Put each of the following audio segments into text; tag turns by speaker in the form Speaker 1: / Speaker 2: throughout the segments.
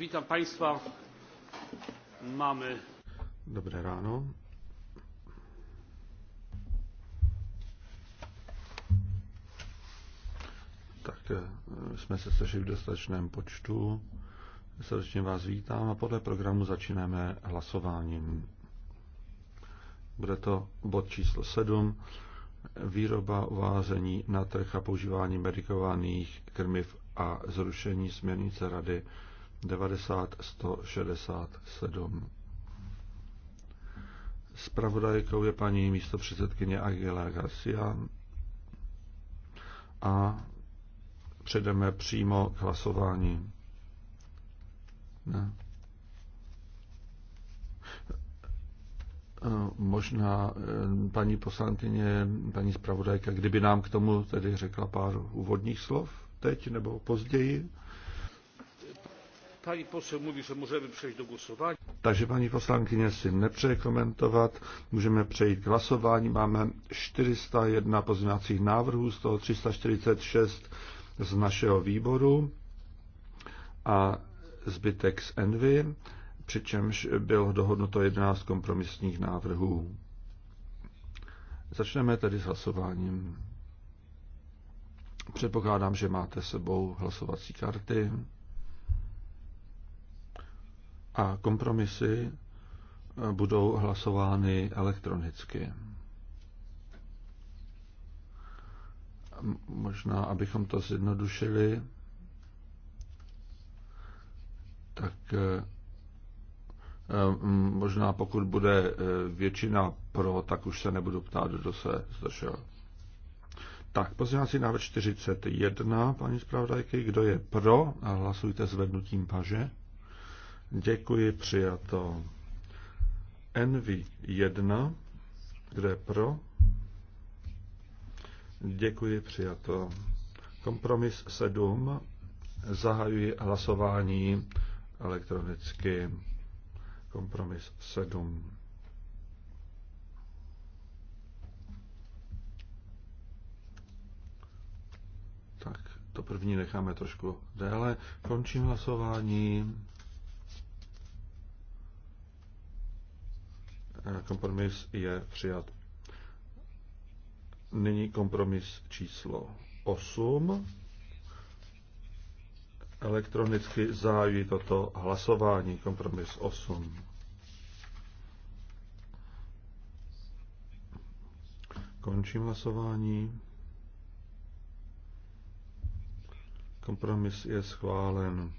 Speaker 1: Witam Państwa. Mamy. Dobré ráno. Tak e, jsme se sešli v dostatečném počtu. Srdečně vás vítám a podle programu začínáme hlasováním. Bude to bod číslo 7. Výroba, uvázení na trh a používání medikovaných krmiv a zrušení směrnice Rady 90 167. Spravodajkou je paní místopředsedkyně Aguilera Garcia a přejdeme přímo k hlasování. Ne. Možná eh, paní poslankyně, paní zpravodajka, kdyby nám k tomu tedy řekla pár úvodních slov teď nebo později. Pani poseł mówi, že můžeme přejít do hlasování. Takže paní poslankyně si nepřeje komentovat, můžeme přejít k hlasování. Máme 401 pozměňovacích návrhů, z toho 346 z našeho výboru a zbytek z Envy, přičemž bylo dohodnuto 11 kompromisních návrhů. Začneme tedy s hlasováním. Předpokládám, že máte sebou hlasovací karty a kompromisy eh, budou hlasovány elektronicky. Možná, abychom to zjednodušili, tak eh, eh, možná pokud bude většina pro, tak už se nebudu ptát, kdo se zdržel. Tak, pozměňovací návrh 41, paní zpravodajky, kdo je pro, hlasujte zvednutím paže. Děkuji, přijato. NV1, kde pro? Děkuji, přijato. Kompromis 7, zahajuji hlasování elektronicky. Kompromis 7. Tak, to první necháme trošku déle. Končím hlasování. Eh, kompromis je přijat. Nyní kompromis číslo 8. Elektronicky zájí toto hlasování. Kompromis 8. Končím hlasování. Kompromis je schválen.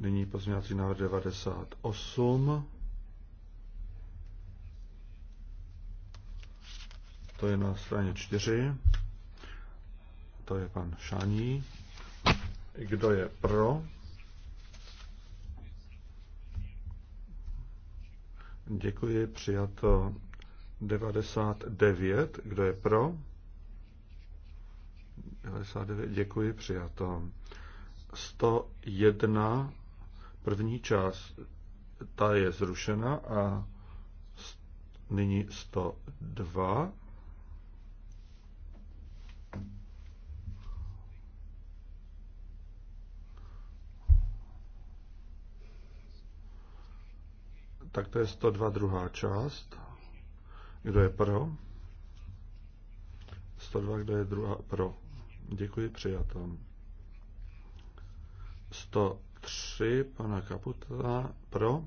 Speaker 1: Nyní pozměňovací návrh 98. to je na straně 4. To je pan Šaní. Kdo je pro? Děkuji, přijato 99. Kdo je pro? 99, děkuji, přijato. 101, první část, ta je zrušena a nyní 102. tak to je 102 druhá část. Kdo je pro? 102, kdo je druhá pro. Děkuji, přijato. 103 pana Kaputa pro.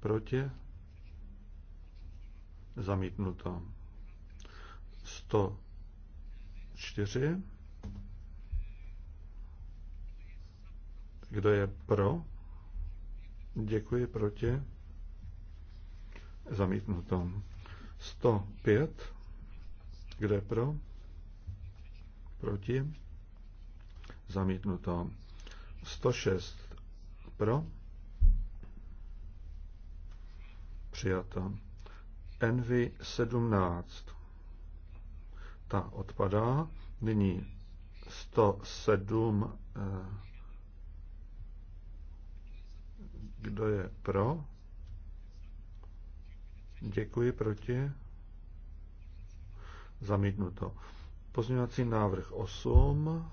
Speaker 1: Proti. Zamítnuto. 104. Kdo je pro? Děkuji proti. Zamítnuto. 105. Kde pro? Proti. Zamítnuto. 106. Pro? Přijato. Envy 17. Ta odpadá. Nyní 107. Eh, Kdo je pro? Děkuji proti. Zamítnuto. Pozměňovací návrh 8.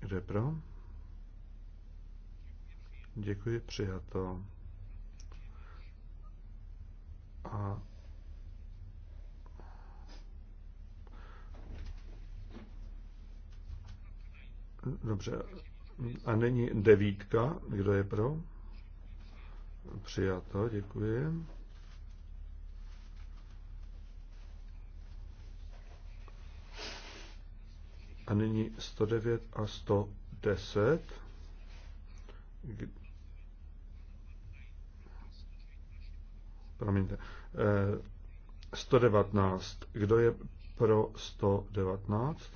Speaker 1: Kdo je pro? Děkuji, přijato. A dobře, a není devítka. Kdo je pro? Přijato, děkuji. A nyní 109 a 110. Promiňte. 119. Eh, kdo je pro 119?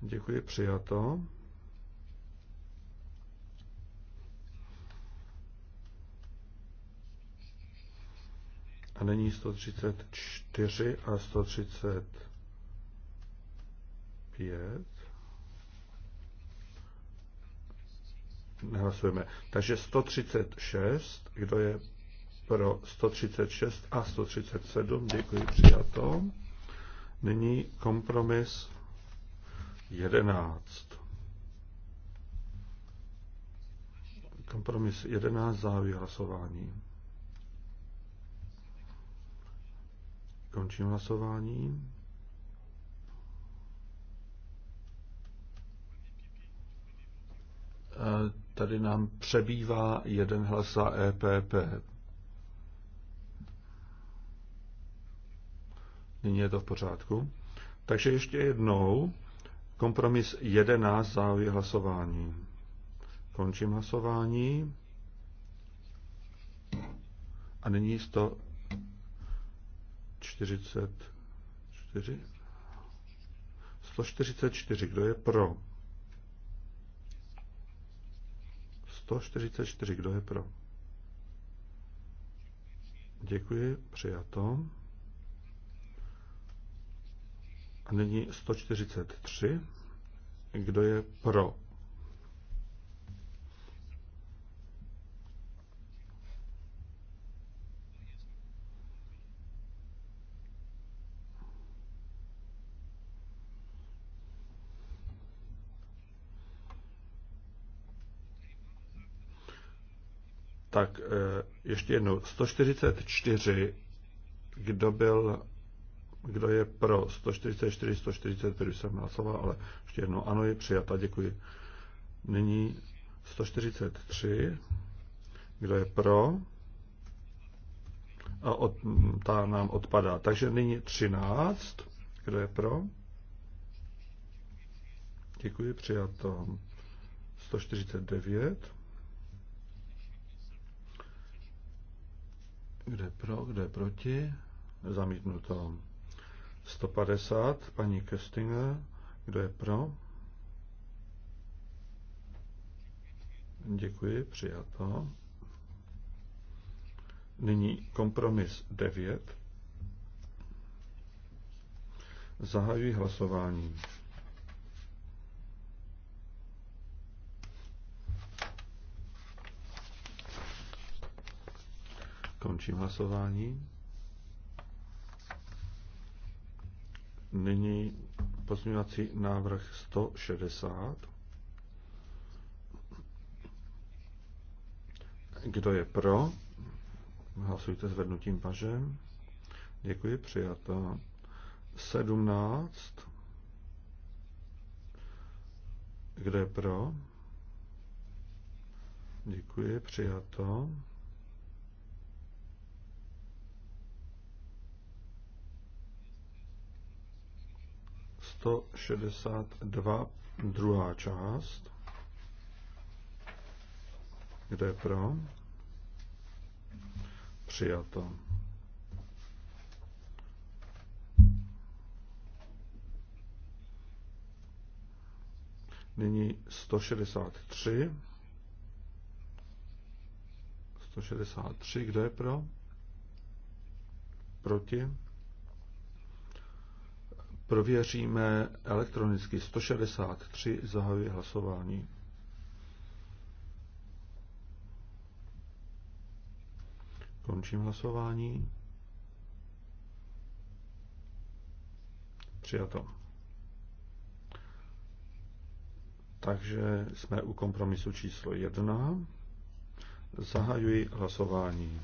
Speaker 1: Děkuji, přijato. A není 134 a 135. Nehlasujeme. Takže 136, kdo je pro 136 a 137, děkuji, přijato. Nyní kompromis 11. Kompromis 11 závěr hlasování. Končím hlasování. E, tady nám přebývá jeden hlas za EPP. Nyní je to v pořádku. Takže ještě jednou. Kompromis 11 závěr hlasování. Končím hlasování. A nyní 100. 144. Kdo je pro? 144. Kdo je pro? Děkuji, přijato. A nyní 143. Kdo je pro? tak eh, ještě jednou, 144, kdo byl, kdo je pro 144, 145 jsem hlasoval, ale ještě jednou, ano, je přijata, děkuji. Nyní 143, kdo je pro, a od, ta nám odpadá. Takže nyní 13, kdo je pro? Děkuji, přijato 149. Kde pro, kde proti? Zamítnuto. 150, paní Köstinger. Kdo je pro? Děkuji, přijato. Nyní kompromis 9. Zahajuji hlasování. Končím hlasování. Nyní pozměňovací návrh 160. Kdo je pro? Hlasujte zvednutím pažem. Děkuji, přijato. 17. Kdo je pro? Děkuji, přijato. 162, druhá část. Kde je pro? Přijato. Nyní 163. 163, Kde je pro? Proti? Prověříme elektronicky 163, zahajuje hlasování. Končím hlasování. Přijato. Takže jsme u kompromisu číslo 1. Zahajuji hlasování.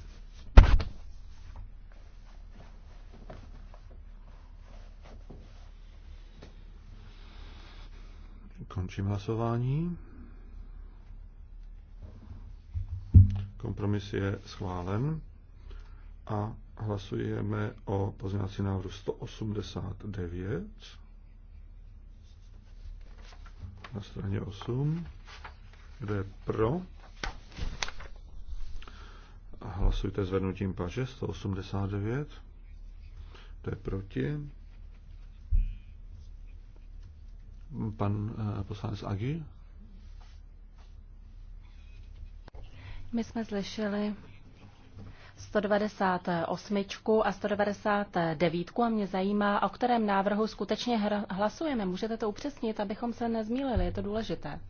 Speaker 1: Končím hlasování. Kompromis je schválen a hlasujeme o pozměňovací návrhu 189 na straně 8, kde je pro. A hlasujte zvednutím paže 189, kde je proti Pan eh, poslanec Agi.
Speaker 2: My jsme slyšeli 198 a 199 a mě zajímá, o kterém návrhu skutečně hlasujeme. Můžete to upřesnit, abychom se nezmílili, je to důležité.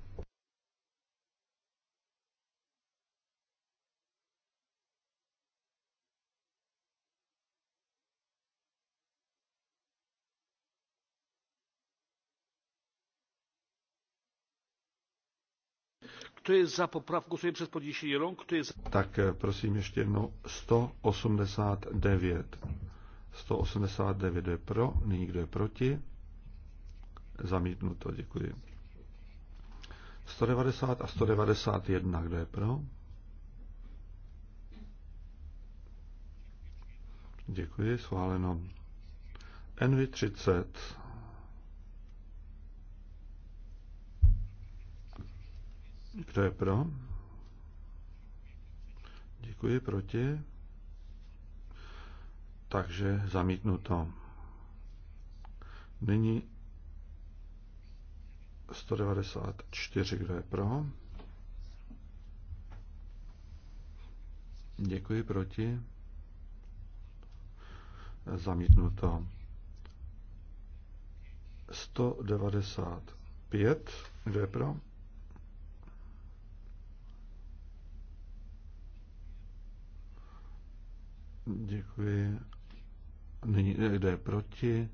Speaker 1: Kto je za poprawką sobie przez podniesienie rąk? Kto jest... Tak, eh, prosím ještě jednou. 189. 189 je pro, nyní kdo je proti. Zamítnuto, děkuji. 190 a 191, kdo je pro? Děkuji, schváleno. NV30 Kdo je pro? Děkuji, proti. Takže zamítnuto. Nyní 194, kdo je pro? Děkuji, proti. Zamítnuto. 195, kdo je pro? Děkuji. Nyní jde proti.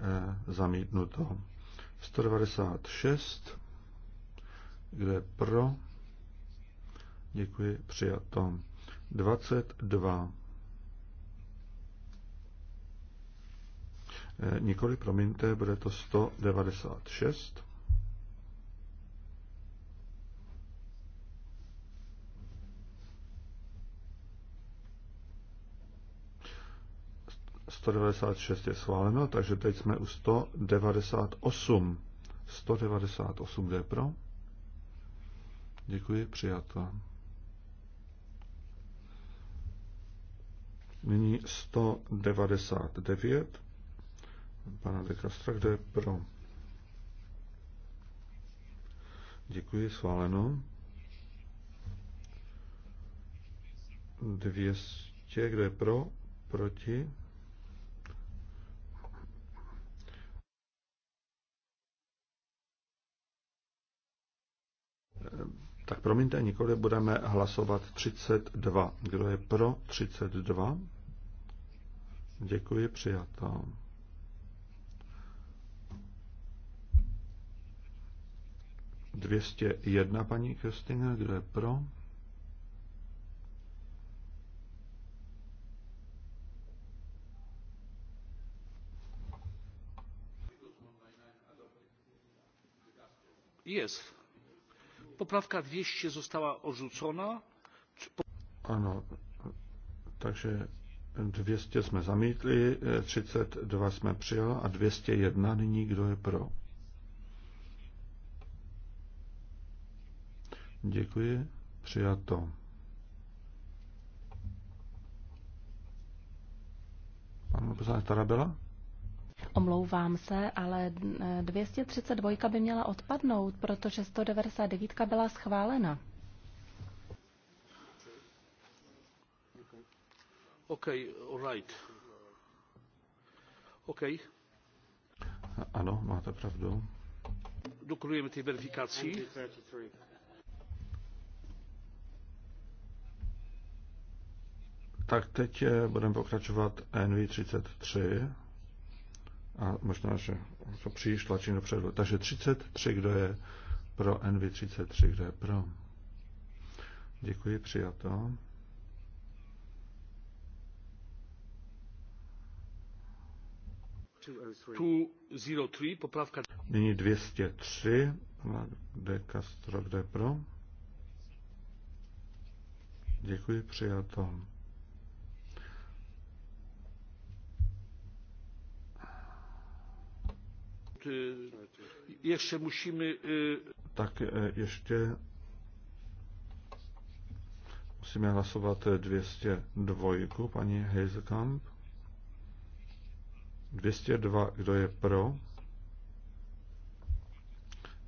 Speaker 1: Eh, zamítnuto. 196. Kdo je pro? Děkuji. Přijato. 22. Eh, nikoli, promiňte, bude to 196. 196 je schváleno, takže teď jsme u 198. 198 jde pro. Děkuji, přijato. Nyní 199. Pana de Castra, kde je pro? Děkuji, schváleno. 200, kde je pro? Proti? tak promiňte, nikoli budeme hlasovat 32. Kdo je pro 32? Děkuji, přijatá. Dvěstě jedna, paní Kristina, kdo je pro? Yes, Poprawka 200 została odrzucona. Ano, takže 200 jsme zamítli, 32 jsme přijali a 201 nyní kdo je pro. Děkuji, přijato.
Speaker 2: Pan poslanec Tarabela? Omlouvám se, ale 232 eh, by měla odpadnout, protože 199 byla schválena.
Speaker 1: OK, right. OK. Ano, máte pravdu. Dokonujeme ty verifikací. Tak teď eh, budeme pokračovat NV33. A možná, že to příliš tlačí dopředu. Takže 33, kdo je pro NV33, kdo je pro. Děkuji, přijato. poprawka. Nyní 203, de Castro, kde pro. Děkuji, přijato. ještě musíme... Tak e, ještě musíme hlasovat 202, paní Hazelkamp. 202, kdo je pro?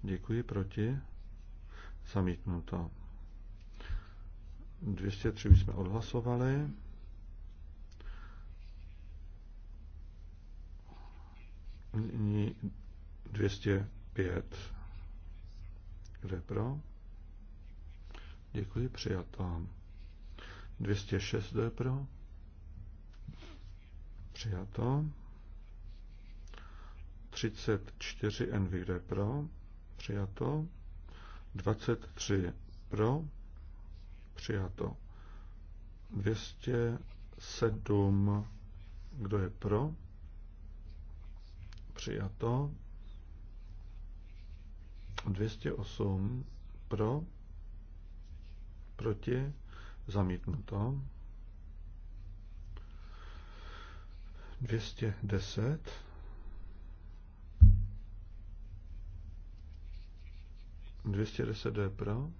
Speaker 1: Děkuji, proti? Zamítnuto. 203 jsme odhlasovali. Nyní 205. Kdo pro? Děkuji, přijato. 206, je pro? Přijato. 34 NV, je pro? Přijato. 23 pro? Přijato. 207, kdo je pro? Přijato. 208 pro, proti, zamítnuto. 210 210 je pro,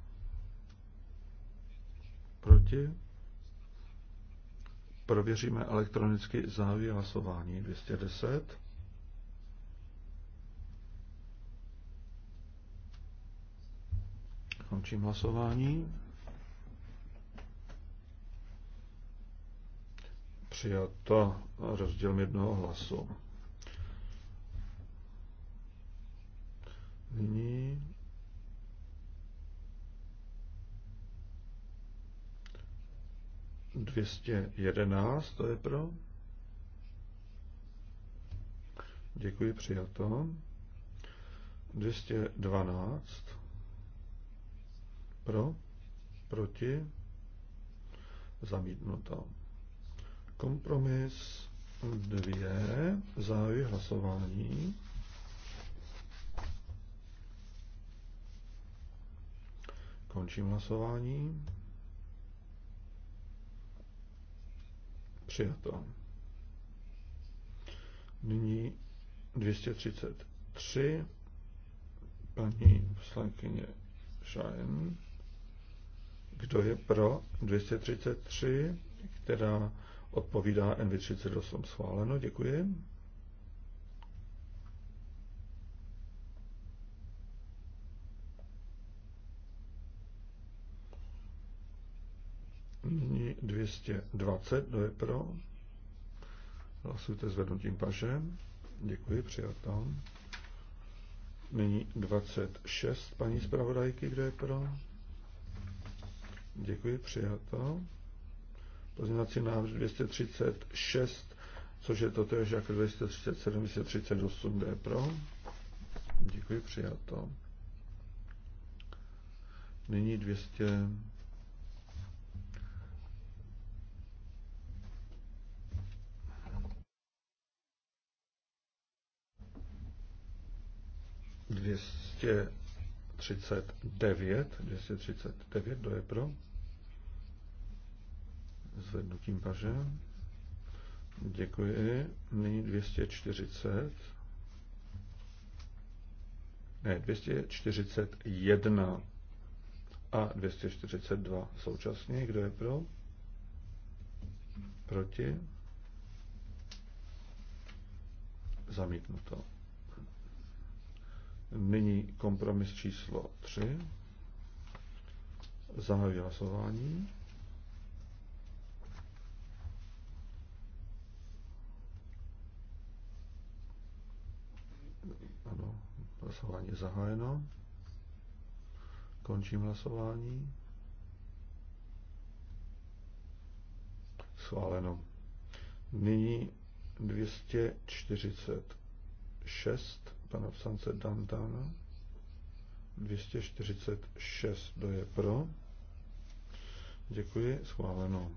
Speaker 1: proti, prověříme elektronicky závěr hlasování 210. Končím hlasování. Přijato rozdílem jednoho hlasu. Nyní dvěstě jedenáct, to je pro. Děkuji, přijato. Dvěstě dvanáct. Pro? Proti? Zamítnuto. Kompromis 2. Zahajuji hlasování. Končím hlasování. Přijato. Nyní 233 paní poslankyně Shine. Kdo je pro 233, která odpovídá NV38 schváleno? Děkuji. Nyní 220, kdo je pro? Hlasujte zvednutím pažem. Děkuji, přijato. Nyní 26, paní zpravodajky, kdo je pro? Děkuji, přijato. Pozměňovací návrh 236, což je totéž jako 237, 238 D pro. Děkuji, přijato. Nyní 200. 239. 239, kdo je pro? Zvednutím paže. Děkuji. Nyní 240. Ne, 241 a 242 současně. Kdo je pro? Proti? Zamítnuto. Nyní kompromis číslo 3. Zahajuji hlasování. Ano, hlasování je zahájeno. Končím hlasování. Schváleno. Nyní 246 pana Dantana. 246, do je pro? Děkuji, schváleno.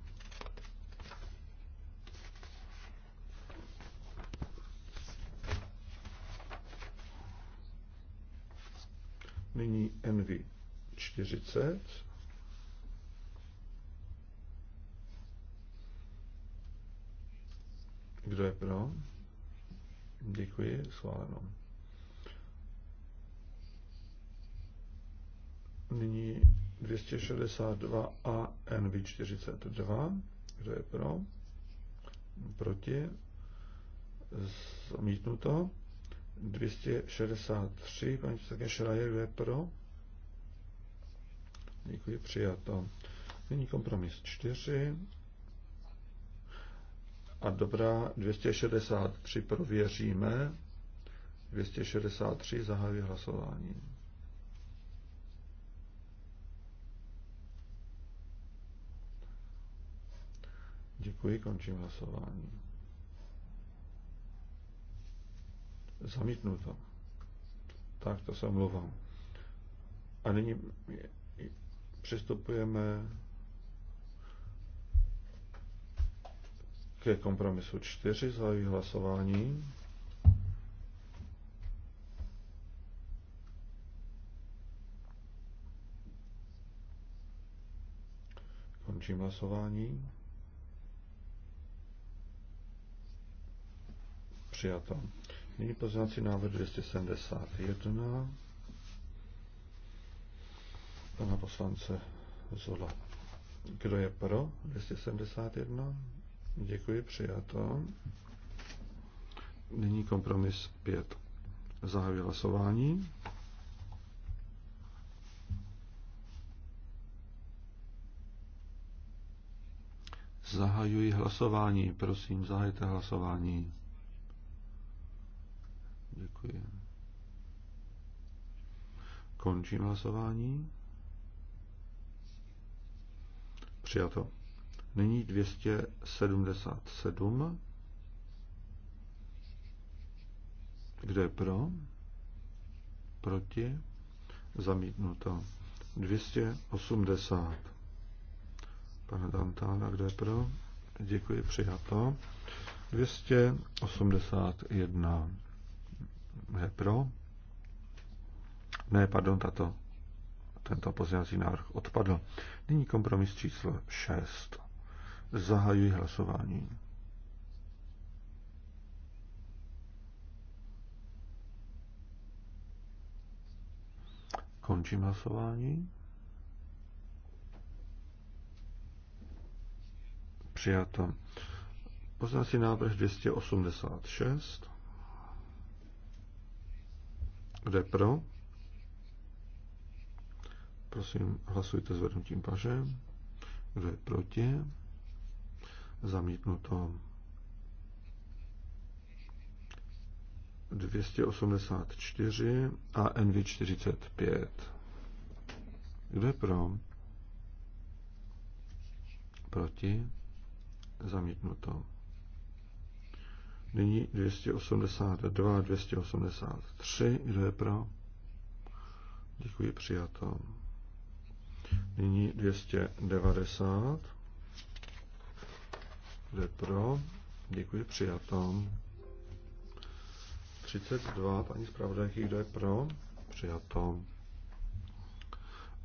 Speaker 1: Nyní Envy 40. Kdo je pro? Děkuji, schváleno. Nyní 262 a NV42. Kdo je pro? Proti? Zamítnuto. 263, paní předsedkyně kdo je pro. Děkuji, přijato. Nyní kompromis 4. A dobrá, 263 prověříme. 263 zahajuje hlasování. Děkuji, končím hlasování. Zamítnuto. Tak, to se omlouvám. A nyní přistupujeme ke kompromisu 4 za hlasování. Končím hlasování. přijato. Nyní pozvací návrh 271 pana poslance Zola. Kdo je pro 271? Děkuji, přijato. Nyní kompromis 5. Zahajuji hlasování. Zahajuji hlasování. Prosím, zahajte hlasování. Děkuji. Končím hlasování. Přijato. Nyní 277. Kdo je pro? Proti? Zamítnuto. 280. Pane Dantána, kdo je pro? Děkuji, přijato. 281 je pro. Ne, pardon, tato, tento pozměňovací návrh odpadl. Nyní kompromis číslo 6. Zahajuji hlasování. Končím hlasování. Přijato. si návrh 286. Kde pro? Prosím, hlasujte zvednutím paže. Kdo je proti? Zamítnuto. 284 a NV45. Kdo je pro? Proti? Zamítnuto. Nyní 282, 283. Kdo je pro? Děkuji, přijato. Nyní 290. Kdo je pro? Děkuji, přijato. 32, paní zpravodajky, kdo je pro? Přijato.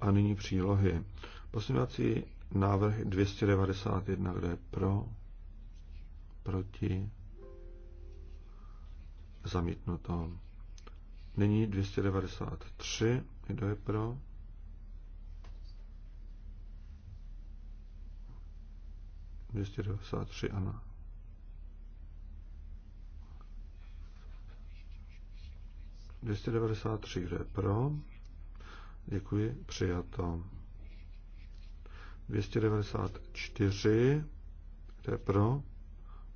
Speaker 1: A nyní přílohy. Posunovací návrh 291, kdo je pro? Proti? Zamítnuto. Nyní 293. Kdo je pro? Dvěstě ano. Dvěstě kdo je pro? Děkuji, přijato. 294, kdo je pro?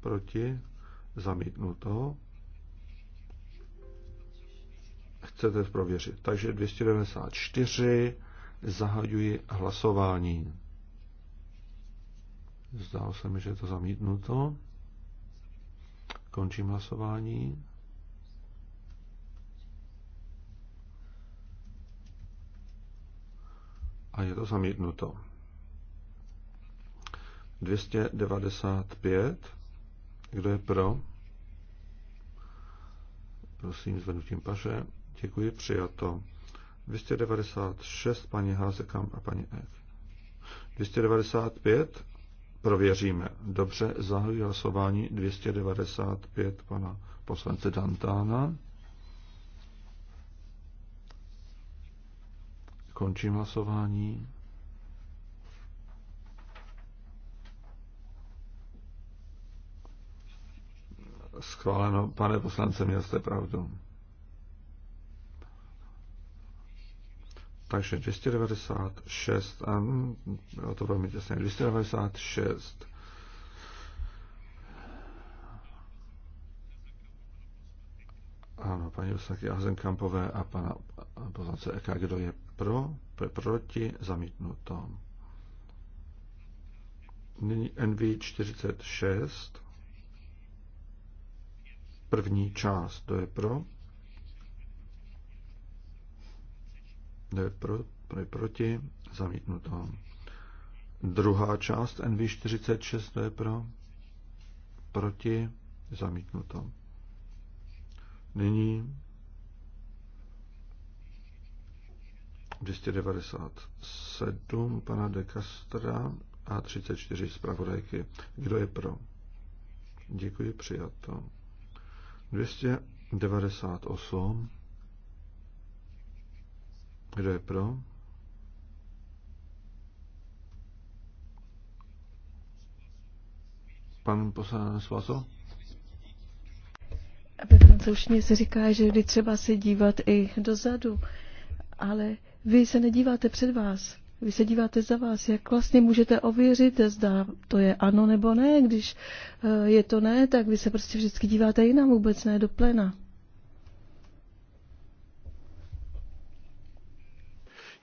Speaker 1: Proti? Zamítnuto. chcete prověřit. Takže 294 zahajuji hlasování. Zdálo se mi, že je to zamítnuto. Končím hlasování. A je to zamítnuto. 295. Kdo je pro? Prosím, zvednutím paže. Děkuji, přijato. 296, paní Házekam a paní Ek. 295, prověříme. Dobře, zahajuji hlasování 295 pana poslance Dantána. Končím hlasování. Schváleno, pane poslance, měl jste pravdu. Takže 296, a mm, bylo to velmi těsně, 296. Ano, paní poslanky Azenkampové a pana poslance Eka, kdo je pro, pro proti, zamítnuto. Nyní NV 46, první část, kdo je pro, kdo je pro, pro je proti, zamítnuto. Druhá část NV46, to je pro, proti, zamítnuto. Nyní 297 pana de Castra a 34 zpravodajky. Kdo je pro? Děkuji, přijato. 298 kdo je pro? Pan poslanec Vaso?
Speaker 3: Ve francouzštině se říká, že vždy třeba se dívat i dozadu, ale vy se nedíváte před vás. Vy se díváte za vás, jak vlastně můžete ověřit, zda to je ano nebo ne. Když eh, je to ne, tak vy se prostě vždycky díváte jinam, vůbec ne do plena.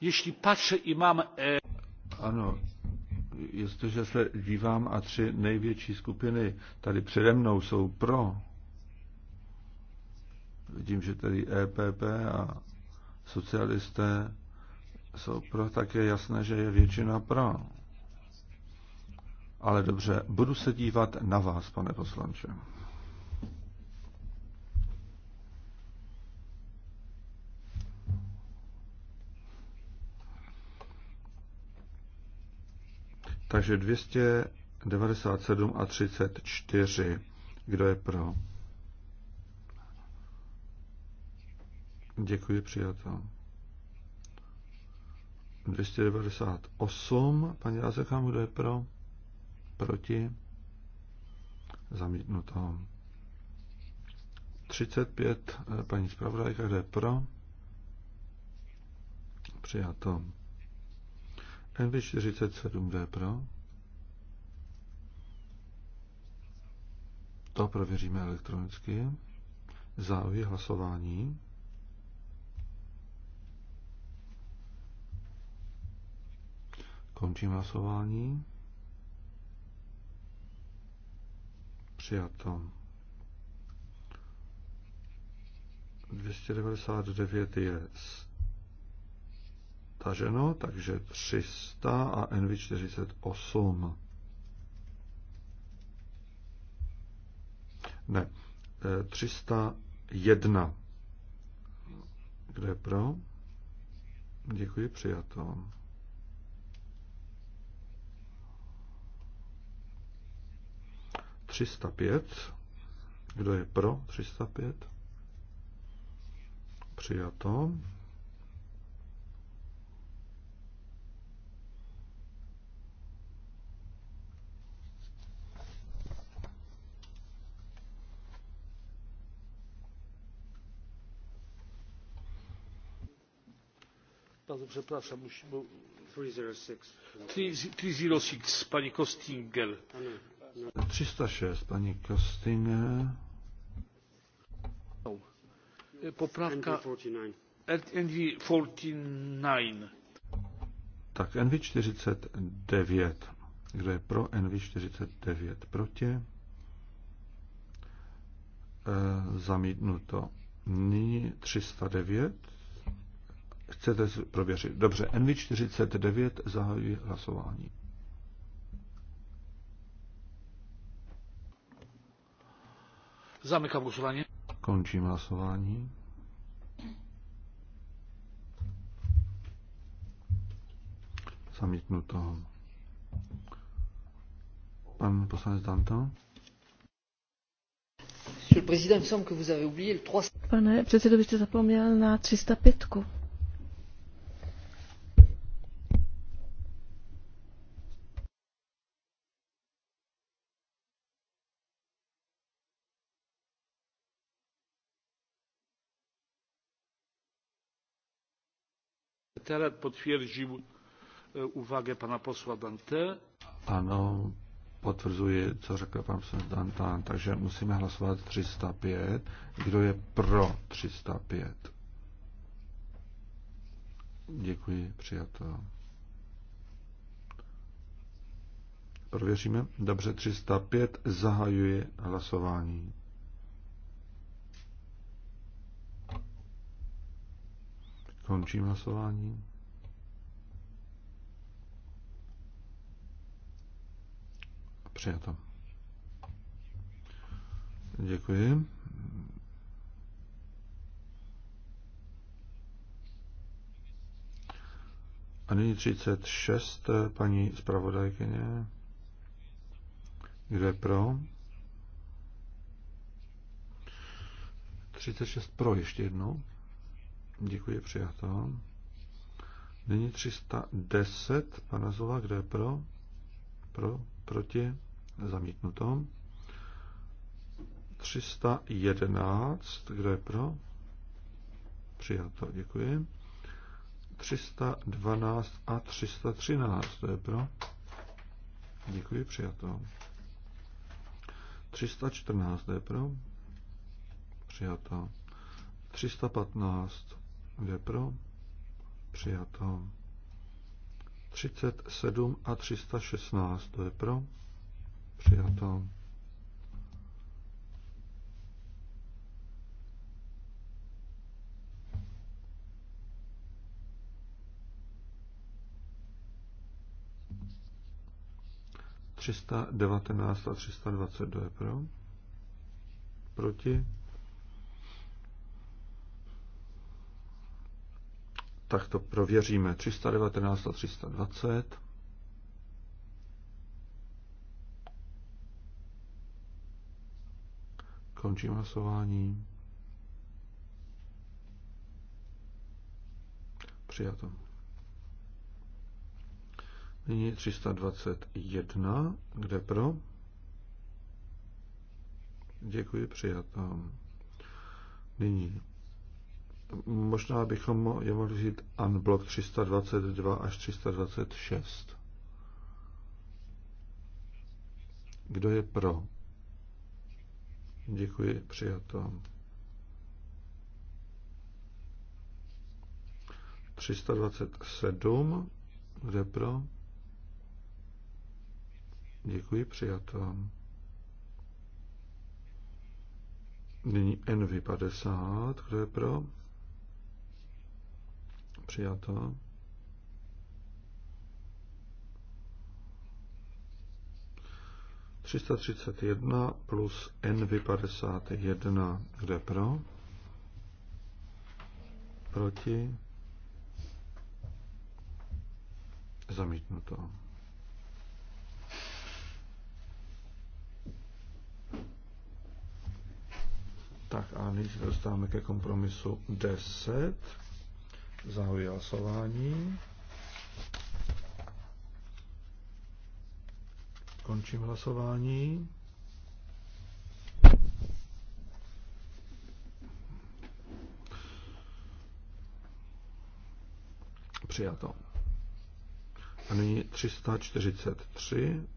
Speaker 1: Jeśli patrzę i mam... E, ano, że se dívám a tři největší skupiny tady przede mną jsou pro, vidím, že tady EPP a socialisté jsou pro, Takie jasne, jasné, že je většina pro. Ale dobrze, budu se dívat na vás, pane poslanče. Takže 297 a 34. Kdo je pro? Děkuji, přijato. 298, paní Razekam, kdo je pro? Proti? Zamítnuto. 35, eh, paní zpravodajka, kdo je pro? Přijato. NV47 d pro. To prověříme elektronicky. Záuji hlasování. Končím hlasování. Přijato. 299 je staženo, takže 300 a NV48. Ne, 301. Eh, Kde je pro? Děkuji, přijato. Třista pět. Kdo je pro? 305. Přijato. bardzo przepraszam, musimy... 306. 306, pani Kostinger. 306, pani Kostinger. No. E, poprawka NV 49. Tak, NV 49. Kdo je pro NV 49? Proti? E, zamítnuto. Nyní 309. Chcete si prověřit. Dobře, NV49 zahajuje hlasování. Zamykám hlasování. Končím hlasování. Zamítnuto. Pan poslanec
Speaker 3: Danton. Pane předsedo, vy jste zapomněl na 305.
Speaker 1: sekretariat potwierdził e, uwagę pana posła Dante. Ano, potvrzuji, co řekl pan poslanec Dantan, takže musíme hlasovat 305. Kdo je pro 305? Děkuji, přijato. Prověříme. Dobře, 305 zahajuje hlasování. Končím hlasování. Přijato. Děkuji. A nyní 36, paní zpravodajkyně. Kdo je pro? 36 pro ještě jednou. Děkuji, přijato. Nyní 310, pana Zola, kde je pro? Pro, proti, zamítnuto. 311, kde je pro? Přijato, děkuji. 312 a 313, to je pro? Děkuji, přijato. 314, to je pro? Přijato. 315, kde pro? Přijato. 37 a 316. To je pro? Přijato. Třista devatenáct a třista dvacet, je pro? Proti? tak to prověříme. 319 a 320. Končím hlasování. Přijato. Nyní 321. Kde pro? Děkuji, přijato. Nyní možná bychom je mohli říct unblock 322 až 326. Kdo je pro? Děkuji, přijato. 327, kde pro? Děkuji, přijato. Nyní NV50, kdo je pro? Přijato. Třista plus NV padesát Kde pro? Proti? Zamítnuto. Tak a nyní se dostáváme ke kompromisu 10. Zahajuji hlasování. Končím hlasování. Přijato. A nyní 343.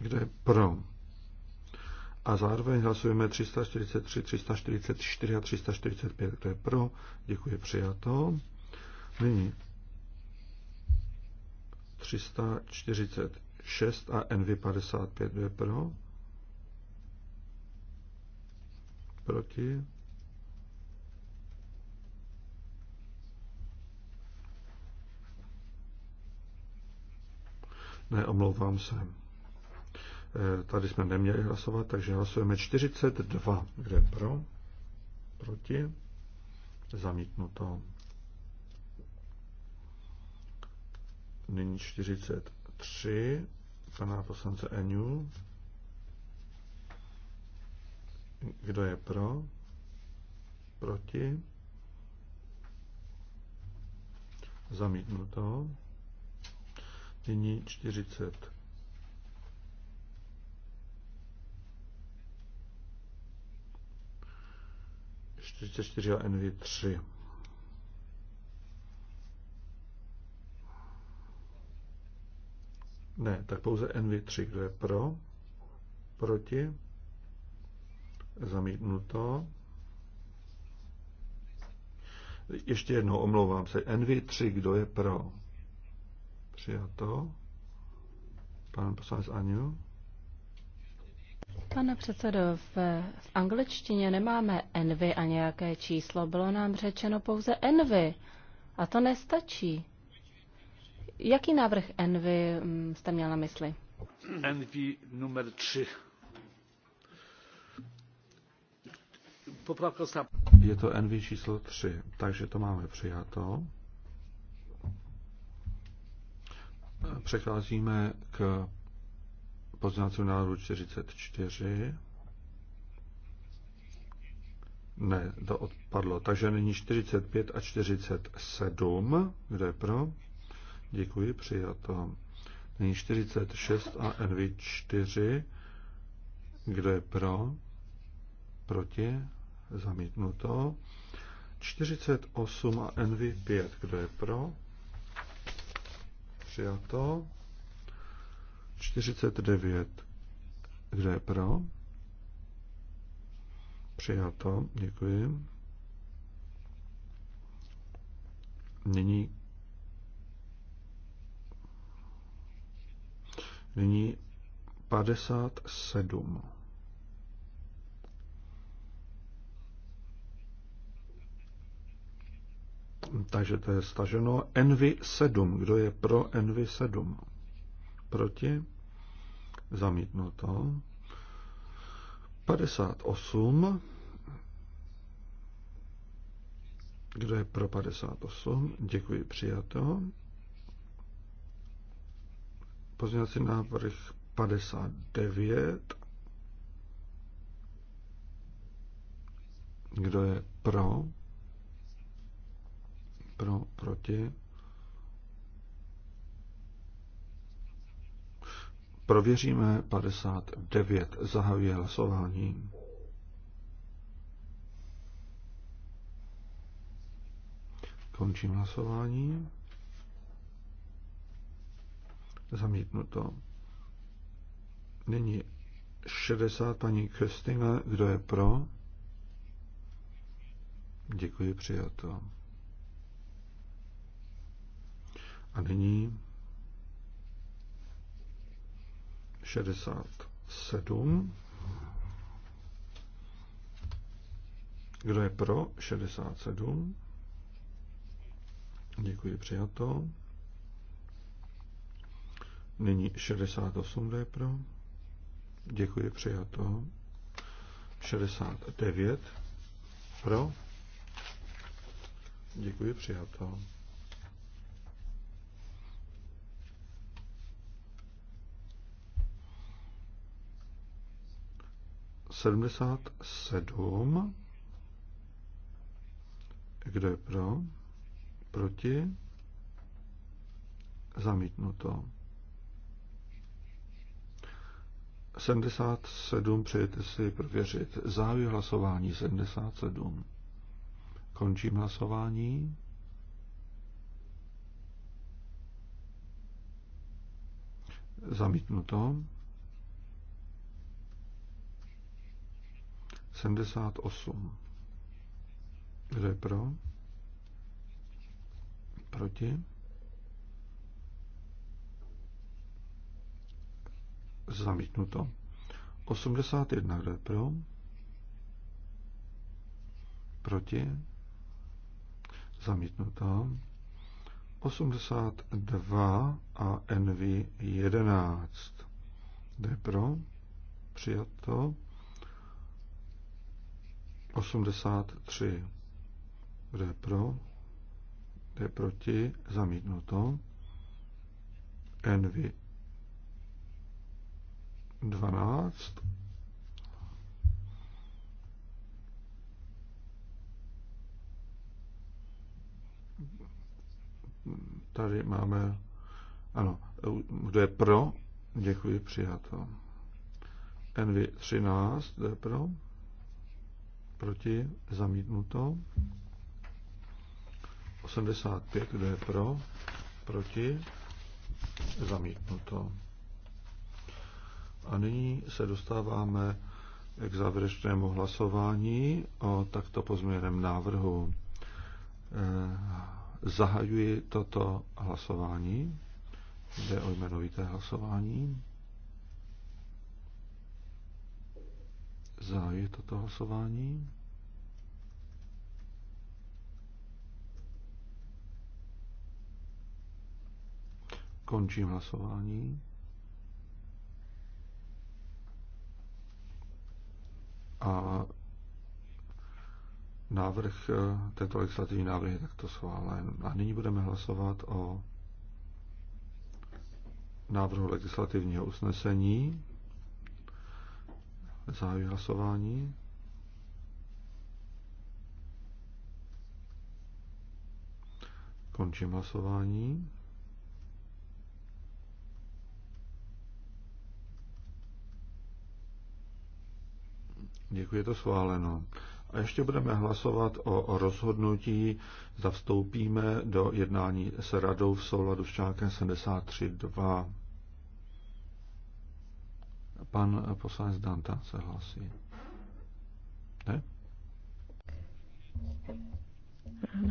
Speaker 1: Kde je pro? A zároveň hlasujeme 343, 344 a 345. To je pro? Děkuji, přijato. Nyní 346 a NV55. To je pro? Proti? Ne, omlouvám se. Eh, tady jsme neměli hlasovat, takže hlasujeme 42. Kde pro? Proti? Zamítnuto. Nyní 43 pana poslance Eniu. Kdo je pro? Proti? Zamítnuto. Nyní 40. a NV 3. Ne, tak pouze NV3, kdo je pro, proti, zamítnuto. Ještě jednou omlouvám se. NV3, kdo je pro? Přijato. Pan poslanec Aniu.
Speaker 2: Pane předsedo, v, v angličtině nemáme envy a nějaké číslo. Bylo nám řečeno pouze envy. A to nestačí. Jaký návrh envy mm, jste měl na mysli?
Speaker 1: Envy numer 3. Je to envy číslo 3, takže to máme přijato. Přecházíme k poznacího návrhu 44. Ne, to odpadlo. Takže nyní 45 a 47. Kdo je pro? Děkuji, přijato. Nyní 46 a NV 4. Kdo je pro? Proti? Zamítnuto. 48 a NV 5. Kdo je pro? Přijato. 49. Kdo je pro? Přijato, děkuji. Nyní Nyní 57. Takže to je staženo. Envy 7. Kdo je pro Envy 7? Proti? zamítnuto. 58. Kdo je pro 58? Děkuji, přijato. Pozměňovací návrh 59. Kdo je pro? Pro, proti? Prověříme 59. Zahajuji hlasování. Končím hlasování. Zamítnuto. Nyní 60 paní Kristina, kdo je pro? Děkuji, přijato. A nyní 67. Kdo je pro? 67. Děkuji, přijato. Nyní 68, kdo je pro? Děkuji, přijato. 69 pro. Děkuji, přijato. 77. Kdo je pro? Proti? Zamítnuto. 77 přejete si prověřit. Závěr hlasování 77. Končím hlasování. Zamítnuto. 78. Kdo je pro? Proti? Zamítnuto. 81. Kdo je pro? Proti? Zamítnuto. 82 a NV 11. Kdo je pro? Přijato. 83. Kdo je pro? Kdo je proti? Zamítnuto. Envy 12. Tady máme, ano, kdo je pro, děkuji, přijato. Envy 13, kdo je pro, proti, zamítnuto. 85, kdo je pro, proti, zamítnuto. A nyní se dostáváme k závěrečnému hlasování o takto pozměněném návrhu. Eh, zahajuji toto hlasování, jde o jmenovité hlasování. Zahajuji toto hlasování. Končím hlasování. A návrh, eh, tento legislativní návrh je takto schválen. A nyní budeme hlasovat o návrhu legislativního usnesení. Zahajuji hlasování. Končím hlasování. Děkuji, to schváleno. A ještě budeme hlasovat o rozhodnutí, zavstoupíme do jednání s radou v souladu s článkem 73.2. Pan poslanec Danta se hlásí. Ne?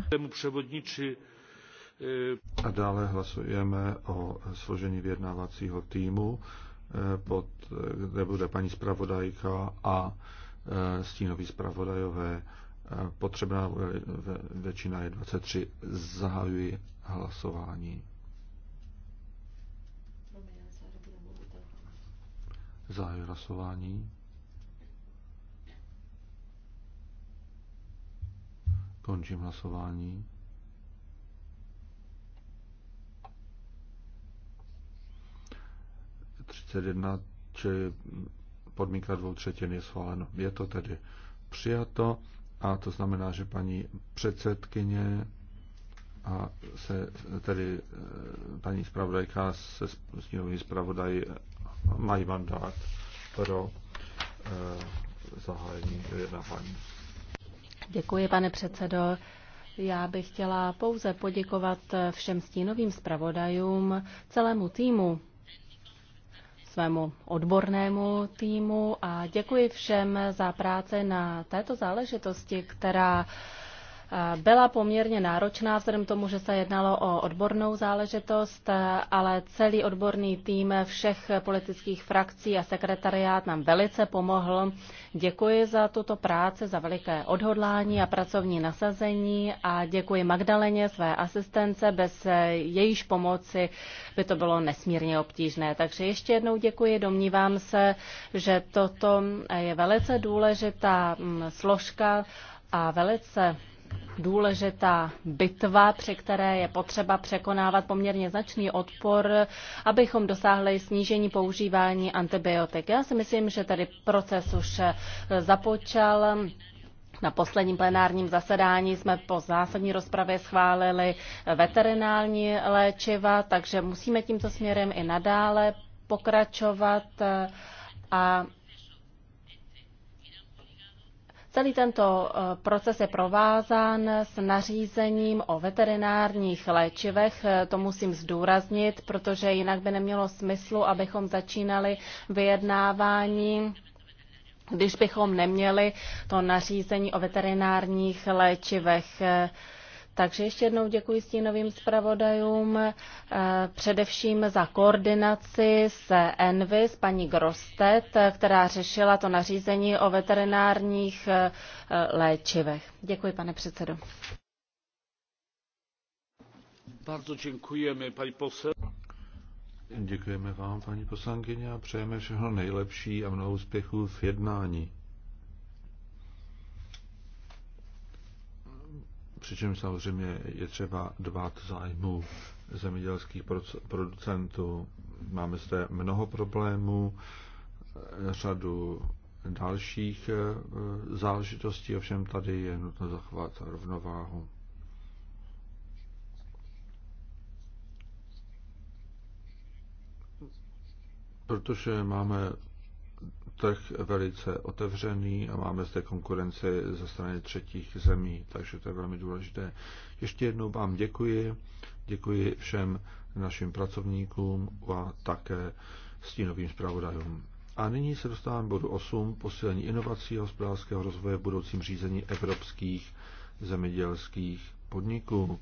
Speaker 1: Temu převodniči eh, a dále hlasujeme o složení vyjednávacího týmu, eh, pod, kde bude paní zpravodajka a eh, stínový zpravodajové. Potřebná většina je 23. Zahajuji hlasování. Zahajuji hlasování. Končím hlasování. Třicet jedna, či podmínka dvou třetin je schváleno. Je to tedy přijato a to znamená, že paní předsedkyně a se tedy eh, paní zpravodajka se s stínovým zpravodaj mají mandát pro eh, zahájení vyjednávání.
Speaker 2: Děkuji, pane předsedo. Já bych chtěla pouze poděkovat eh, všem stínovým zpravodajům, celému týmu, svému odbornému týmu a děkuji všem za práci na této záležitosti, která byla poměrně náročná, vzhledem tomu, že se jednalo o odbornou záležitost, ale celý odborný tým všech politických frakcí a sekretariát nám velice pomohl. Děkuji za tuto práci, za veliké odhodlání a pracovní nasazení a děkuji Magdaleně, své asistence, bez jejíž pomoci by to bylo nesmírně obtížné. Takže ještě jednou děkuji, domnívám se, že toto je velice důležitá mm, složka a velice důležitá bitva, při které je potřeba překonávat poměrně značný odpor, abychom dosáhli snížení používání antibiotik. Já si myslím, že tady proces už eh, započal. Na posledním plenárním zasedání jsme po zásadní rozpravě schválili veterinální léčiva, takže musíme tímto směrem i nadále pokračovat eh, a Celý tento eh, proces je provázán s nařízením o veterinárních léčivech. Eh, to musím zdůraznit, protože jinak by nemělo smyslu, abychom začínali vyjednávání když bychom neměli to nařízení o veterinárních léčivech. Eh, takže ještě jednou děkuji stínovým zpravodajům, eh, především za koordinaci s Envy, s paní Grostet, která řešila to nařízení o veterinárních eh, léčivech. Děkuji, pane předsedo.
Speaker 1: Bardzo děkujeme paní posel. Děkujeme vám, paní poslankyně, a přejeme všechno nejlepší a mnoho úspěchů v jednání. Přičemž samozřejmě je třeba dbát zájmu zemědělských producentů. Máme zde mnoho problémů, řadu dalších e, záležitostí, ovšem tady je nutno zachovat rovnováhu. Protože máme trh velice otevřený a máme zde konkurenci ze strany třetích zemí, takže to je velmi důležité. Ještě jednou vám děkuji, děkuji všem našim pracovníkům a také stínovým zpravodajům. A nyní se dostávám bodu 8, posílení inovací a hospodářského rozvoje v budoucím řízení evropských zemědělských podniků.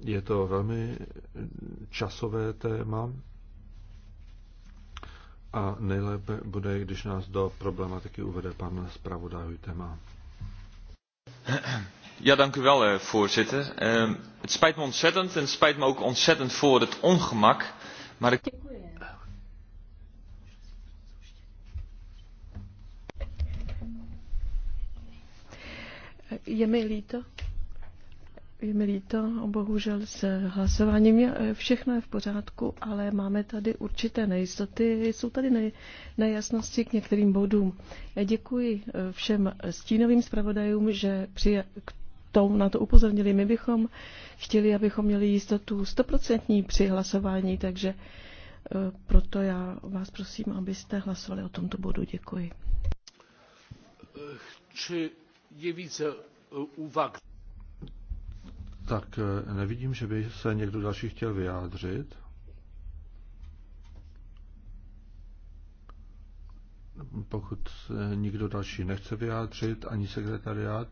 Speaker 1: Je to velmi časové téma, a nejlépe bude, když nás do problematiky uvede pan zpravodajový téma. Ja, dank u wel, eh, voorzitter. Uh, het spijt me ontzettend en het spijt me ook ontzettend voor het ongemak. Maar ik...
Speaker 3: Je mi líto, je mi líto, bohužel s hlasováním eh, všechno je v pořádku, ale máme tady určité nejistoty, jsou tady nej, nejasnosti k některým bodům. Já eh, děkuji eh, všem stínovým zpravodajům, že při k tomu na to upozornili. My bychom chtěli, abychom měli jistotu stoprocentní při hlasování, takže proto já vás prosím, abyste hlasovali o tomto bodu. Děkuji.
Speaker 1: Či je více uwag? Tak eh, nevidím, že by se někdo další chtěl vyjádřit. Pokud nikdo další nechce vyjádřit, ani sekretariát,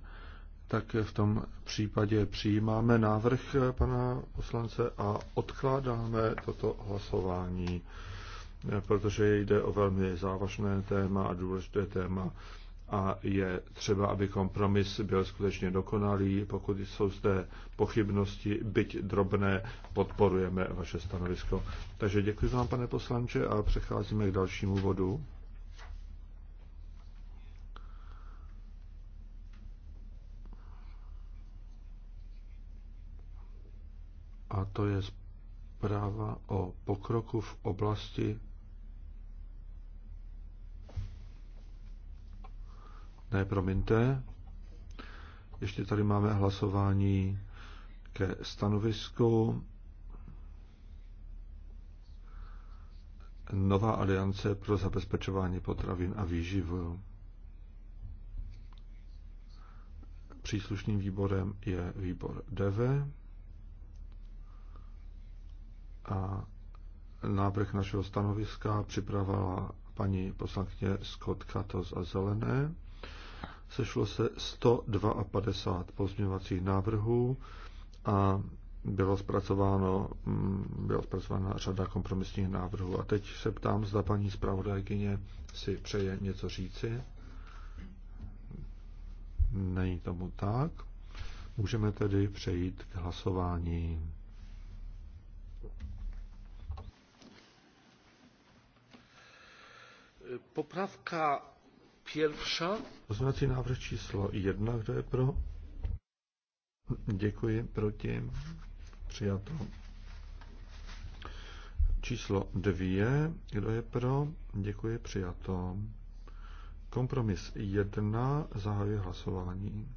Speaker 1: tak v tom případě přijímáme návrh eh, pana poslance a odkládáme toto hlasování, eh, protože jde o velmi závažné téma a důležité téma a je třeba, aby kompromis byl skutečně dokonalý. Pokud jsou zde pochybnosti, byť drobné, podporujeme vaše stanovisko. Takže děkuji vám, pane poslanče, a přecházíme k dalšímu vodu. A to je zpráva o pokroku v oblasti Ne, promiňte. Ještě tady máme hlasování ke stanovisku Nová aliance pro zabezpečování potravin a výživu. Příslušným výborem je výbor DV a návrh našeho stanoviska připravila paní poslankyně Scott Katos a Zelené sešlo se 152 pozměňovacích návrhů a bylo zpracováno, mm, byla zpracována řada kompromisních návrhů. A teď se ptám, zda paní zpravodajkyně si přeje něco říci. Není tomu tak. Můžeme tedy přejít k hlasování. Poprawka Pierwsza. návrh číslo jedna, kdo je pro? Děkuji, proti, přijato. Číslo dvě, kdo je pro? Děkuji, přijato. Kompromis jedna, zahajuje hlasování.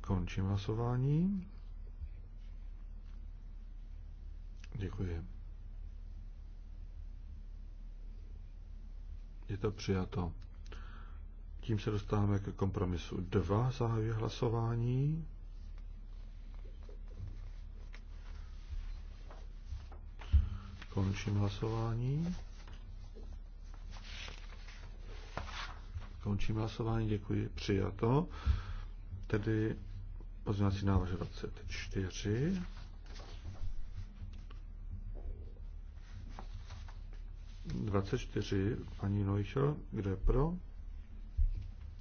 Speaker 1: Končím hlasování. Děkuji. Je to přijato. Tím se dostáváme k kompromisu 2. Zahajuji hlasování. Končím hlasování. Končím hlasování, děkuji, přijato. Tedy pozměňovací návrh 24. 24, paní Nojšo, kde pro?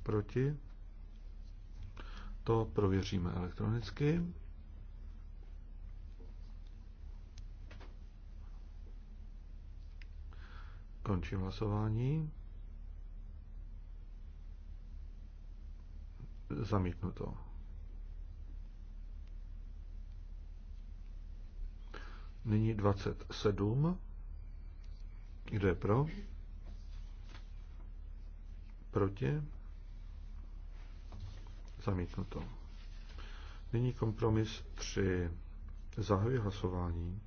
Speaker 1: Proti? To prověříme elektronicky. Končím hlasování. Zamítnuto. Nyní 27. Kdo je pro? Proti? Zamítnuto. Nyní kompromis 3. Zahajuji hlasování.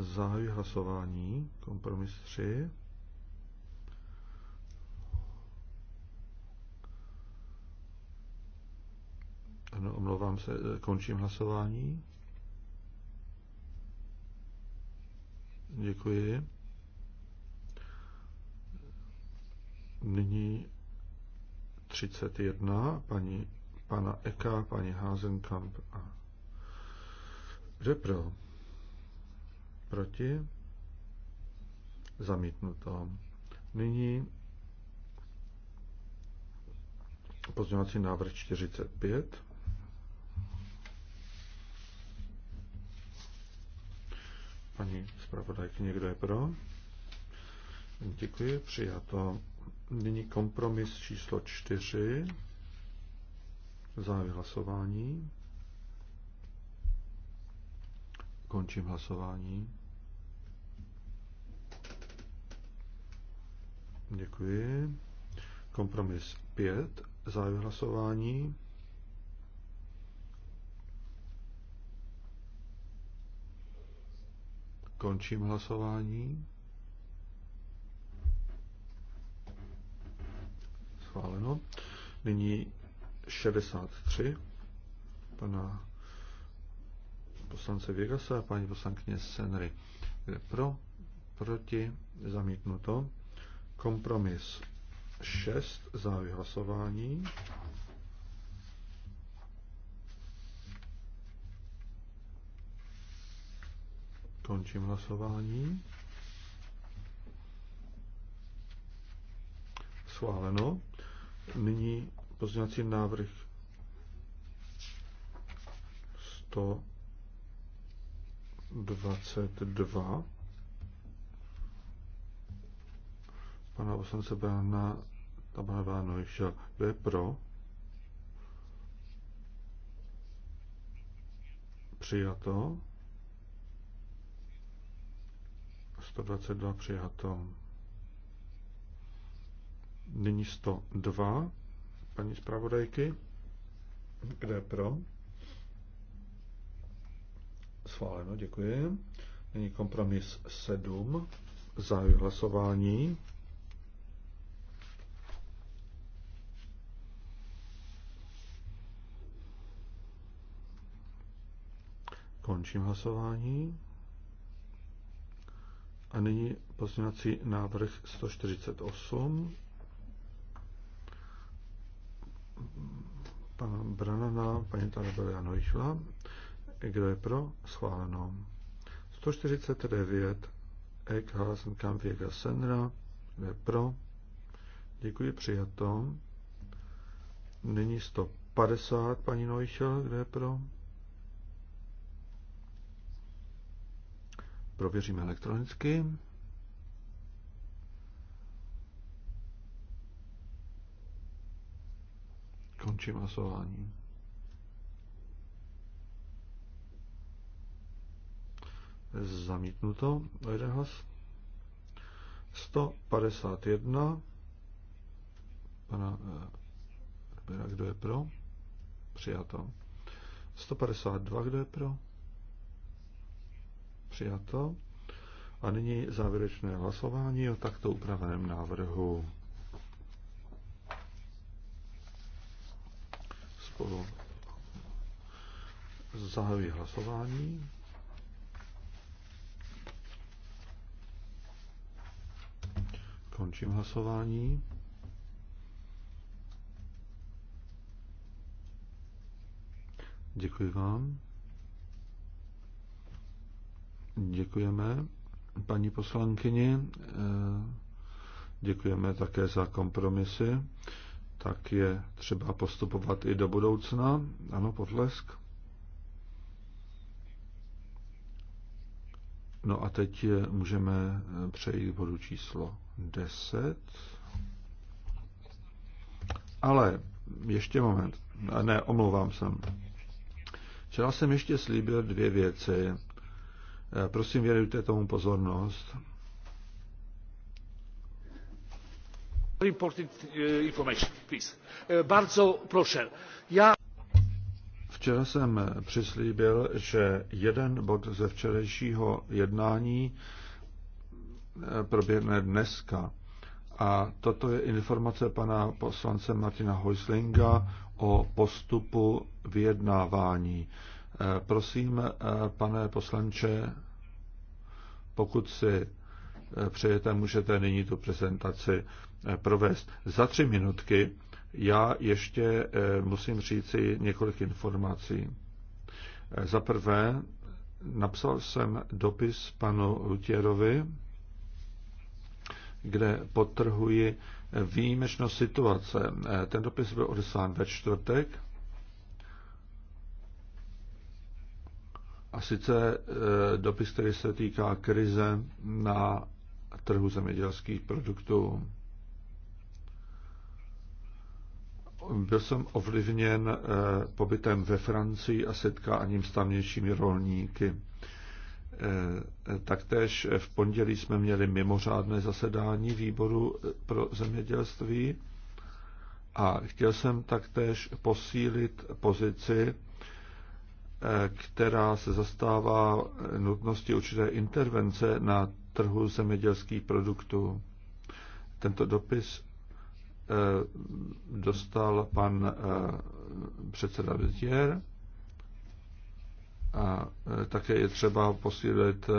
Speaker 1: Zahajuji hlasování. Kompromis 3. Ano, omlouvám se, končím hlasování. Děkuji. Nyní 31, paní, pana Eka, paní Házenkamp a kdo pro? Proti? Zamítnuto. Nyní pozdělací návrh 45. Paní zpravodajky. Někdo je pro? Děkuji, přijato. Nyní kompromis číslo čtyři. Zahajuji hlasování. Končím hlasování. Děkuji. Kompromis 5. Zájem hlasování. Končím hlasování. Schváleno. Nyní 63 pana poslance Vegasa a paní poslankyně Senry. Kde pro, proti, zamítnuto. Kompromis 6, za hlasování. Končím hlasování. Schváleno. Nyní pozměňovací návrh 122 pana poslance pana Tabana Vánoviša. Kdo je pro? Přijato. 122 přijato. Nyní 102 paní zpravodajky. Kde pro? Schváleno, děkuji. Nyní kompromis 7. Zahajuji hlasování. Končím hlasování. A nyní pozměňovací návrh 148 pana Branana, paní Tarabela Nojchla. Kdo je pro? Schváleno. 149 Halasen Kampiega Senra. Kdo je pro? Děkuji, přijato. Nyní 150 paní Nojchel. Kdo je pro? Prověříme elektronicky. Končím hlasování. Zamítnuto o jeden hlas. 151. Pana eh, Bera, kdo je pro? Přijato. 152, kdo je pro? Přijato. A nyní závěrečné hlasování o takto upraveném návrhu. Spolu zahajuji hlasování. Končím hlasování. Děkuji vám. Děkujeme paní poslankyni. Eh, děkujeme také za kompromisy. Tak je třeba postupovat i do budoucna. Ano, potlesk. No a teď můžeme eh, přejít k bodu číslo 10. Ale ještě moment. Ne, omlouvám se. Včera jsem ještě slíbil dvě věci. Eh, prosím, věnujte tomu pozornost. Eh, eh, Včera jsem přislíbil, že jeden bod ze včerejšího jednání proběhne dneska. A toto je informace pana poslance Martina Hojslinga o postupu vyjednávání. Prosím, pane poslanče, pokud si eh, přejete, můžete nyní tu prezentaci eh, provést. Za tři minutky já ještě eh, musím říci několik informací. Za prvé, napsal jsem dopis panu Lutěrovi, kde potrhuji výjimečnost situace. Ten dopis byl odeslán ve čtvrtek A sice e, dopis, který se týká krize na trhu zemědělských produktů. Byl jsem ovlivněn e, pobytem ve Francii a setkáním s tamnějšími rolníky. E, taktéž v pondělí jsme měli mimořádné zasedání výboru pro zemědělství a chtěl jsem taktéž posílit pozici Eh, která se zastává nutnosti určité intervence na trhu zemědělských produktů. Tento dopis eh, dostal pan eh, předseda Vizier a také je třeba posílit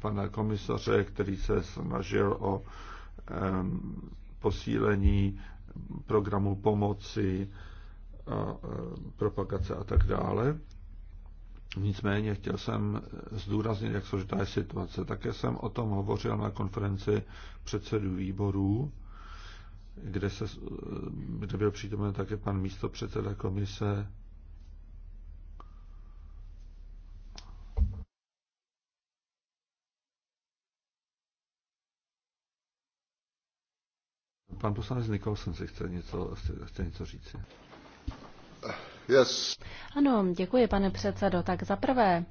Speaker 1: pana komisaře, který se snažil o posílení programu pomoci, propagace a tak dále. Nicméně chtěl jsem zdůraznit, jak složitá je situace. Také jsem o tom hovořil na konferenci předsedů výborů, kde, se, kde byl přítomen také pan místo předseda komise Pan poslanec Nikolson si chce něco, chce něco říct. Yes.
Speaker 2: Ano, děkuji, pane předsedo. Tak za prvé,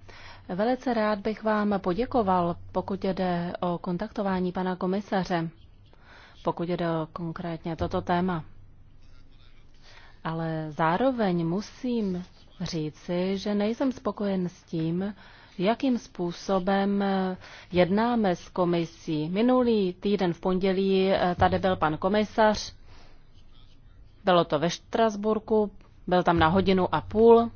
Speaker 2: velice rád bych vám poděkoval, pokud jde o kontaktování pana komisaře, pokud jde o konkrétně toto téma. Ale zároveň musím říci, že nejsem spokojen s tím, jakým způsobem jednáme s komisí. Minulý týden v pondělí tady byl pan komisař, bylo to ve Štrasburku, byl tam na hodinu a půl.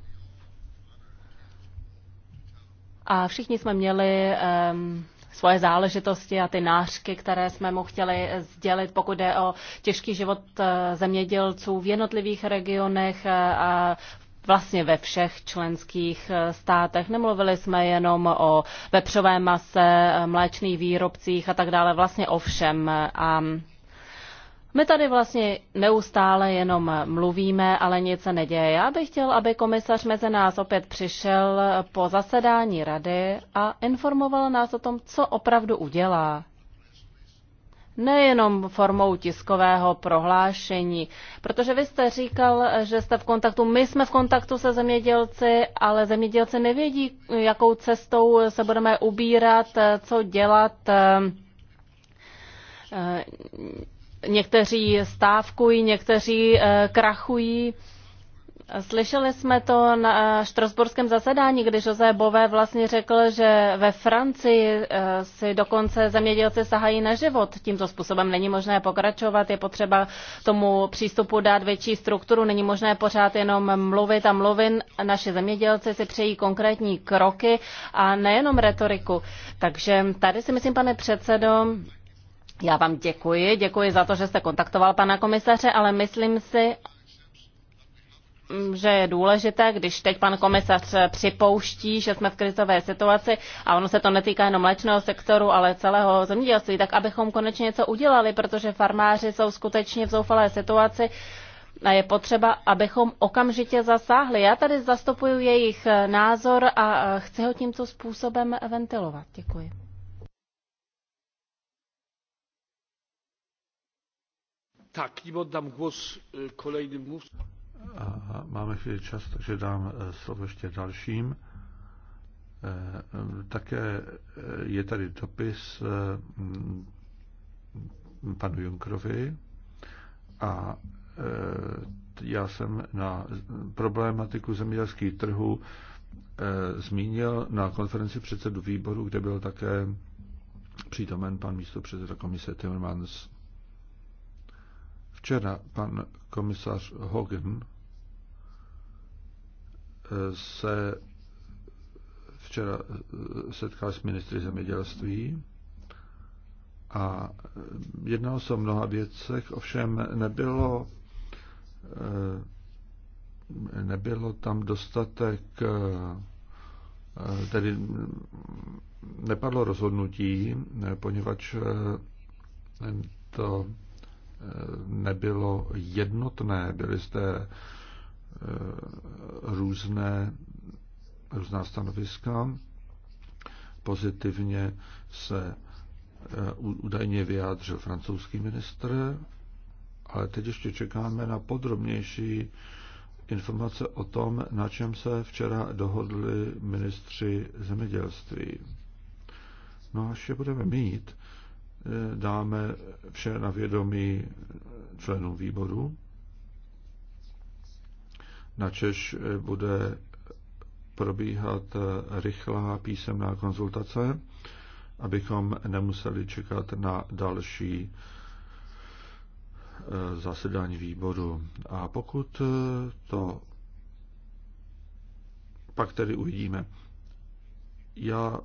Speaker 2: A všichni jsme měli um, svoje záležitosti a ty nářky, které jsme mu chtěli sdělit, pokud jde o těžký život eh, zemědělců v jednotlivých regionech eh, a vlastně ve všech členských eh, státech. Nemluvili jsme jenom o vepřové mase, mléčných výrobcích a tak dále, vlastně o všem. A my tady vlastně neustále jenom mluvíme, ale nic se neděje. Já bych chtěl, aby komisař mezi nás opět přišel po zasedání rady a informoval nás o tom, co opravdu udělá. Nejenom formou tiskového prohlášení, protože vy jste říkal, že jste v kontaktu, my jsme v kontaktu se zemědělci, ale zemědělci nevědí, jakou cestou se budeme ubírat, co dělat Někteří stávkují, někteří eh, krachují. Slyšeli jsme to na štrasburském zasedání, kdy José Bové vlastně řekl, že ve Francii eh, si dokonce zemědělci sahají na život. Tímto způsobem není možné pokračovat, je potřeba tomu přístupu dát větší strukturu, není možné pořád jenom mluvit a mluvit. Naši zemědělci si přejí konkrétní kroky a nejenom retoriku. Takže tady si myslím, pane předsedo, já vám děkuji, děkuji za to, že jste kontaktoval pana komisaře, ale myslím si, že je důležité, když teď pan komisař připouští, že jsme v krizové situaci a ono se to netýká jenom mléčného sektoru, ale celého zemědělství, tak abychom konečně něco udělali, protože farmáři jsou skutečně v zoufalé situaci a je potřeba, abychom okamžitě zasáhli. Já tady zastupuju jejich názor a chci ho tímto způsobem ventilovat. Děkuji.
Speaker 1: Tak, nebo dám głos e, kolejnym mówcom. Máme chvíli čas, takže dám e, slovo ještě dalším. E, také je tady dopis panu Junkrovi a já jsem na problematiku zemědělských trhů zmínil na konferenci předsedu výboru, kde byl také přítomen pan místo předseda komise Timmermans. Včera pan komisař Hogan eh, se včera eh, setkal s ministry zemědělství a eh, jednalo se o mnoha věcech, ovšem nebylo, nebylo tam dostatek, tedy nepadlo rozhodnutí, poněvadž to nebylo jednotné, byly zde e, různé, různá stanoviska. Pozitivně se e, údajně vyjádřil francouzský ministr, ale teď ještě čekáme na podrobnější informace o tom, na čem se včera dohodli ministři zemědělství. No až je budeme mít, dáme vše na vědomí členům výboru. Češ eh, bude probíhat eh, rychlá písemná konzultace, abychom nemuseli čekat na další eh, zasedání výboru. A pokud to pak tedy uvidíme. Já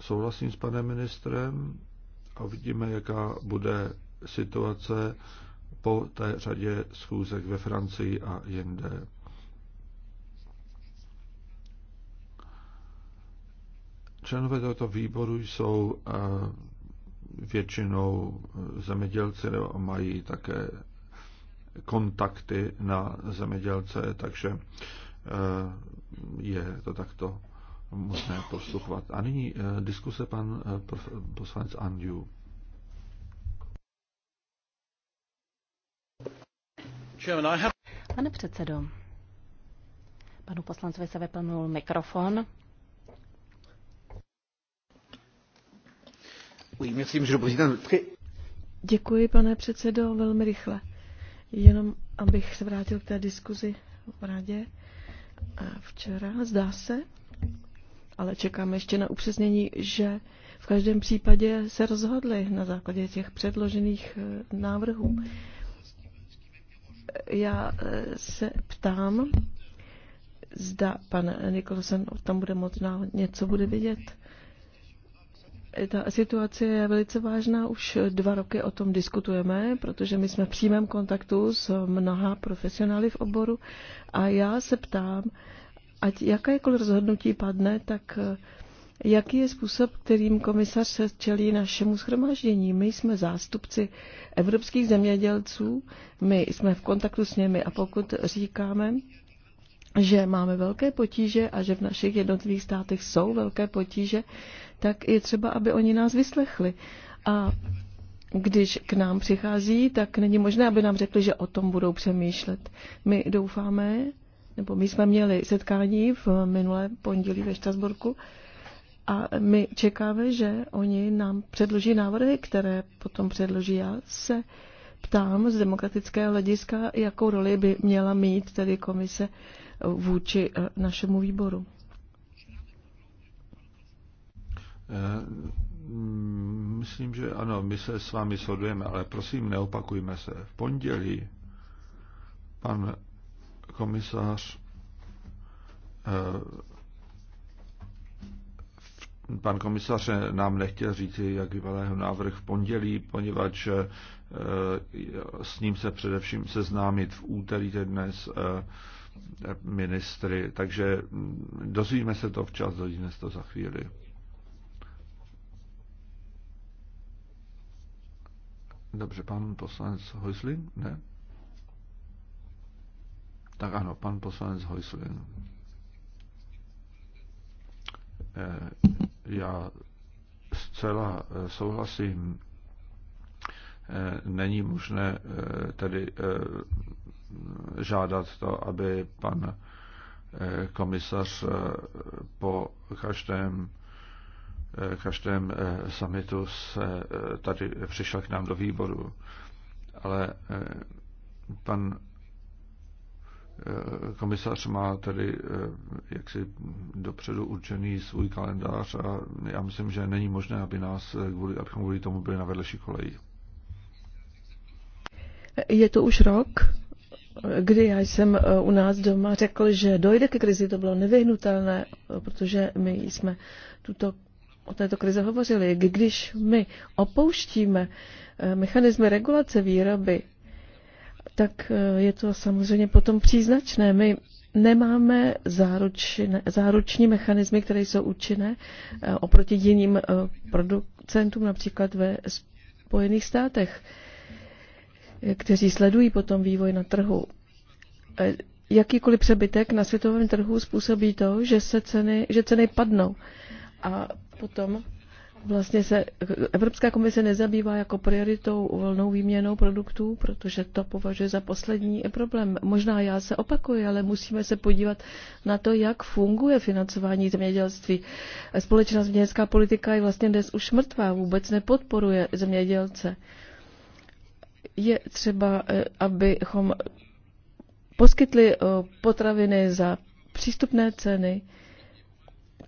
Speaker 1: souhlasím s panem ministrem, a uvidíme, jaká bude situace po té řadě schůzek ve Francii a jinde. Členové tohoto výboru jsou eh, většinou zemědělci nebo mají také kontakty na zemědělce, takže eh, je to takto možné posluchovat. A nyní eh, diskuse pan eh, poslanec Andiu.
Speaker 2: Pane předsedo, panu poslancovi se vyplnul mikrofon.
Speaker 3: Děkuji, pane předsedo, velmi rychle. Jenom abych se vrátil k té diskuzi v radě včera. Zdá se, ale čekáme ještě na upřesnění, že v každém případě se rozhodli na základě těch předložených eh, návrhů. Já eh, se ptám, zda pan Nikolson tam bude moc něco bude vidět. Ta situace je velice vážná, už dva roky o tom diskutujeme, protože my jsme v přímém kontaktu s mnoha profesionály v oboru a já se ptám, ať jakékoliv rozhodnutí padne, tak eh, jaký je způsob, kterým komisař se čelí našemu schromáždění. My jsme zástupci evropských zemědělců, my jsme v kontaktu s nimi a pokud říkáme, že máme velké potíže a že v našich jednotlivých státech jsou velké potíže, tak je třeba, aby oni nás vyslechli. A když k nám přichází, tak není možné, aby nám řekli, že o tom budou přemýšlet. My doufáme, nebo my jsme měli setkání v minulé pondělí ve Štrasburku a my čekáme, že oni nám předloží návrhy, které potom předloží. Já se ptám z demokratického hlediska, jakou roli by měla mít tedy komise vůči eh, našemu výboru.
Speaker 1: Eh, myslím, že ano, my se s vámi shodujeme, ale prosím, neopakujme se. V pondělí pan komisař, eh, pan komisař nám nechtěl říct, jak vypadá jeho návrh v pondělí, poněvadž eh, s ním se především seznámit v úterý dnes eh, ministry, takže mm, dozvíme se to včas, dozvíme se to za chvíli. Dobře, pan poslanec Hojslin? Ne? Tak ano, pan poslanec Hojslin. Eh, já zcela eh, souhlasím. Eh, není možné tedy žádat to, aby pan komisař po každém každém summitu se tady přišel k nám do výboru. Ale pan Eh, komisař má tedy eh, jaksi dopředu určený svůj kalendář a já myslím, že není možné, aby nás eh, kvůli, abychom kvůli tomu byli na vedlejší koleji.
Speaker 3: Je to už rok, kdy já jsem u nás doma řekl, že dojde ke krizi, to bylo nevyhnutelné, protože my jsme tuto, o této krize hovořili. Když my opouštíme mechanizmy regulace výroby tak eh, je to samozřejmě potom příznačné. My nemáme záručné, záruční mechanismy, které jsou účinné eh, oproti jiným eh, producentům, například ve Spojených státech, kteří sledují potom vývoj na trhu. Jakýkoliv přebytek na světovém trhu způsobí to, že, se ceny, že ceny padnou. A potom vlastně se Evropská komise nezabývá jako prioritou volnou výměnou produktů, protože to považuje za poslední problém. Možná já se opakuju, ale musíme se podívat na to, jak funguje financování zemědělství. Společná zemědělská politika je vlastně dnes už mrtvá, vůbec nepodporuje zemědělce. Je třeba, eh, abychom poskytli eh, potraviny za přístupné ceny,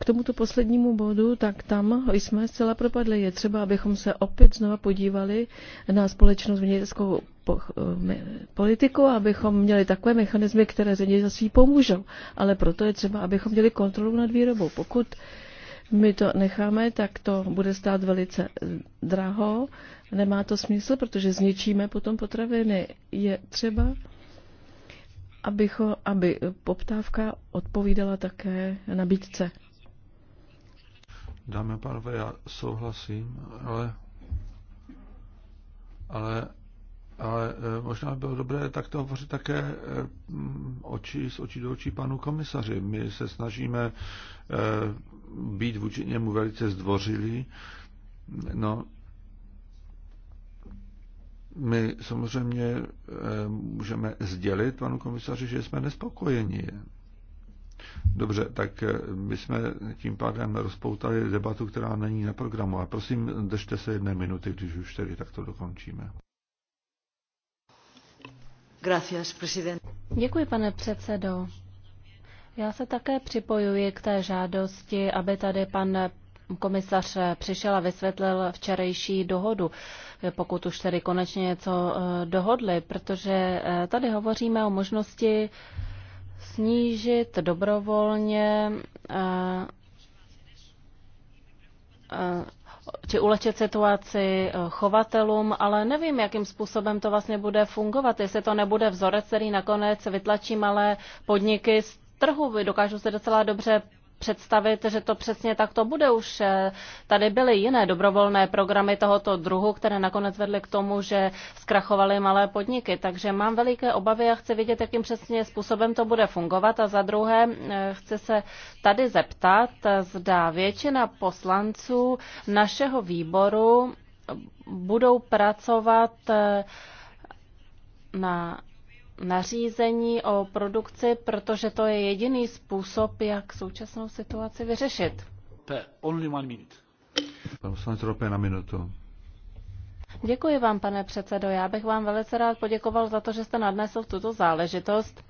Speaker 3: k tomuto poslednímu bodu, tak tam jsme zcela propadli. Je třeba, abychom se opět znova podívali na společnost vnitřskou eh, politiku, abychom měli takové mechanismy, které zemědělství pomůžou. Ale proto je třeba, abychom měli kontrolu nad výrobou. Pokud my to necháme, tak to bude stát velice eh, draho. Nemá to smysl, protože zničíme potom potraviny. Je třeba, abycho, aby eh, poptávka odpovídala také nabídce.
Speaker 1: Dámy a pánové, já souhlasím, ale, ale, ale eh, možná by bylo dobré takto hovořit také eh, oči, z očí do očí panu komisaři. My se snažíme eh, být vůči němu velice zdvořilí. No, my samozřejmě můžeme sdělit panu komisaři, že jsme nespokojeni. Dobře, tak eh, my jsme tím pádem rozpoutali debatu, která není na programu. A prosím, držte se jedné minuty, když už tedy takto dokončíme.
Speaker 3: Gracias, president.
Speaker 2: Děkuji, pane předsedo. Já se také připojuji k té žádosti, aby tady pan komisař přišel a vysvětlil včerejší dohodu, pokud už tedy konečně něco eh, dohodli, protože eh, tady hovoříme o možnosti snížit dobrovolně eh, eh, či ulečit situaci eh, chovatelům, ale nevím, jakým způsobem to vlastně bude fungovat, jestli to nebude vzorec, který nakonec vytlačí malé podniky z trhu. Dokážu se docela dobře představit, že to přesně takto bude. Už eh, tady byly jiné dobrovolné programy tohoto druhu, které nakonec vedly k tomu, že zkrachovaly malé podniky. Takže mám veliké obavy a chci vidět, jakým přesně způsobem to bude fungovat. A za druhé eh, chci se tady zeptat, eh, zda většina poslanců našeho výboru budou pracovat na nařízení o produkci, protože to je jediný způsob, jak současnou situaci vyřešit.
Speaker 1: Only Pan poslanec Rope na minutu.
Speaker 2: Děkuji vám, pane předsedo. Já bych vám velice rád poděkoval za to, že jste nadnesl tuto záležitost.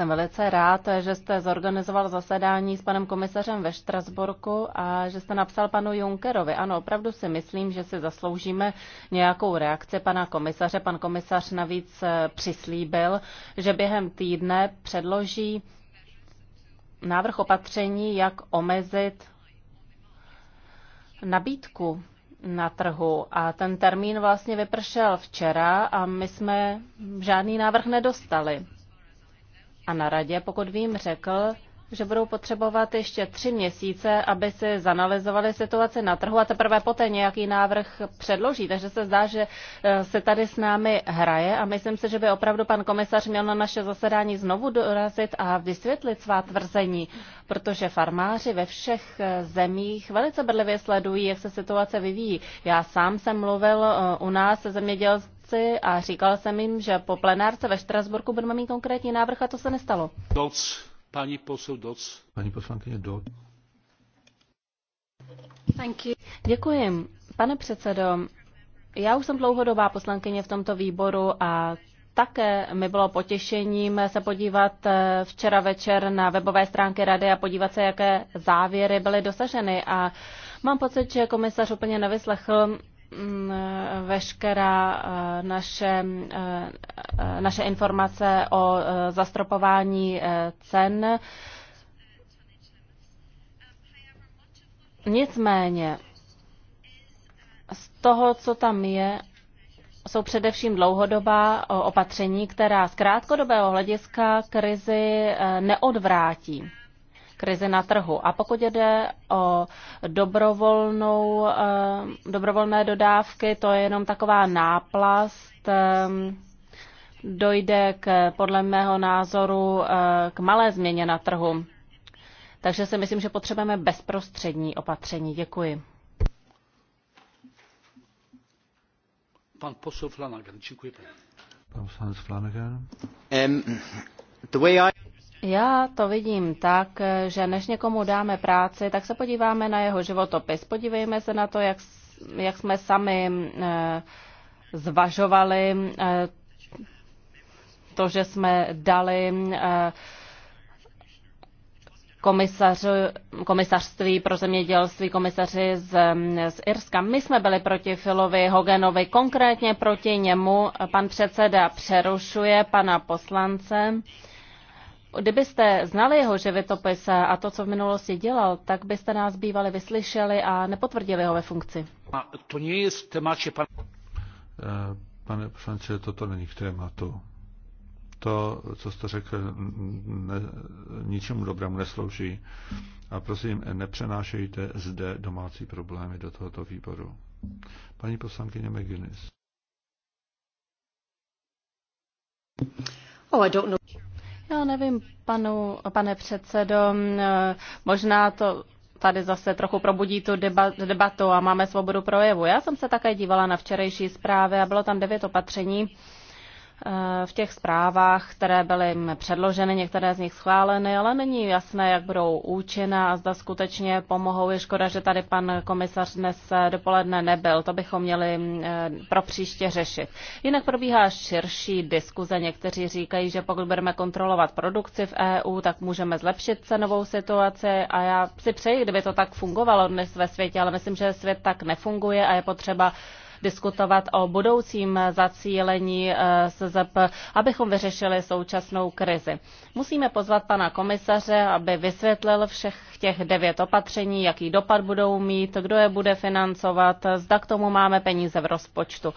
Speaker 2: Jsem velice rád, že jste zorganizoval zasedání s panem komisařem ve Štrasburku a že jste napsal panu Junkerovi. Ano, opravdu si myslím, že si zasloužíme nějakou reakci pana komisaře. Pan komisař navíc eh, přislíbil, že během týdne předloží návrh opatření, jak omezit nabídku na trhu a ten termín vlastně vypršel včera a my jsme žádný návrh nedostali a na radě, pokud vím, řekl, že budou potřebovat ještě tři měsíce, aby se zanalizovali situaci na trhu a teprve poté nějaký návrh předloží. Takže se zdá, že eh, se tady s námi hraje a myslím si, že by opravdu pan komisař měl na naše zasedání znovu dorazit a vysvětlit svá tvrzení, protože farmáři ve všech eh, zemích velice bedlivě sledují, jak se situace vyvíjí. Já sám jsem mluvil eh, u nás se zemědělství frakci a říkal jsem jim, že po plenárce ve Štrasburku budeme mít konkrétní návrh a to se nestalo.
Speaker 1: Doc, paní posl. Doc. Paní poslankyně Doc.
Speaker 2: Děkuji. Pane předsedo, já už jsem dlouhodobá poslankyně v tomto výboru a také mi bylo potěšením se podívat eh, včera večer na webové stránky rady a podívat se, jaké závěry byly dosaženy. A mám pocit, že komisař úplně nevyslechl veškerá e, naše, e, e, naše informace o zastropování cen. Nicméně z toho, co tam je, jsou především dlouhodobá opatření, která z krátkodobého hlediska krizi neodvrátí krizi na trhu. A pokud jde o dobrovolnou, eh, dobrovolné dodávky, to je jenom taková náplast eh, dojde k, podle mého názoru eh, k malé změně na trhu. Takže si myslím, že potřebujeme bezprostřední opatření. Děkuji.
Speaker 1: Pan Flanagan, děkuji. Pan poslanec Flanagan.
Speaker 2: Um, the way I... Já to vidím tak, že než někomu dáme práci, tak se podíváme na jeho životopis. Podívejme se na to, jak, jak jsme sami eh, zvažovali eh, to, že jsme dali eh, komisař, komisařství pro zemědělství, komisaři z, z Irska. My jsme byli proti Filovi Hoganovi, konkrétně proti němu. Pan předseda přerušuje pana poslance. Kdybyste znali jeho životopis a to, co v minulosti dělal, tak byste nás bývali vyslyšeli a nepotvrdili ho ve funkci. A to nie je
Speaker 1: tématě, pan... Eh, pane poslanče, toto není k tématu. To, co jste řekl, ne, ničemu dobrému neslouží. A prosím, nepřenášejte zde domácí problémy do tohoto výboru. Paní poslankyně McGuinness.
Speaker 2: Oh, I don't know. Já nevím, panu, pane předsedo, eh, možná to tady zase trochu probudí tu debatu a máme svobodu projevu. Já jsem se také dívala na včerejší zprávy a bylo tam devět opatření, Eh, v těch zprávách, které byly předloženy, některé z nich schváleny, ale není jasné, jak budou účinná a zda skutečně pomohou. Je škoda, že tady pan komisař dnes eh, dopoledne nebyl. To bychom měli mm, eh, pro příště řešit. Jinak probíhá širší diskuze. Někteří říkají, že pokud budeme kontrolovat produkci v EU, tak můžeme zlepšit cenovou situaci a já si přeji, kdyby to tak fungovalo dnes ve světě, ale myslím, že svět tak nefunguje a je potřeba diskutovat o budoucím zacílení eh, SZP, abychom vyřešili současnou krizi. Musíme pozvat pana komisaře, aby vysvětlil všech těch devět opatření, jaký dopad budou mít, kdo je bude financovat, zda k tomu máme peníze v rozpočtu.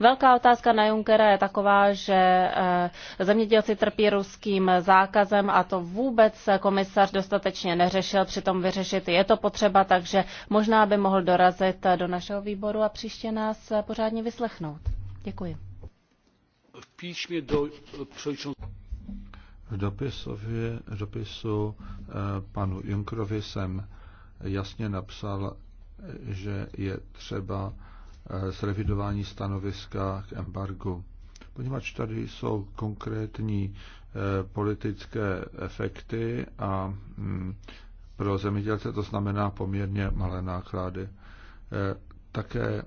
Speaker 2: Velká otázka na Junckera je taková, že eh, zemědělci trpí ruským zákazem a to vůbec komisař dostatečně neřešil, přitom vyřešit je to potřeba, takže možná by mohl dorazit do našeho výboru a příště nás nás pořádně vyslechnout. Děkuji.
Speaker 1: V písmě do v dopisově, dopisu eh, panu Junkrovi jsem jasně napsal, že je třeba eh, zrevidování stanoviska k embargu. Poněvadž tady jsou konkrétní eh, politické efekty a hm, pro zemědělce to znamená poměrně malé náklady. Také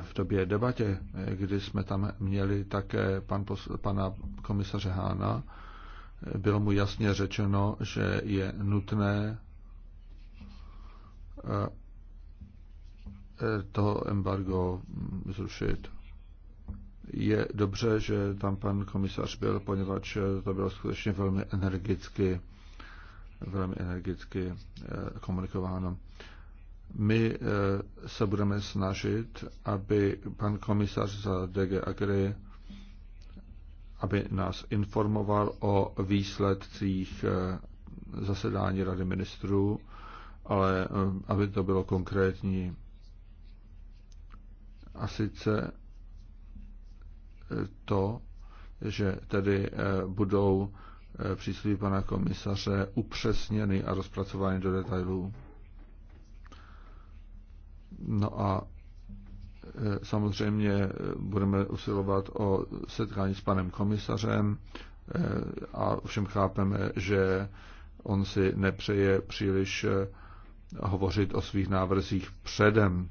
Speaker 1: v době debatě, kdy jsme tam měli také pan pos, pana komisaře Hána, bylo mu jasně řečeno, že je nutné eh, toho embargo zrušit. Je dobře, že tam pan komisař byl, poněvadž to bylo skutečně velmi energicky, velmi energicky eh, komunikováno. My eh, se budeme snažit, aby pan komisař za DG Agri aby nás informoval o výsledcích eh, zasedání Rady ministrů, ale eh, aby to bylo konkrétní. A sice to, že tedy budou přísliby pana komisaře upřesněny a rozpracovány do detailů. No a e, samozřejmě e, budeme usilovat o setkání s panem komisařem e, a všem chápeme, že on si nepřeje příliš hovořit o svých návrzích předem,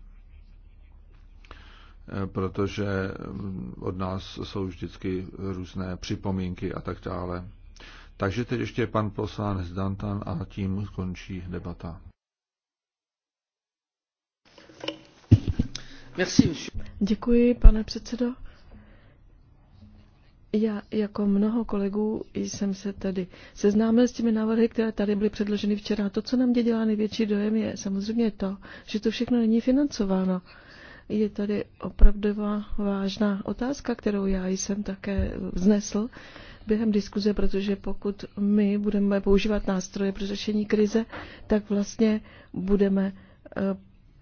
Speaker 1: protože mm, od nás jsou vždycky různé připomínky a tak dále. Takže teď ještě pan poslanec Dantan a tím končí debata.
Speaker 3: Děkuji, pane předsedo. Já jako mnoho kolegů jsem se tady seznámil s těmi návrhy, které tady byly předloženy včera. to, co nám dělá největší dojem, je samozřejmě to, že to všechno není financováno. Je tady opravdu vážná otázka, kterou já jsem také vznesl během diskuze, protože pokud my budeme používat nástroje pro řešení krize, tak vlastně budeme eh,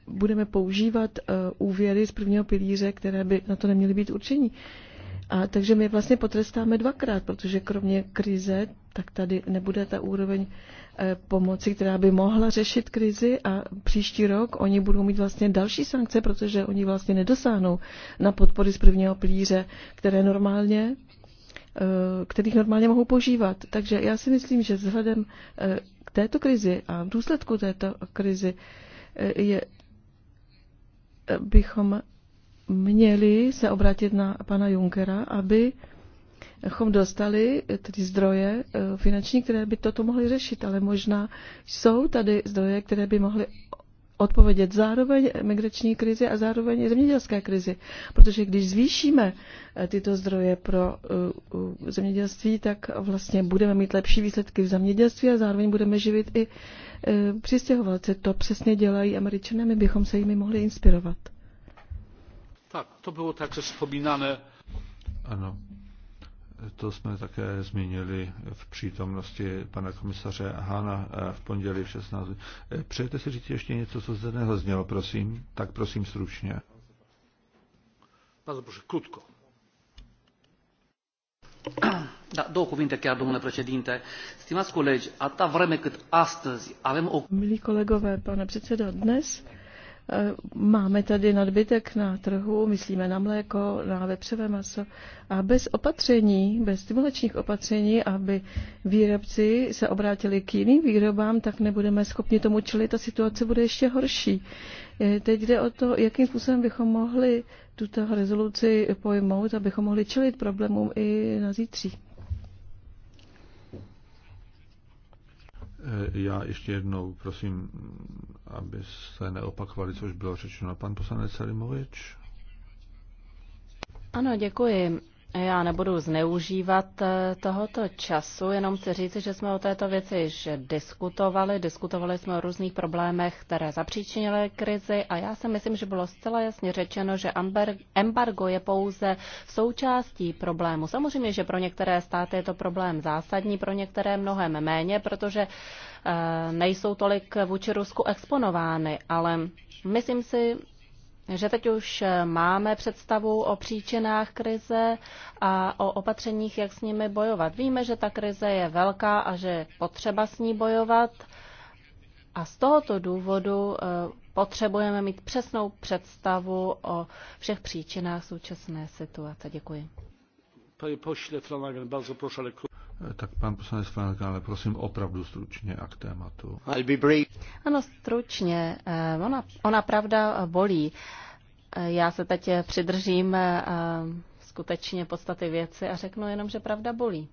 Speaker 3: budeme používat eh, úvěry z prvního pilíře, které by na to neměly být určení. A takže my vlastně potrestáme dvakrát, protože kromě krize, tak tady nebude ta úroveň eh, pomoci, která by mohla řešit krizi a příští rok oni budou mít vlastně další sankce, protože oni vlastně nedosáhnou na podpory z prvního plíře, které normálně eh, kterých normálně mohou požívat. Takže já si myslím, že vzhledem k této krizi a v důsledku této krizi je bychom měli se obrátit na pana Junkera, aby abychom dostali tedy zdroje eh, finanční, které by toto mohly řešit, ale možná jsou tady zdroje, které by mohly odpovědět zároveň migrační krizi a zároveň zemědělské krizi. Protože když zvýšíme eh, tyto zdroje pro eh, zemědělství, tak vlastně budeme mít lepší výsledky v zemědělství a zároveň budeme živit i eh, přistěhovalce. To přesně dělají američané, my bychom se jimi mohli inspirovat.
Speaker 1: Tak, to bylo co vzpomínáme. Ano, to jsme také zmínili v přítomnosti pana komisaře Hana eh, v pondělí v 16. Eh, přejete si říct ještě něco, co zde nezaznělo, prosím? Tak prosím stručně. Bardzo proszę, krótko. Da, două cuvinte chiar, domnule președinte. Stimați colegi, atâta vreme cât astăzi avem
Speaker 3: o... Milí kolegové, pane předsedo, dnes Eh, máme tady nadbytek na trhu, myslíme na mléko, na vepřové maso a bez opatření, bez stimulačních opatření, aby výrobci se obrátili k jiným výrobám, tak nebudeme schopni tomu čelit a situace bude ještě horší. Eh, teď jde o to, jakým způsobem bychom mohli tuto rezoluci pojmout, abychom mohli čelit problémům i na zítří.
Speaker 1: Eh, já ještě jednou prosím, aby se neopakovali, což bylo řečeno. Pan poslanec Salimovič.
Speaker 2: Ano, děkuji. Já nebudu zneužívat eh, tohoto času, jenom chci říct, že jsme o této věci již diskutovali. Diskutovali jsme o různých problémech, které zapříčinily krizi a já si myslím, že bylo zcela jasně řečeno, že embargo je pouze součástí problému. Samozřejmě, že pro některé státy je to problém zásadní, pro některé mnohem méně, protože eh, nejsou tolik vůči Rusku exponovány, ale myslím si, že teď už eh, máme představu o příčinách krize a o opatřeních, jak s nimi bojovat. Víme, že ta krize je velká a že je potřeba s ní bojovat. A z tohoto důvodu eh, potřebujeme mít přesnou představu o všech příčinách současné situace. Děkuji.
Speaker 1: Pane Flanagan, bardzo proszę, ale... E, tak pan poslanec Flanagan, ale prosím opravdu stručně a k tématu.
Speaker 2: Ano, stručně. E, ona, ona pravda bolí. E, já se teď přidržím skutečně podstaty věci a řeknu jenom, že pravda bolí.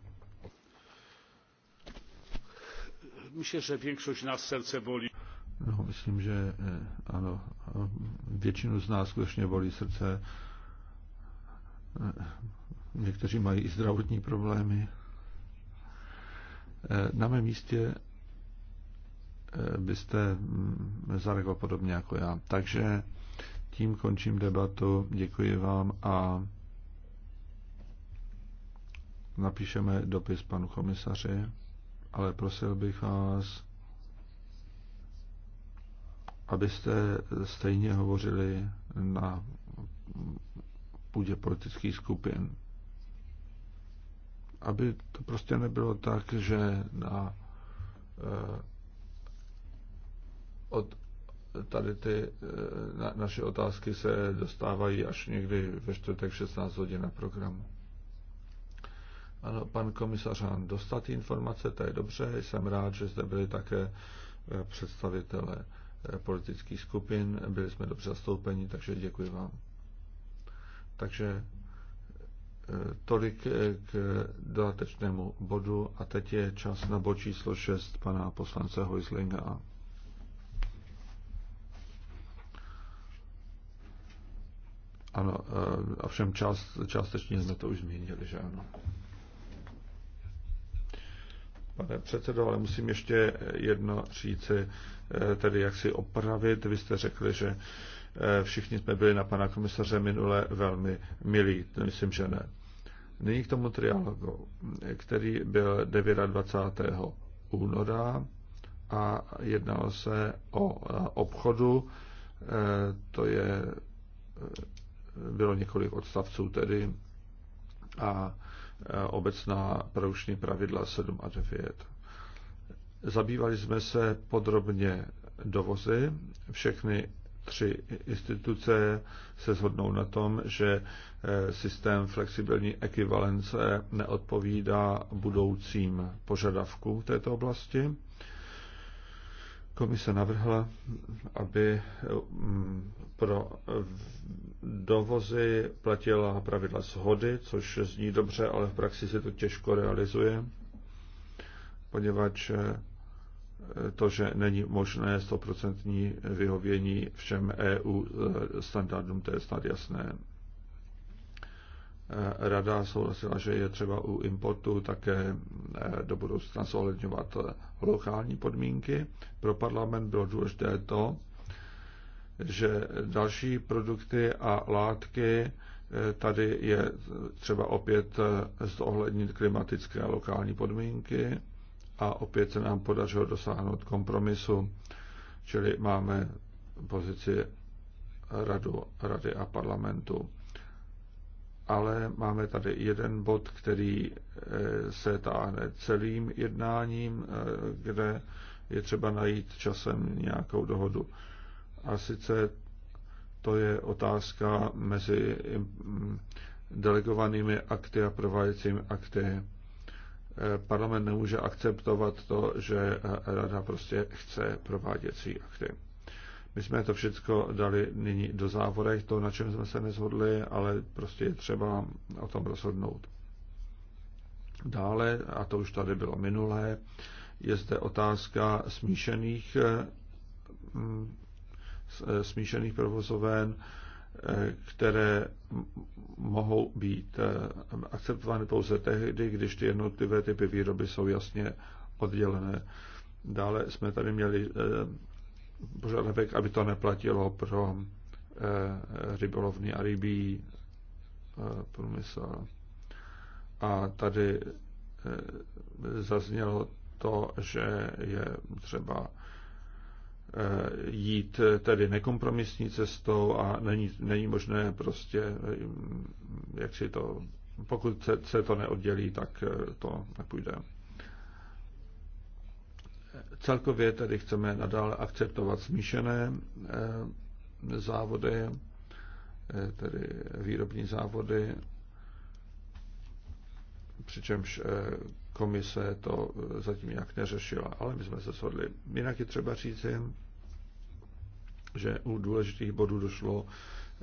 Speaker 1: Myslím, že většinu nás srdce bolí. No, myslím, že ano, většinu z nás skutečně bolí srdce. Někteří mají i zdravotní problémy. Eh, na mém místě eh, byste mm, zareagoval podobně jako já. Takže tím končím debatu. Děkuji vám a napíšeme dopis panu komisaři, ale prosil bych vás, abyste stejně hovořili na půdě politických skupin aby to prostě nebylo tak, že na, eh, od tady ty eh, na, naše otázky se dostávají až někdy ve čtvrtek 16 hodin na programu. Ano, pan komisař Han, dostat informace, to je dobře, jsem rád, že zde byli také eh, představitelé politických skupin, byli jsme dobře zastoupeni, takže děkuji vám. Takže Tolik k dodatečnému bodu a teď je čas na bod číslo 6 pana poslance Hojzlinga. Ano, a eh, všem část, částečně jsme to už zmínili, že ano. Pane předsedo, ale musím ještě jedno říci, eh, tedy jak si opravit. Vy jste řekli, že eh, všichni jsme byli na pana komisaře minule velmi milí. Myslím, že ne. Nyní k tomu trialogu, který byl 29. února a jednalo se o eh, obchodu. Eh, to je, eh, bylo několik odstavců tedy a obecná proušní pravidla 7 a 9. Zabývali jsme se podrobně dovozy. Všechny tři instituce se shodnou na tom, že eh, systém flexibilní ekvivalence neodpovídá budoucím požadavkům této oblasti. Komise navrhla, aby mm, pro dovozy platila pravidla shody, což zní dobře, ale v praxi se to těžko realizuje, poněvadž eh, to, že není možné stoprocentní vyhovění všem EU eh, standardům, to je snad jasné. Eh, Rada souhlasila, že je třeba u importu také eh, do budoucna zohledňovat lokální podmínky. Pro parlament bylo důležité to, že další produkty a látky tady je třeba opět zohlednit klimatické a lokální podmínky a opět se nám podařilo dosáhnout kompromisu, čili máme pozici radu, rady a parlamentu. Ale máme tady jeden bod, který eh, se táhne celým jednáním, eh, kde je třeba najít časem nějakou dohodu. A sice to je otázka mezi mm, delegovanými akty a prováděcími akty parlament nemůže akceptovat to, že rada prostě chce prováděcí akty. My jsme to všechno dali nyní do závorek, to, na čem jsme se nezhodli, ale prostě je třeba o tom rozhodnout. Dále, a to už tady bylo minulé, je zde otázka smíšených, mm, e, smíšených provozoven, které mohou být eh, akceptovány pouze tehdy, když ty jednotlivé typy výroby jsou jasně oddělené. Dále jsme tady měli eh, požadavek, aby to neplatilo pro eh, rybolovný a rybí průmysl. A tady zaznělo to, že je třeba jít tedy nekompromisní cestou a není, není možné prostě, jak si to, pokud se, se to neoddělí, tak eh, to nepůjde. Celkově tedy chceme nadále akceptovat smíšené eh, závody, eh, tedy výrobní závody, přičemž komise to zatím nějak neřešila, ale my jsme se shodli. Jinak je třeba říci, že u důležitých bodů došlo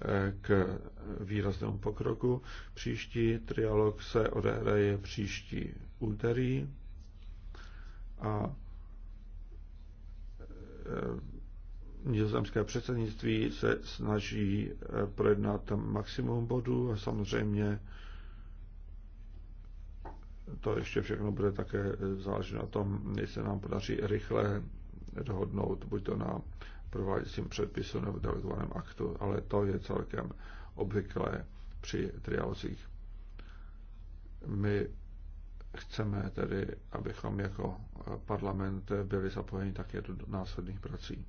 Speaker 1: eh, k výraznému pokroku. Příští trialog se odehraje příští úterý a eh, nizozemské předsednictví se snaží eh, projednat maximum bodů a samozřejmě to ještě všechno bude také eh, záležet na tom, jestli se nám podaří rychle dohodnout, buď to na prováděcím předpisu nebo delegovaném aktu, ale to je celkem obvyklé při trialozích. My chceme tedy, abychom jako eh, parlament byli zapojeni také do následných prací.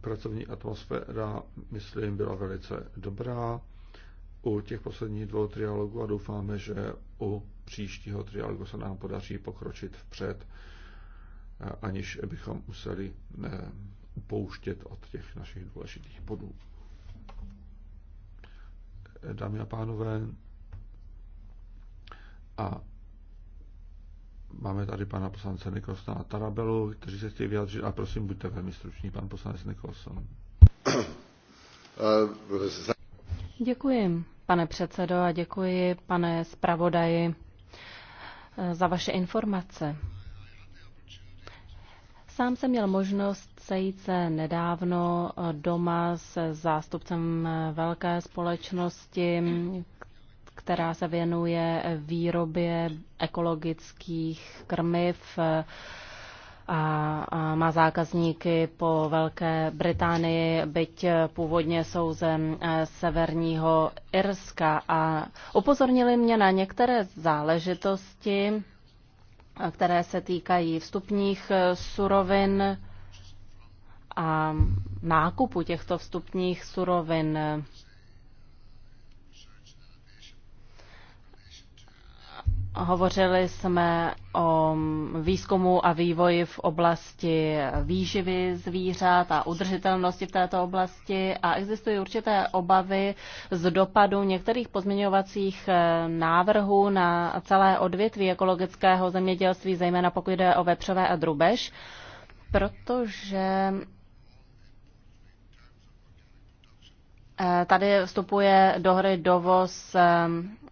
Speaker 1: Pracovní atmosféra, myslím, byla velice dobrá u těch posledních dvou trialogů a doufáme, že u příštího trialogu se nám podaří pokročit vpřed, aniž bychom museli eh, upouštět od těch našich důležitých bodů. Dámy a pánové, a máme tady pana poslance Nikosna a Tarabelu, kteří se chtějí vyjádřit. A prosím, buďte velmi struční, pan poslanec Nikolson. Eh,
Speaker 2: Děkuji pane předsedo, a děkuji, pane zpravodaji, za vaše informace. Sám jsem měl možnost sejít se nedávno doma se zástupcem velké společnosti, která se věnuje výrobě ekologických krmiv a má zákazníky po Velké Británii, byť původně jsou ze eh, severního Irska a upozornili mě na některé záležitosti, eh, které se týkají vstupních eh, surovin a nákupu těchto vstupních surovin. Hovořili jsme o výzkumu a vývoji v oblasti výživy zvířat a udržitelnosti v této oblasti a existují určité obavy z dopadu některých pozměňovacích eh, návrhů na celé odvětví ekologického zemědělství, zejména pokud jde o vepřové a drubež, protože eh, tady vstupuje do hry dovoz eh,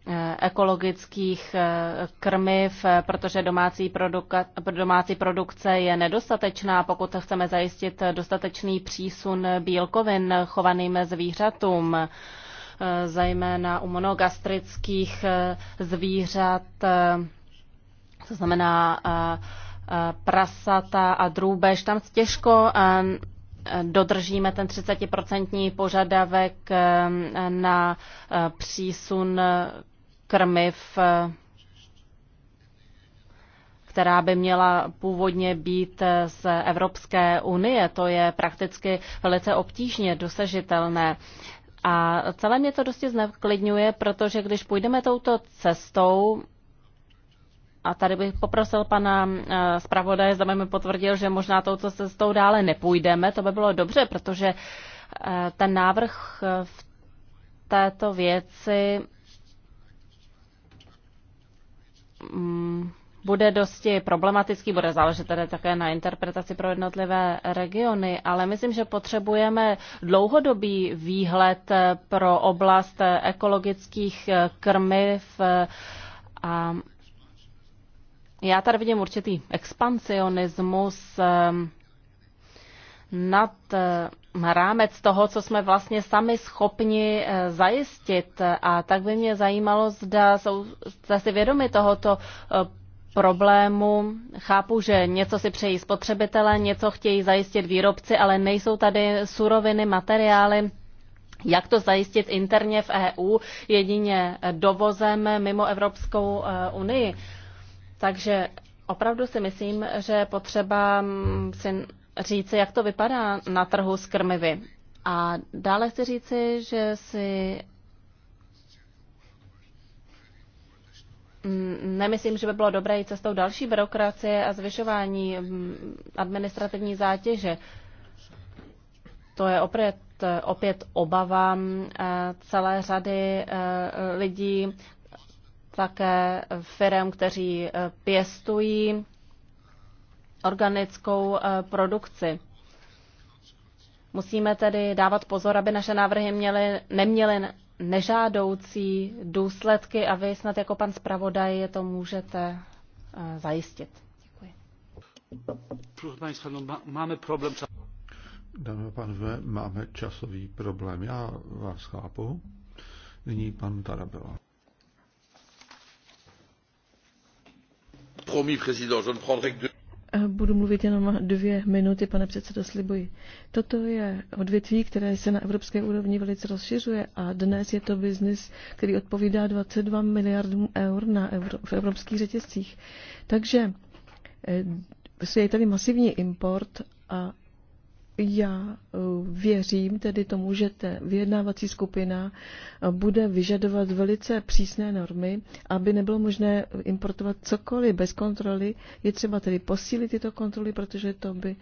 Speaker 2: Eh, ekologických eh, krmiv, eh, protože domácí, produka, domácí produkce je nedostatečná, pokud chceme zajistit dostatečný přísun bílkovin chovaným zvířatům zejména u monogastrických zvířat, to znamená prasata a drůbež. Tam těžko dodržíme ten 30% požadavek na přísun krmiv, která by měla původně být z Evropské unie. To je prakticky velice obtížně dosažitelné. A celé mě to dosti zneklidňuje, protože když půjdeme touto cestou, a tady bych poprosil pana eh, zpravodaje, zda mi potvrdil, že možná touto cestou dále nepůjdeme, to by bylo dobře, protože eh, ten návrh eh, v této věci Mm, bude dosti problematický, bude záležet tedy také na interpretaci pro jednotlivé regiony, ale myslím, že potřebujeme dlouhodobý výhled eh, pro oblast eh, ekologických eh, krmiv a já tady vidím určitý expansionismus nad rámec toho, co jsme vlastně sami schopni eh, zajistit. A tak by mě zajímalo, zda, jsou, zda si vědomi tohoto eh, problému. Chápu, že něco si přejí spotřebitele, něco chtějí zajistit výrobci, ale nejsou tady suroviny, materiály. Jak to zajistit interně v EU, jedině eh, dovozem mimo Evropskou unii? Takže opravdu si myslím, že potřeba mm, si říci, jak to vypadá na trhu s krmivy. A dále chci říci, že si nemyslím, že by bylo dobré jít cestou další byrokracie a zvyšování administrativní zátěže. To je opět, opět obava e, celé řady e, lidí, také firm, kteří e, pěstují organickou eh, produkci. Musíme tedy dávat pozor, aby naše návrhy měly, neměly nežádoucí důsledky a vy snad jako pan zpravodaj je to můžete eh, zajistit. Děkuji.
Speaker 1: No, máme problém. Dámy a pánové, máme časový problém. Já vás chápu. Nyní pan Tarabela. Promis, prezident, je ne prendrai que
Speaker 3: Budu mluvit jenom dvě minuty, pane předsedo, slibuji. Toto je odvětví, které se na evropské úrovni velice rozšiřuje a dnes je to biznis, který odpovídá 22 miliardům eur na evro, v evropských řetězcích. Takže eh, je tady masivní import a já eh, věřím tedy tomu, že ta vyjednávací skupina eh, bude vyžadovat velice přísné normy, aby nebylo možné importovat cokoliv bez kontroly. Je třeba tedy posílit tyto kontroly, protože to by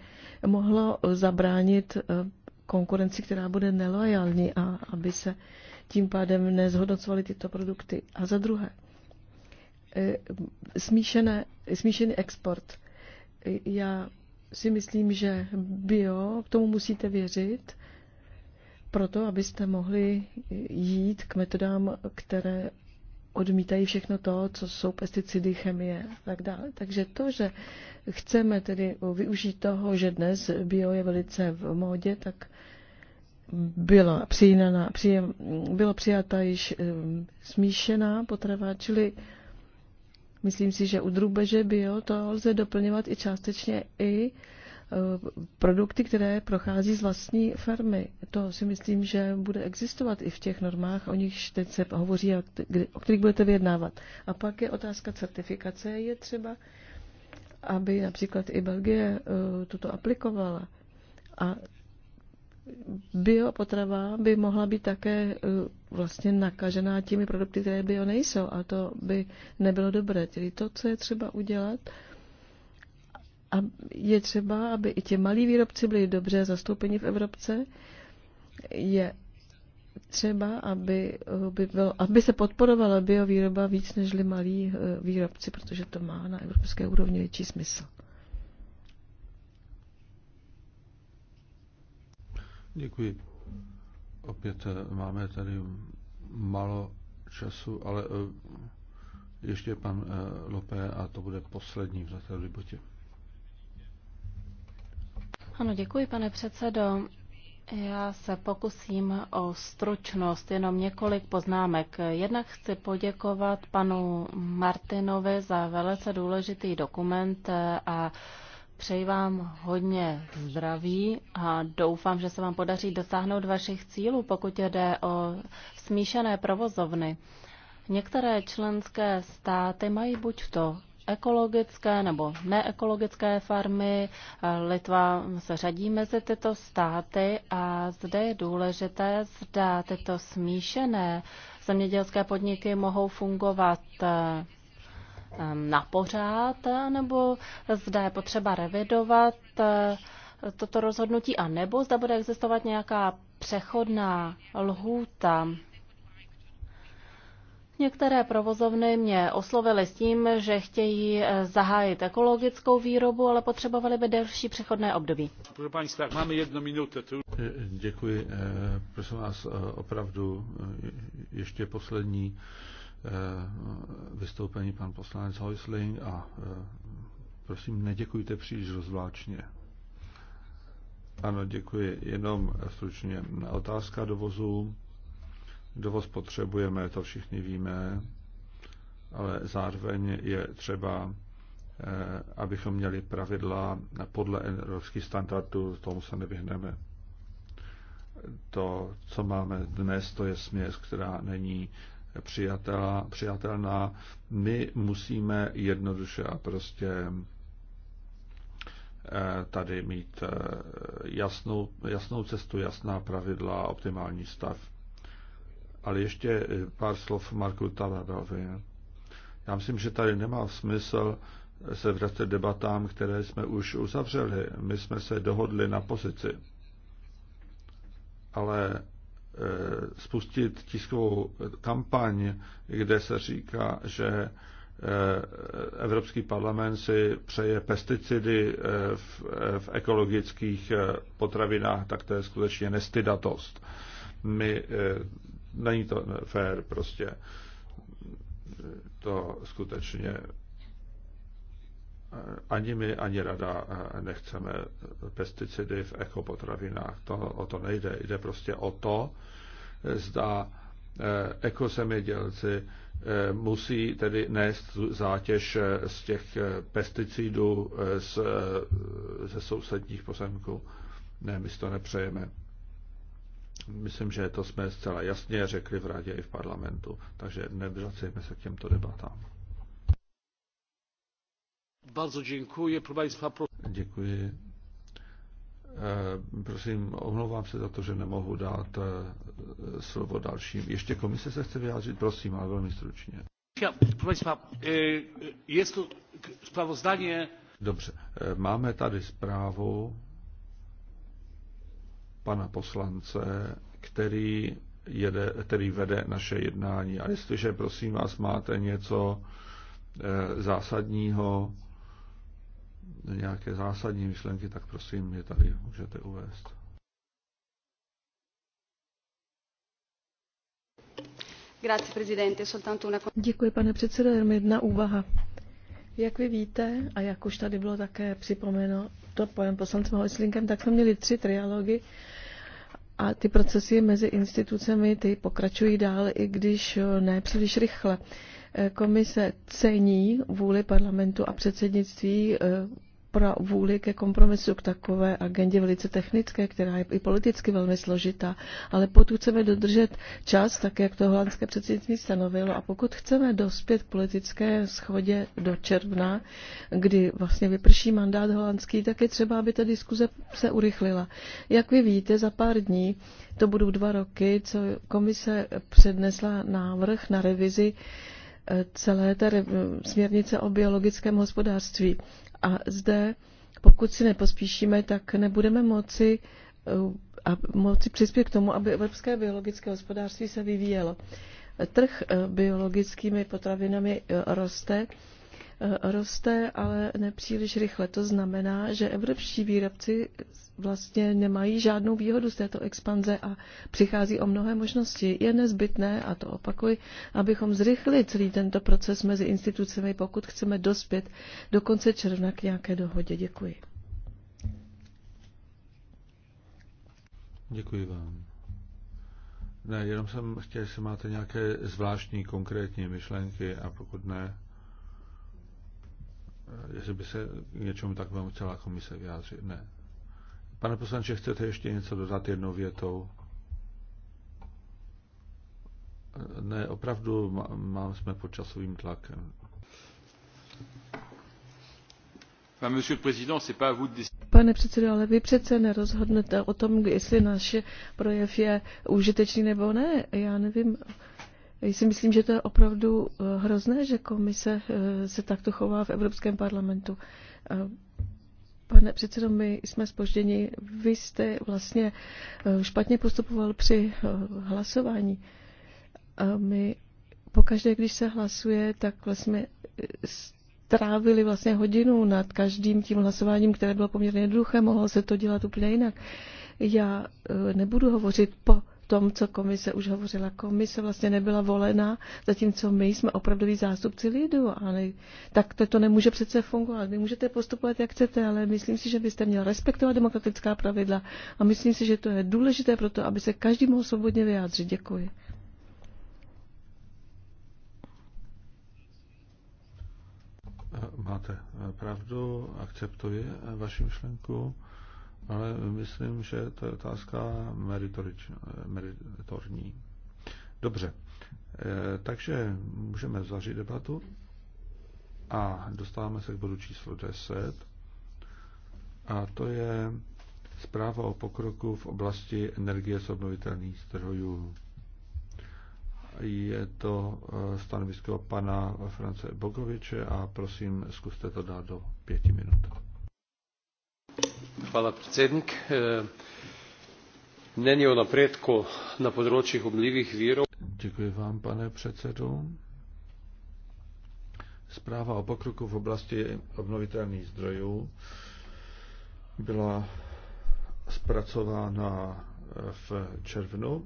Speaker 3: mohlo zabránit eh, konkurenci, která bude nelojální a aby se tím pádem nezhodnocovaly tyto produkty. A za druhé, smíšené, smíšený export. Já si myslím, že bio, tomu musíte věřit, proto abyste mohli jít k metodám, které odmítají všechno to, co jsou pesticidy, chemie a tak dále. Takže to, že chceme tedy využít toho, že dnes bio je velice v módě, tak byla přijímána, bylo přijata již eh, smíšená potrava, čili Myslím si, že u drůbeže bio to lze doplňovat i částečně i e, produkty, které prochází z vlastní farmy. To si myslím, že bude existovat i v těch normách, o nichž teď se hovoří o kterých budete vyjednávat. A pak je otázka certifikace. Je třeba, aby například i Belgie e, tuto aplikovala. A biopotrava by mohla být také e, vlastně nakažená těmi produkty, které bio nejsou a to by nebylo dobré. Tedy to, co je třeba udělat, a je třeba, aby i ti malí výrobci byli dobře zastoupeni v Evropce, je třeba, aby, by bylo, aby se podporovala biovýroba víc než malí eh, výrobci, protože to má na evropské úrovni větší smysl.
Speaker 1: Děkuji. Opět eh, máme tady málo času, ale eh, ještě pan eh, Lope a to bude poslední v té libotě.
Speaker 2: Ano, děkuji, pane předsedo. Já se pokusím o stručnost, jenom několik poznámek. Jednak chci poděkovat panu Martinovi za velice důležitý dokument a Přeji vám hodně zdraví a doufám, že se vám podaří dosáhnout vašich cílů, pokud jde o smíšené provozovny. Některé členské státy mají buď to ekologické nebo neekologické farmy. Litva se řadí mezi tyto státy a zde je důležité, zda tyto smíšené zemědělské podniky mohou fungovat eh, na pořád, nebo zda je potřeba revidovat eh, toto rozhodnutí, a nebo zda bude existovat nějaká přechodná lhůta. Některé provozovny mě oslovily s tím, že chtějí eh, zahájit ekologickou výrobu, ale potřebovali by delší přechodné období.
Speaker 1: máme jednu minutu. E, e, Děkuji. E, Prosím vás, opravdu ještě poslední Eh, vystoupení pan poslanec Heusling a eh, prosím, neděkujte příliš rozvláčně. Ano, děkuji. Jenom stručně. Otázka dovozu. Dovoz potřebujeme, to všichni víme, ale zároveň je třeba, eh, abychom měli pravidla podle evropských standardů, tomu se nevyhneme. To, co máme dnes, to je směs, která není přijatelná. My musíme jednoduše a prostě eh, tady mít eh, jasnou, jasnou cestu, jasná pravidla optimální stav. Ale ještě eh, pár slov Marku Tavarovi. Já myslím, že tady nemá smysl se vracet debatám, které jsme už uzavřeli. My jsme se dohodli na pozici. Ale Eh, spustit tiskovou kampaň, kde se říká, že eh, Evropský parlament si přeje pesticidy eh, v, v ekologických potravinách, tak to je skutečně nestydatost. My, není to fér prostě. To skutečně ani my, ani rada eh, nechceme pesticidy v ekopotravinách. To, o to nejde. Jde prostě o to, zda eh, ekosemědělci eh, musí tedy nést zátěž z těch pesticidů z, ze sousedních pozemků. Ne, my si to nepřejeme. Myslím, že to jsme zcela jasně řekli v radě i v parlamentu, takže nevracejme se k těmto debatám. Bardzo děkuji. Děkuji. E, prosím, omlouvám se za to, že nemohu dát e, slovo dalším. Ještě komise se chce vyjádřit, prosím, ale velmi stručně. Je to zpravozdanie. Dobře, e, máme tady zprávu pana poslance, který, jede, který vede naše jednání. A jestliže, prosím vás, máte něco zásadního, nějaké zásadní myšlenky, tak prosím, je tady můžete uvést.
Speaker 3: Děkuji, pane předsedo, jenom jedna úvaha. Jak vy víte, a jak už tady bylo také připomeno to pojem poslancem Hojslinkem, tak jsme měli tři trialogy a ty procesy mezi institucemi ty pokračují dál, i když eh, ne příliš rychle. Eh, komise cení vůli parlamentu a předsednictví eh, pro vůli ke kompromisu k takové agendě velice technické, která je i politicky velmi složitá. Ale pokud chceme dodržet čas, tak jak to holandské předsednictví stanovilo, a pokud chceme dospět k politické schodě do června, kdy vlastně vyprší mandát holandský, tak je třeba, aby ta diskuze se urychlila. Jak vy víte, za pár dní, to budou dva roky, co komise přednesla návrh na revizi eh, celé té směrnice o biologickém hospodářství. A zde, pokud si nepospíšíme, tak nebudeme moci eh, a moci přispět k tomu, aby evropské biologické hospodářství se vyvíjelo. Trh eh, biologickými potravinami eh, roste Eh, roste, ale nepříliš rychle. To znamená, že evropští výrobci vlastně nemají žádnou výhodu z této expanze a přichází o mnohé možnosti. Je nezbytné, a to opakuji, abychom zrychlili celý tento proces mezi institucemi, pokud chceme dospět do konce června k nějaké dohodě. Děkuji.
Speaker 1: Děkuji vám. Ne, jenom jsem chtěl, jestli máte nějaké zvláštní konkrétní myšlenky a pokud ne, Eh, jestli by se k něčemu takovému celá komise vyjádřit. Ne. Pane poslanče, chcete ještě něco dodat jednou větou? Eh, ne, opravdu mám, jsme pod časovým tlakem.
Speaker 3: Pane předsedo, ale vy přece nerozhodnete o tom, jestli náš projev je užitečný nebo ne. Já nevím, já si myslím, že to je opravdu eh, hrozné, že komise eh, se takto chová v Evropském parlamentu. Eh, pane předsedo, my jsme spožděni. Vy jste vlastně špatně postupoval při hlasování. A my pokaždé, když se hlasuje, tak vlastně strávili vlastně hodinu nad každým tím hlasováním, které bylo poměrně jednoduché, mohlo se to dělat úplně jinak. Já nebudu hovořit po tom, co komise už hovořila. Komise vlastně nebyla volena, zatímco my jsme opravdoví zástupci lidu. Ale tak to, to nemůže přece fungovat. Vy můžete postupovat, jak chcete, ale myslím si, že byste měl respektovat demokratická pravidla. A myslím si, že to je důležité pro to, aby se každý mohl svobodně vyjádřit. Děkuji.
Speaker 1: Máte pravdu, akceptuji vaši myšlenku ale myslím, že to je otázka meritorní. Dobře, e, takže můžeme zařít debatu a dostáváme se k bodu číslo 10 a to je zpráva o pokroku v oblasti energie z obnovitelných zdrojů. Je to e, stanovisko pana France Bogoviče a prosím, zkuste to dát do pěti minut. Hvala, e, Mnenje o napredku na področjih obnovljivih virov. Děkuji vám, pane předsedo. Zpráva o pokroku v oblasti obnovitelných zdrojů byla zpracována v červnu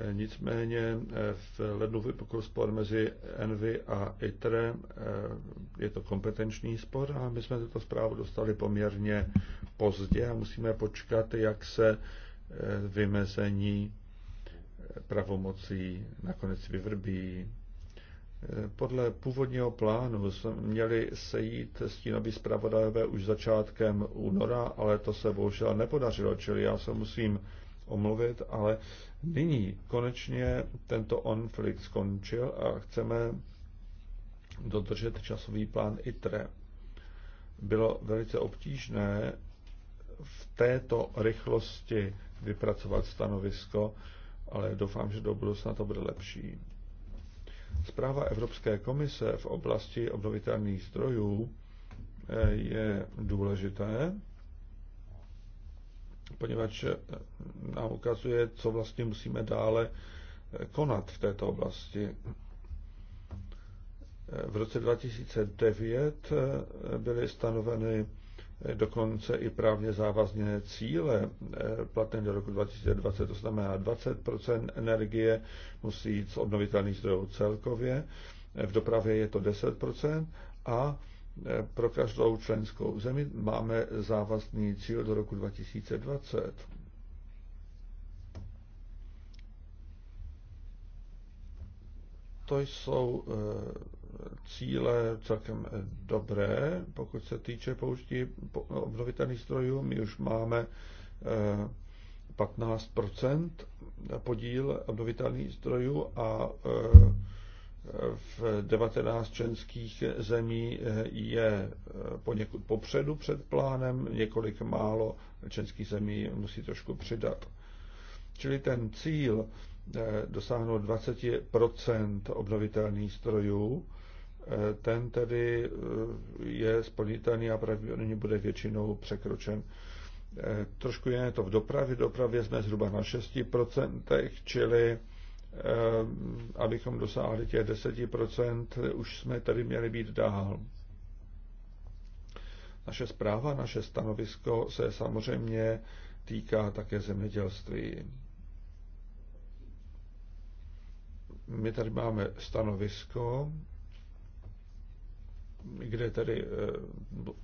Speaker 1: Eh, nicméně eh, v lednu vypukl spor mezi Envy a ITRE. Eh, je to kompetenční spor a my jsme tuto zprávu dostali poměrně pozdě a musíme počkat, jak se vymezení pravomocí nakonec vyvrbí. Podle původního plánu měli sejít stínoví zpravodajové už začátkem února, ale to se bohužel nepodařilo, čili já se musím omluvit, ale Nyní konečně tento OnFlix skončil a chceme dodržet časový plán ITRE. Bylo velice obtížné v této rychlosti vypracovat stanovisko, ale doufám, že do budoucna to bude lepší. Zpráva Evropské komise v oblasti obnovitelných zdrojů eh, je důležité, poněvadž eh, nám ukazuje, co vlastně musíme dále eh, konat v této oblasti. Eh, v roce 2009 byly stanoveny dokonce i právně závazné cíle platné do roku 2020, to znamená 20 energie musí jít z obnovitelných zdrojů celkově, v dopravě je to 10 a Eh, pro každou členskou zemi máme závazný cíl do roku 2020. To jsou eh, cíle celkem eh, dobré, pokud se týče použití obnovitelných zdrojů. My už máme 15 podíl obnovitelných zdrojů a v 19 členských zemí je poněkud popředu před plánem, několik málo členských zemí musí trošku přidat. Čili ten cíl eh, dosáhnout 20 obnovitelných strojů, eh, ten tedy eh, je splnitelný a pravděpodobně bude většinou překročen. Trošku jiné to v dopravě. V dopravě jsme zhruba na 6%, čili Eh, abychom dosáhli těch 10%, už jsme tady měli být dál. Naše zpráva, naše stanovisko se samozřejmě týká také zemědělství. My tady máme stanovisko, kde tedy eh,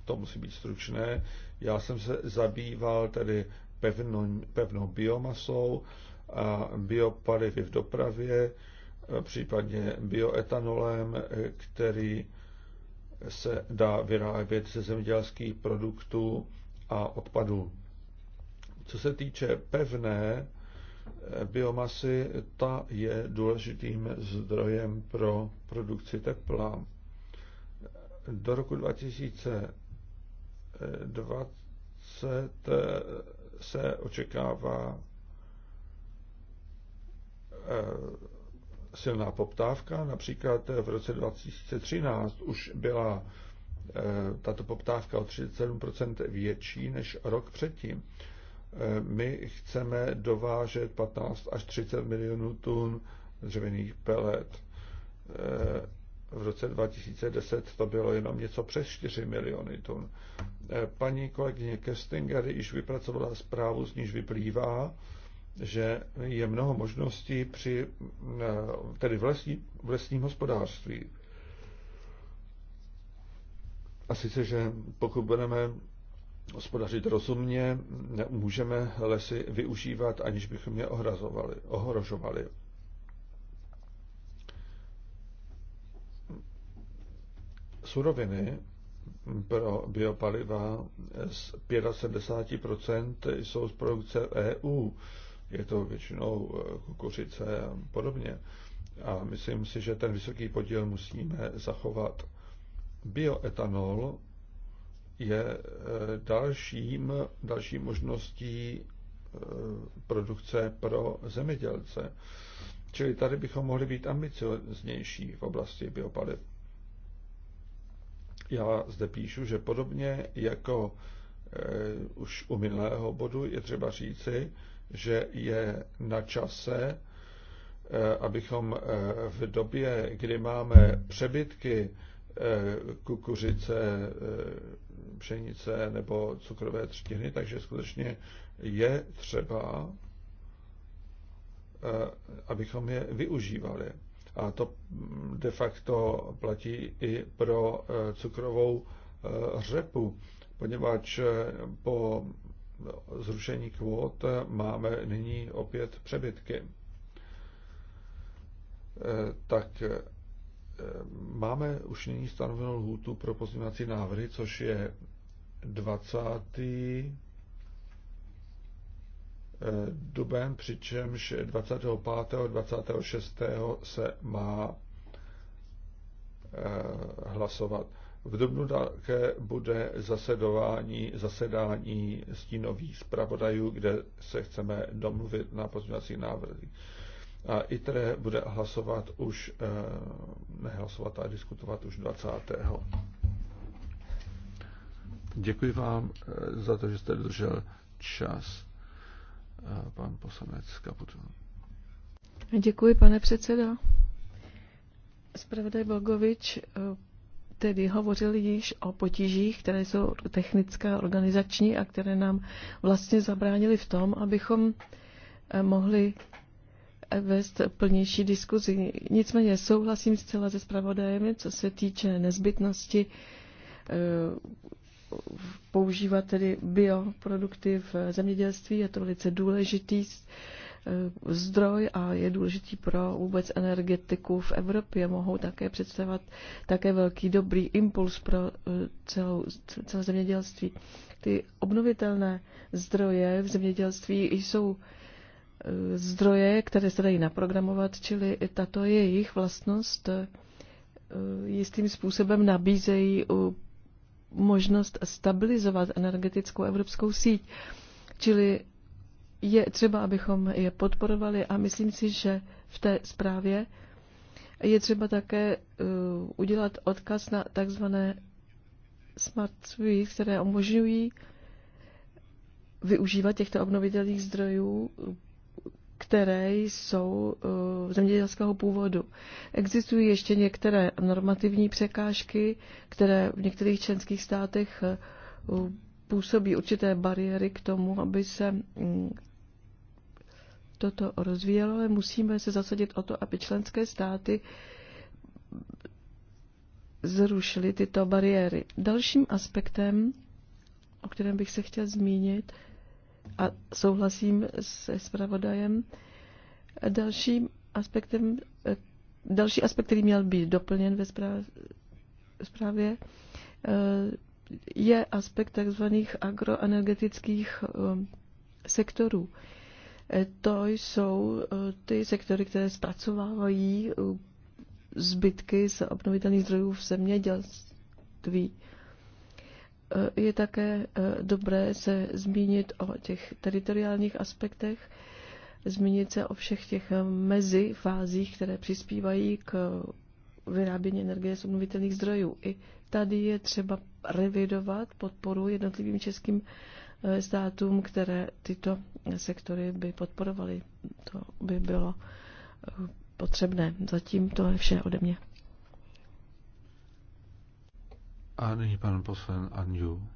Speaker 1: to musí být stručné. Já jsem se zabýval tedy pevnou, pevnou biomasou, a biopalivy v dopravě, e, případně bioetanolem, e, který se dá vyrábět ze zemědělských produktů a odpadů. Co se týče pevné e, biomasy, ta je důležitým zdrojem pro produkci tepla. Do roku 2020 se očekává Eh, silná poptávka. Například eh, v roce 2013 už byla eh, tato poptávka o 37% větší než rok předtím. My chceme dovážet 15 až 30 milionů tun dřevěných pelet. V roce 2010 to bylo jenom něco přes 4 miliony tun. Paní kolegyně Kestinger již vypracovala zprávu, z níž vyplývá, že je mnoho možností při, eh, tedy v, lesní, v lesním hospodářství. A sice, že pokud budeme hospodařit rozumně, můžeme lesy využívat, aniž bychom je ohrazovali, ohrožovali. Suroviny pro biopaliva z 75% jsou z produkce EU je to většinou eh, kukuřice a podobně. A myslím si, že ten vysoký podíl musíme zachovat. Bioetanol je eh, dalším, další možností eh, produkce pro zemědělce. Čili tady bychom mohli být ambicioznější v oblasti biopaliv. Já zde píšu, že podobně jako už u minulého bodu je třeba říci, že je na čase, eh, abychom eh, v době, kdy máme přebytky eh, kukuřice, pšenice nebo cukrové třtiny, takže skutečně je třeba, abychom je využívali. A to mm, de facto platí i pro cukrovou řepu, poněvadž po zrušení kvót máme nyní opět přebytky. Eh, tak eh, máme už nyní stanovenou lhůtu pro pozměňovací návrhy, což je 20. Eh, duben, přičemž 25. a 26. se má hlasovat. V dubnu také bude zasedování, zasedání stínových zpravodajů, kde se chceme domluvit na pozměňovací návrhy. A ITRE bude hlasovat už, eh, nehlasovat a ale diskutovat už 20. Děkuji vám eh, za to, že jste dodržel čas, eh, pan poslanec Kaputin.
Speaker 3: Děkuji, pane předsedo. Spravodaj Bogovič tedy hovořili již o potížích, které jsou technické, organizační a které nám vlastně zabránili v tom, abychom eh, mohli eh, vést plnější diskuzi. Nicméně souhlasím zcela se zpravodajem, co se týče nezbytnosti eh, používat tedy bioprodukty v zemědělství. Je to velice důležitý Eh, zdroj a je důležitý pro vůbec energetiku v Evropě. Mohou také představovat také velký dobrý impuls pro eh, celou, celé zemědělství. Ty obnovitelné zdroje v zemědělství jsou eh, zdroje, které se dají naprogramovat, čili tato jejich vlastnost jistým způsobem nabízejí možnost stabilizovat energetickou evropskou síť. Čili je třeba, abychom je podporovali a myslím si, že v té zprávě je třeba také e, udělat odkaz na takzvané smart suite, které umožňují využívat těchto obnovitelných zdrojů, které jsou e, zemědělského původu. Existují ještě některé normativní překážky, které v některých členských státech e, působí určité bariéry k tomu, aby se mm, toto rozvíjelo, ale musíme se zasadit o to, aby členské státy zrušily tyto bariéry. Dalším aspektem, o kterém bych se chtěl zmínit, a souhlasím se zpravodajem, dalším aspektem, další aspekt, který měl být doplněn ve zprávě, eh, je aspekt takzvaných agroenergetických eh, sektorů. To jsou eh, ty sektory, které zpracovávají eh, zbytky z obnovitelných zdrojů v zemědělství. Eh, je také dobré se zmínit o těch teritoriálních aspektech, zmínit se o všech těch mezifázích, které přispívají k vyrábění energie z obnovitelných zdrojů. I tady je třeba revidovat podporu jednotlivým českým Eh, státům, které tyto sektory by podporovaly. To by bylo eh, potřebné. Zatím to je vše ode mě.
Speaker 1: A nyní pan poslan Anju.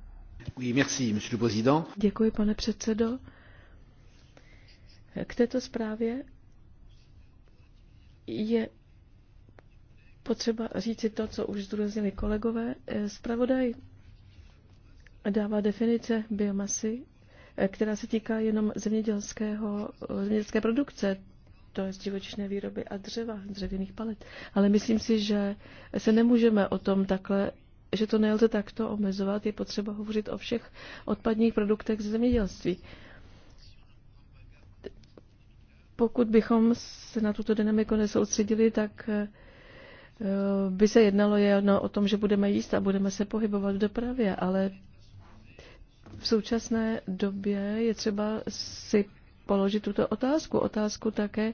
Speaker 1: Oui, merci, monsieur le président.
Speaker 3: Děkuji, pane předsedo. K této zprávě je potřeba říci to, co už zdůraznili kolegové. Spravodaj eh, dává definice biomasy, eh, která se týká jenom zemědělského, eh, zemědělské produkce, to je z živočišné výroby a dřeva, dřevěných palet. Ale myslím si, že se nemůžeme o tom takhle že to nelze takto omezovat, je potřeba hovořit o všech odpadních produktech ze zemědělství. Pokud bychom se na tuto dynamiku nesoustředili, tak eh, by se jednalo jen o tom, že budeme jíst a budeme se pohybovat v dopravě, ale v současné době je třeba si položit tuto otázku. Otázku také,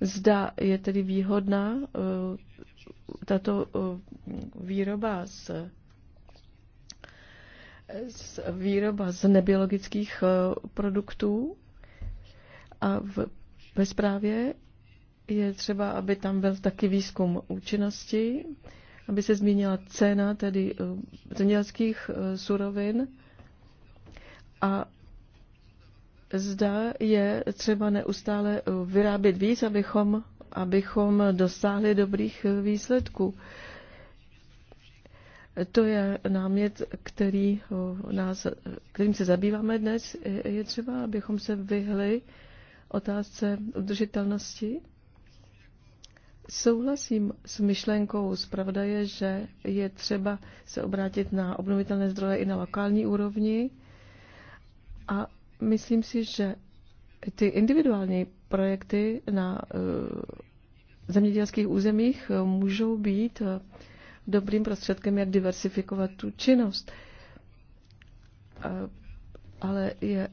Speaker 3: zda je tedy výhodná eh, tato eh, výroba z, z výroba z nebiologických eh, produktů a v, ve zprávě je třeba, aby tam byl taky výzkum účinnosti, aby se zmínila cena tedy zemědělských surovin a zda je třeba neustále vyrábět víc, abychom, abychom dosáhli dobrých výsledků. To je námět, který nás, kterým se zabýváme dnes. Je třeba, abychom se vyhli otázce udržitelnosti. Souhlasím s myšlenkou zpravodaje, že je třeba se obrátit na obnovitelné zdroje i na lokální úrovni a myslím si, že ty individuální projekty na eh, zemědělských územích eh, můžou být eh, dobrým prostředkem, jak diversifikovat tu činnost. Ale je,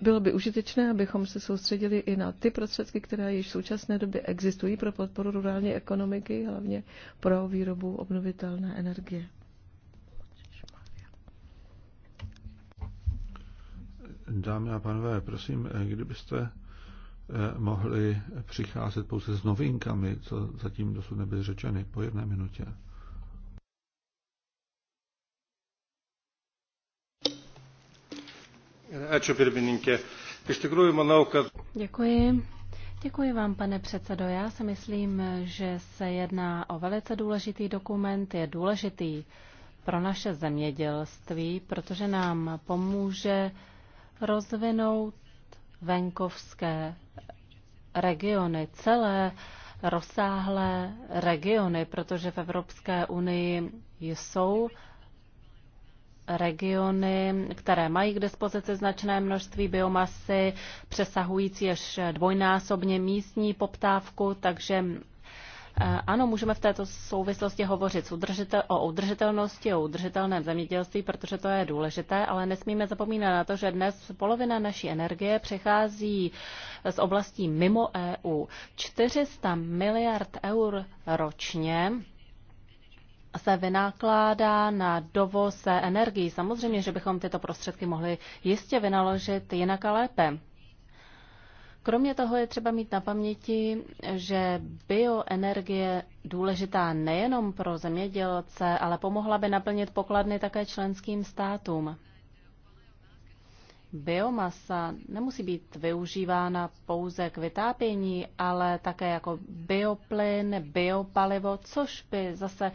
Speaker 3: bylo by užitečné, abychom se soustředili i na ty prostředky, které již v současné době existují pro podporu rurální ekonomiky, hlavně pro výrobu obnovitelné energie.
Speaker 1: Dámy a panové, prosím, eh, kdybyste eh, mohli přicházet pouze s novinkami, co zatím dosud nebyly řečeny, po jedné minutě.
Speaker 2: Děkuji. Děkuji vám, pane předsedo. Já si myslím, že se jedná o velice důležitý dokument. Je důležitý pro naše zemědělství, protože nám pomůže rozvinout venkovské regiony, celé rozsáhlé regiony, protože v Evropské unii jsou regiony, které mají k dispozici značné množství biomasy, přesahující až dvojnásobně místní poptávku, takže Eh, ano, můžeme v této souvislosti hovořit o udržitelnosti, o udržitelném zemědělství, protože to je důležité, ale nesmíme zapomínat na to, že dnes polovina naší energie přechází z oblastí mimo EU. 400 miliard eur ročně se vynakládá na dovoz energií. Samozřejmě, že bychom tyto prostředky mohli jistě vynaložit jinak a lépe. Kromě toho je třeba mít na paměti, že bioenergie důležitá nejenom pro zemědělce, ale pomohla by naplnit pokladny také členským státům. Biomasa nemusí být využívána pouze k vytápění, ale také jako bioplyn, biopalivo, což by zase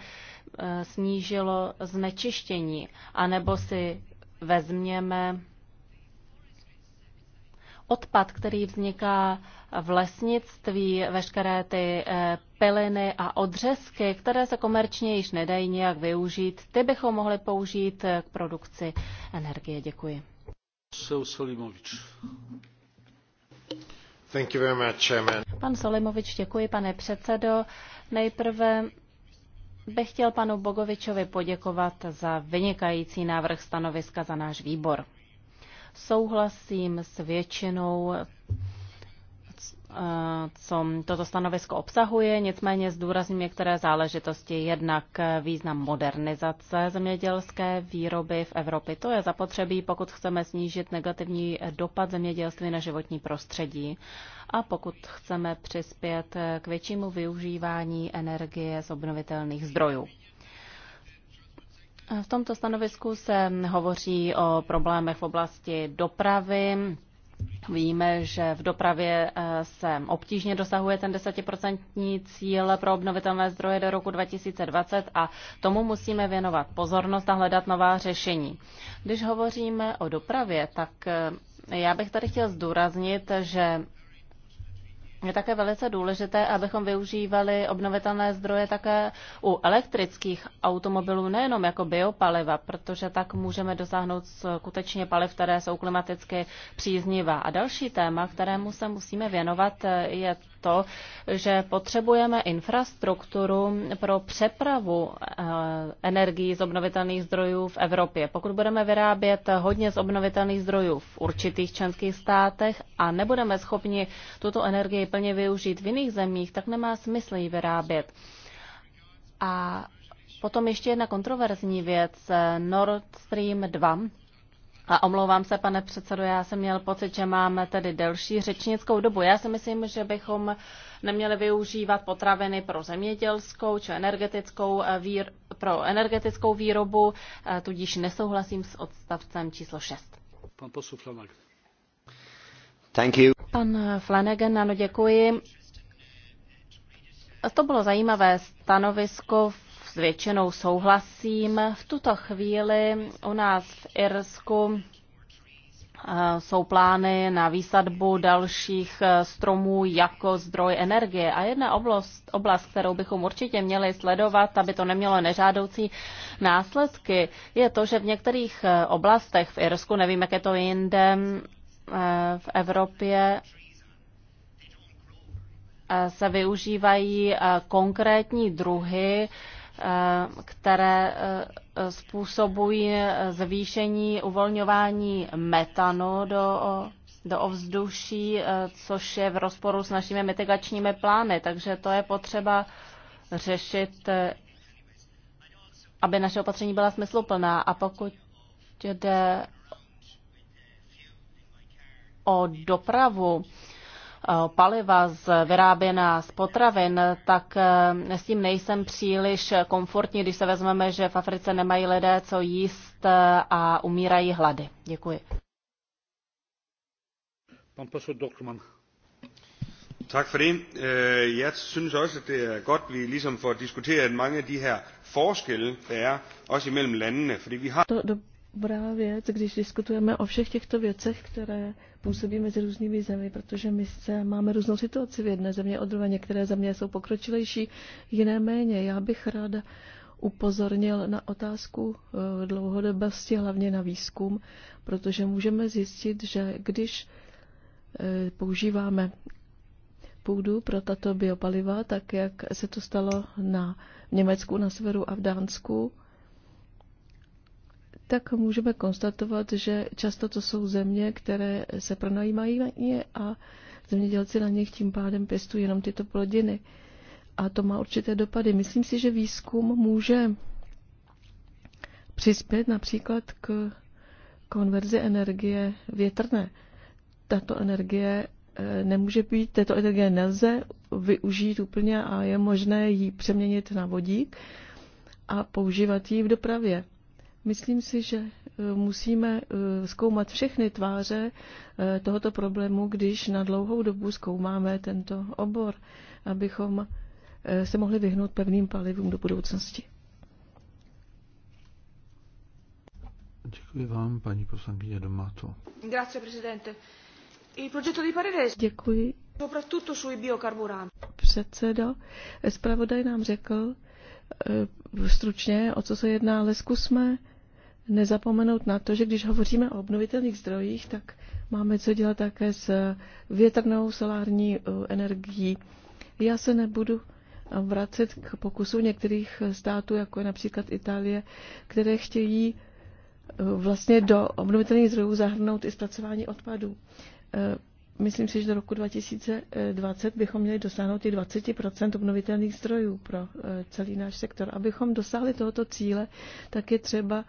Speaker 2: eh, snížilo znečištění. A nebo si vezměme odpad, který vzniká v lesnictví, veškeré ty eh, piliny a odřezky, které se komerčně již nedají nějak využít, ty bychom mohli použít eh, k produkci energie. Děkuji.
Speaker 1: Thank you very much,
Speaker 2: Pan Solimovič, děkuji, pane předsedo. Nejprve bych chtěl panu Bogovičovi poděkovat za vynikající návrh stanoviska za náš výbor souhlasím s většinou eh, co toto stanovisko obsahuje, nicméně zdůrazním některé záležitosti. Jednak eh, význam modernizace zemědělské výroby v Evropě. To je zapotřebí, pokud chceme snížit negativní dopad zemědělství na životní prostředí a pokud chceme přispět eh, k většímu využívání energie z obnovitelných zdrojů. V tomto stanovisku se hovoří o problémech v oblasti dopravy. Víme, že v dopravě e, se obtížně dosahuje ten desetiprocentní cíl pro obnovitelné zdroje do roku 2020 a tomu musíme věnovat pozornost a hledat nová řešení. Když hovoříme o dopravě, tak e, já bych tady chtěl zdůraznit, že je také velice důležité, abychom využívali obnovitelné zdroje také u elektrických automobilů, nejenom jako biopaliva, protože tak můžeme dosáhnout skutečně paliv, které jsou klimaticky příznivá. A další téma, kterému se musíme věnovat, je to, že potřebujeme infrastrukturu pro přepravu eh, energií z obnovitelných zdrojů v Evropě. Pokud budeme vyrábět hodně z obnovitelných zdrojů v určitých členských státech a nebudeme schopni tuto energii plně využít v jiných zemích, tak nemá smysl ji vyrábět. A potom ještě jedna kontroverzní věc. Nord Stream 2 a omlouvám se, pane předsedo, já jsem měl pocit, že máme tedy delší řečnickou dobu. Já si myslím, že bychom neměli využívat potraviny pro zemědělskou či energetickou eh, výr- pro energetickou výrobu, eh, tudíž nesouhlasím s odstavcem číslo 6. Pan posu Flanagan. Thank you. Pan Flanagan, ano, děkuji. To bylo zajímavé stanovisko v většinou souhlasím. V tuto chvíli u nás v Irsku eh, jsou plány na výsadbu dalších eh, stromů jako zdroj energie. A jedna oblast, oblast, kterou bychom určitě měli sledovat, aby to nemělo nežádoucí následky, je to, že v některých eh, oblastech v Irsku, nevím, jak je to jinde v Evropě, se využívají konkrétní druhy Eh, které eh, způsobují zvýšení uvolňování metanu do, do ovzduší, eh, což je v rozporu s našimi mitigačními plány. Takže to je potřeba řešit, aby naše opatření byla smysluplná. A pokud jde o dopravu, Eh, paliva z vyráběná z potravin, tak eh, s tím nejsem příliš komfortní, když se vezmeme, že v Africe nemají lidé co jíst eh, a umírají hlady. Děkuji.
Speaker 1: Pan profesor Doktorman. Tak for det. Øh, jeg synes også, at det er godt, at vi ligesom får diskuteret mange af de her forskelle, der er også imellem landene. Fordi vi har
Speaker 3: dobrá věc, když diskutujeme o všech těchto věcech, které působí mezi různými zemi, protože my se máme různou situaci v jedné země od druhé. Některé země jsou pokročilejší, jiné méně. Já bych ráda upozornil na otázku eh, dlouhodobosti, hlavně na výzkum, protože můžeme zjistit, že když eh, používáme půdu pro tato biopaliva, tak jak se to stalo na Německu, na severu a v Dánsku, tak můžeme konstatovat, že často to jsou země, které se pronajímají a zemědělci na nich tím pádem pěstují jenom tyto plodiny. A to má určité dopady. Myslím si, že výzkum může přispět například k konverzi energie větrné. Tato energie eh, nemůže být, této energie nelze využít úplně a je možné ji přeměnit na vodík a používat ji v dopravě. Myslím si, že e, musíme e, zkoumat všechny tváře e, tohoto problému, když na dlouhou dobu zkoumáme tento obor, abychom se mohli vyhnout pevným palivům do budoucnosti. Děkuji vám, paní
Speaker 1: poslankyně Domato.
Speaker 3: Grazie, presidente. Il progetto di parere... Děkuji. Soprattutto sui biocarburanti. Předseda, zpravodaj nám řekl stručně, o co se jedná, ale zkusme nezapomenout na to, že když hovoříme o obnovitelných zdrojích, tak máme co dělat také s větrnou solární eh, energií. Já se nebudu eh, vracet k pokusu některých eh, států, jako je například Itálie, které chtějí vlastně do obnovitelných zdrojů zahrnout i zpracování odpadů. Myslím si, že do roku 2020 bychom měli dosáhnout i 20 obnovitelných zdrojů pro celý náš sektor. Abychom dosáhli tohoto cíle, tak je třeba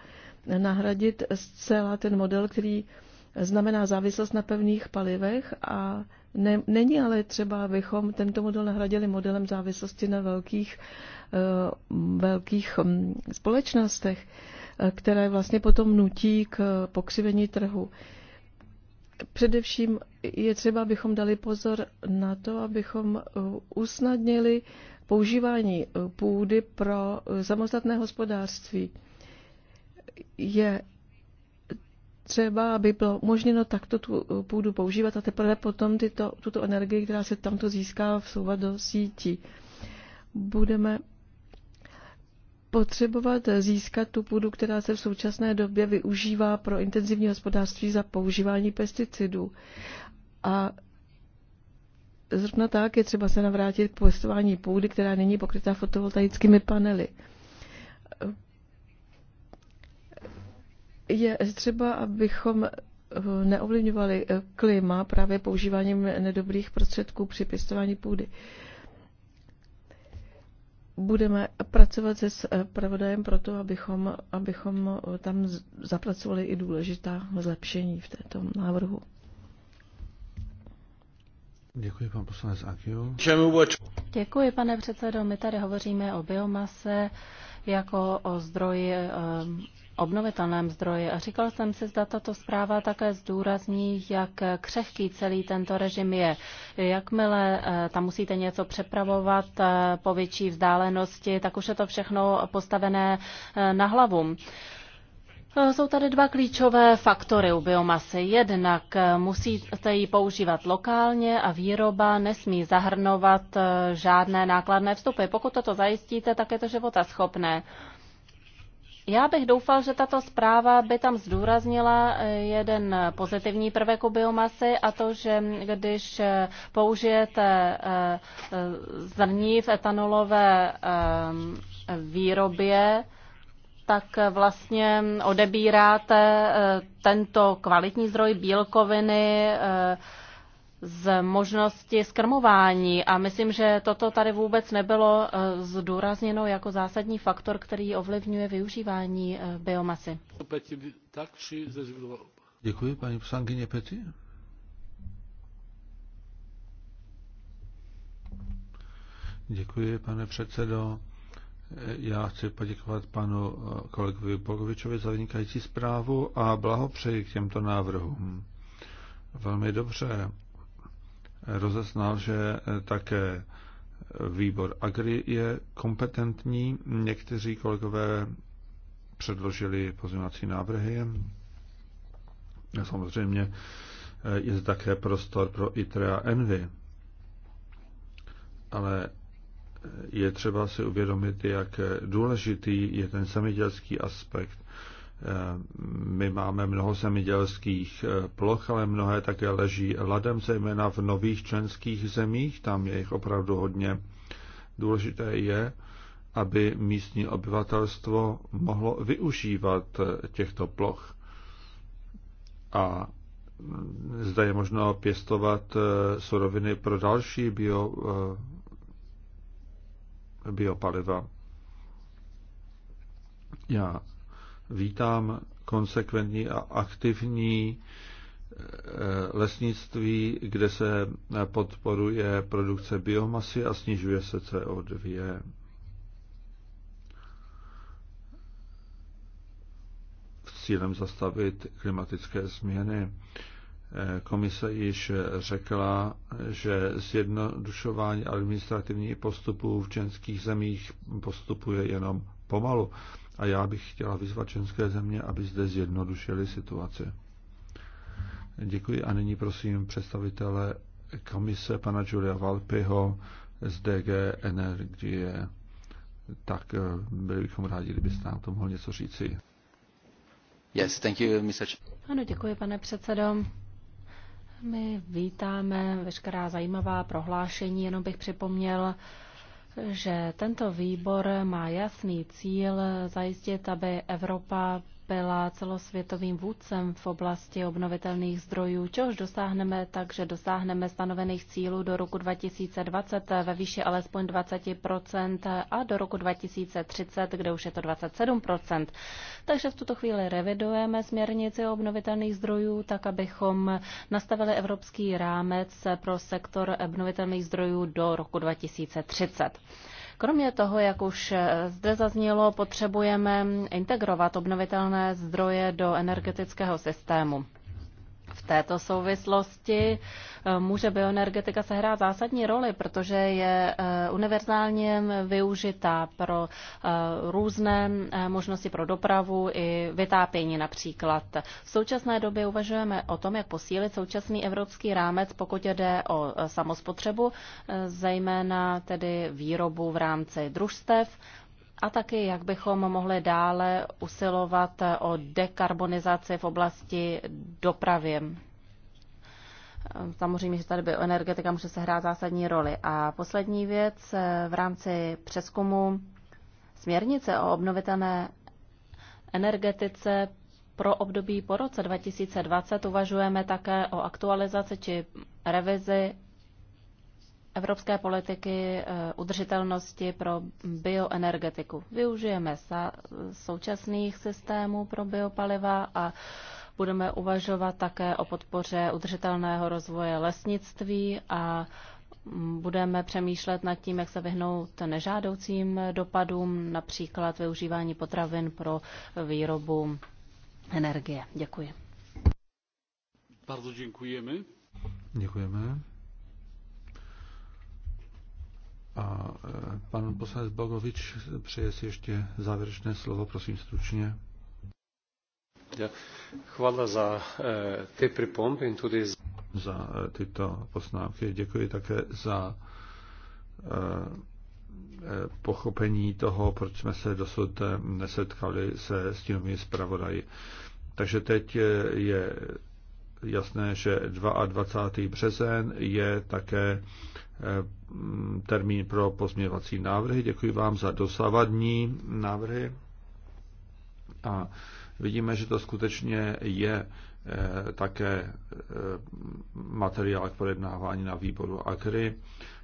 Speaker 3: nahradit zcela ten model, který znamená závislost na pevných palivech a ne, není ale třeba, abychom tento model nahradili modelem závislosti na velkých, eh, velkých hm, společnostech, eh, které vlastně potom nutí k pokřivení trhu. Především je třeba, abychom dali pozor na to, abychom eh, usnadnili používání půdy pro samostatné hospodářství je třeba, aby bylo možněno takto tu půdu používat a teprve potom tyto, tuto energii, která se tamto získá, vsouvat do sítí. Budeme potřebovat získat tu půdu, která se v současné době využívá pro intenzivní hospodářství za používání pesticidů. A zrovna tak je třeba se navrátit k pěstování půdy, která není pokrytá fotovoltaickými panely. Je třeba, abychom eh, neovlivňovali eh, klima právě používáním nedobrých prostředků při pěstování půdy. Budeme pracovat se eh, pro to, abychom, abychom tam zapracovali i důležitá zlepšení v této návrhu.
Speaker 1: Děkuji, pan poslanec Akio.
Speaker 3: Děkuji, pane
Speaker 2: předsedo. My tady hovoříme o biomase jako o zdroji obnovitelném zdroji. A říkal jsem si, zda tato zpráva také zdůrazní, jak křehký celý tento režim je. Jakmile eh, tam musíte něco přepravovat eh, po větší vzdálenosti, tak už je to všechno postavené eh, na hlavu. Jsou tady dva klíčové faktory u biomasy. Jednak musíte ji používat lokálně a výroba nesmí zahrnovat žádné nákladné vstupy. Pokud toto zajistíte, tak je to života schopné. Já bych doufal, že tato zpráva by tam zdůraznila eh, jeden pozitivní prvek u biomasy a to, že když eh, použijete eh, zrní v etanolové výrobě, tak vlastně odebíráte tento kvalitní zdroj bílkoviny z možnosti skrmování a myslím, že toto tady vůbec nebylo eh, zdůrazněno jako zásadní faktor, který ovlivňuje využívání eh, biomasy.
Speaker 1: Děkuji, paní poslankyně Peti. Děkuji, pane předsedo. Já chci poděkovat panu eh, kolegovi Bogovičovi za vynikající zprávu a blahopřeji k těmto návrhům. Velmi dobře rozeznal, že eh, také výbor Agri je kompetentní. Někteří kolegové předložili pozměňovací návrhy. Samozřejmě eh, je zde také prostor pro ITRE a ENVY. Ale eh, je třeba si uvědomit, jak důležitý je ten zemědělský aspekt my máme mnoho zemědělských eh, ploch, ale mnohé také leží ladem, zejména v nových členských zemích, tam je jich opravdu hodně. Důležité je, aby místní obyvatelstvo mohlo využívat eh, těchto ploch. A mm, zde je možno pěstovat eh, suroviny pro další bio, biopaliva. Já Vítám konsekventní a aktivní eh, lesnictví, kde se podporuje produkce biomasy a snižuje se CO2. V cílem zastavit klimatické změny. Eh, komise již řekla, že zjednodušování administrativních postupů v členských zemích postupuje jenom pomalu a já bych chtěla vyzvat členské země, aby zde zjednodušili situaci. Děkuji a nyní prosím představitele komise pana Julia Valpyho z DG Energie. Tak eh, byli bychom rádi, kdybyste nám to mohl něco říci.
Speaker 3: Yes, thank you, Mr.
Speaker 2: Ano, děkuji, pane předsedo. My vítáme veškerá zajímavá prohlášení, jenom bych připomněl, že tento výbor má jasný cíl zajistit, aby Evropa byla celosvětovým vůdcem v oblasti obnovitelných zdrojů, čehož dosáhneme tak, že dosáhneme stanovených cílů do roku 2020 ve výši alespoň 20 a do roku 2030, kde už je to 27 Takže v tuto chvíli revidujeme směrnici o obnovitelných zdrojů, tak abychom nastavili evropský rámec pro sektor obnovitelných zdrojů do roku 2030. Kromě toho, jak už eh, zde zaznělo, potřebujeme integrovat obnovitelné zdroje do energetického systému. V této souvislosti eh, může bioenergetika sehrát zásadní roli, protože je eh, univerzálně využitá pro eh, různé možnosti pro dopravu i vytápění například. V současné době uvažujeme o tom, jak posílit současný evropský rámec, pokud jde o samospotřebu, zejména tedy výrobu v rámci družstev a taky jak bychom mohli dále usilovat o dekarbonizaci v oblasti dopravy. Samozřejmě, že tady by energetika může sehrát zásadní roli. A poslední věc v rámci přeskumu směrnice o obnovitelné energetice pro období po roce 2020 uvažujeme také o aktualizaci či revizi evropské politiky eh, udržitelnosti pro bioenergetiku. Využijeme současných systémů pro biopaliva a budeme uvažovat také o podpoře udržitelného rozvoje lesnictví a mm, budeme přemýšlet nad tím, jak se vyhnout nežádoucím dopadům, například využívání potravin pro výrobu energie. Děkuji.
Speaker 1: Bardzo děkujeme. Děkujeme. A e, pan poslanec Bogovič přeje si ještě závěrečné slovo, prosím stručně. Chvala za e, ty připomínky tudy. za e, tyto poznámky. Děkuji také za pochopení toho, proč jsme se dosud nesetkali se tím zpravodaji. Takže teď je jasné, že 22. březen je také Eh, termín pro pozměňovací návrhy. Děkuji vám za dosavadní návrhy. A vidíme, že to skutečně je eh, také eh, materiál k projednávání na výboru AKRY.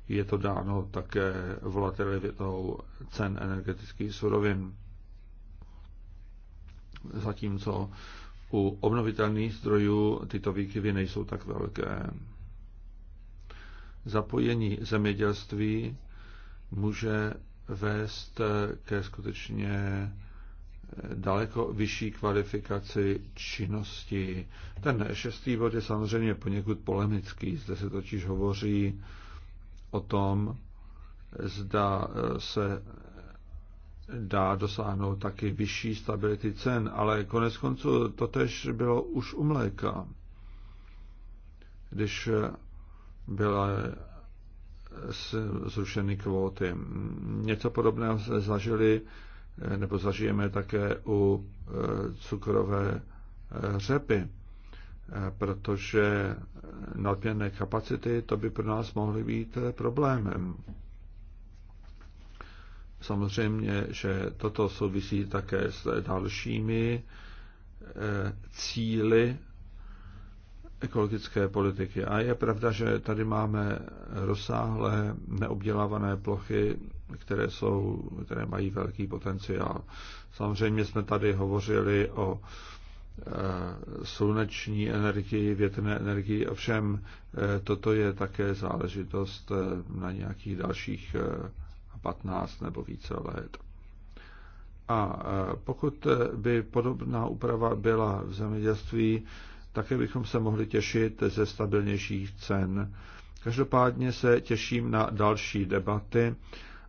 Speaker 1: Je to dáno také volatilitou cen energetických surovin. Zatímco u obnovitelných zdrojů tyto výkyvy nejsou tak velké zapojení zemědělství může vést ke skutečně daleko vyšší kvalifikaci činnosti. Ten šestý bod je samozřejmě poněkud polemický. Zde se totiž hovoří o tom, zda se dá dosáhnout taky vyšší stability cen, ale konec konců totež bylo už u mléka. Když byla zrušeny kvóty. Něco podobného jsme zažili nebo zažijeme také u eh, cukrové eh, řepy, eh, protože nadměrné kapacity to by pro nás mohly být problémem. Samozřejmě, že toto souvisí také s dalšími cíly ekologické politiky. A je pravda, že tady máme rozsáhlé neobdělávané plochy, které, jsou, které mají velký potenciál. Samozřejmě jsme tady hovořili o e, sluneční energii, větrné energii, ovšem e, toto je také záležitost e, na nějakých dalších 15 nebo více let. A pokud by podobná úprava byla v zemědělství, také bychom se mohli těšit ze stabilnějších cen. Každopádně se těším na další debaty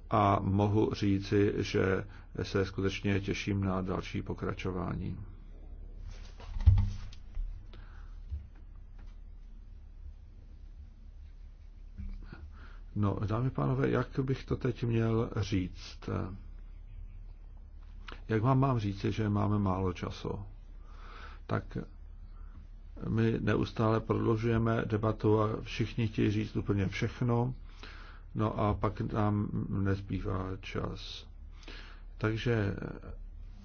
Speaker 1: a mohu říci, že se skutečně těším na další pokračování. No, dámy a pánové, jak bych to teď měl říct? Jak vám mám říci, že máme málo času? Tak my neustále prodlužujeme debatu a všichni chtějí říct úplně všechno, no a pak nám nezbývá čas. Takže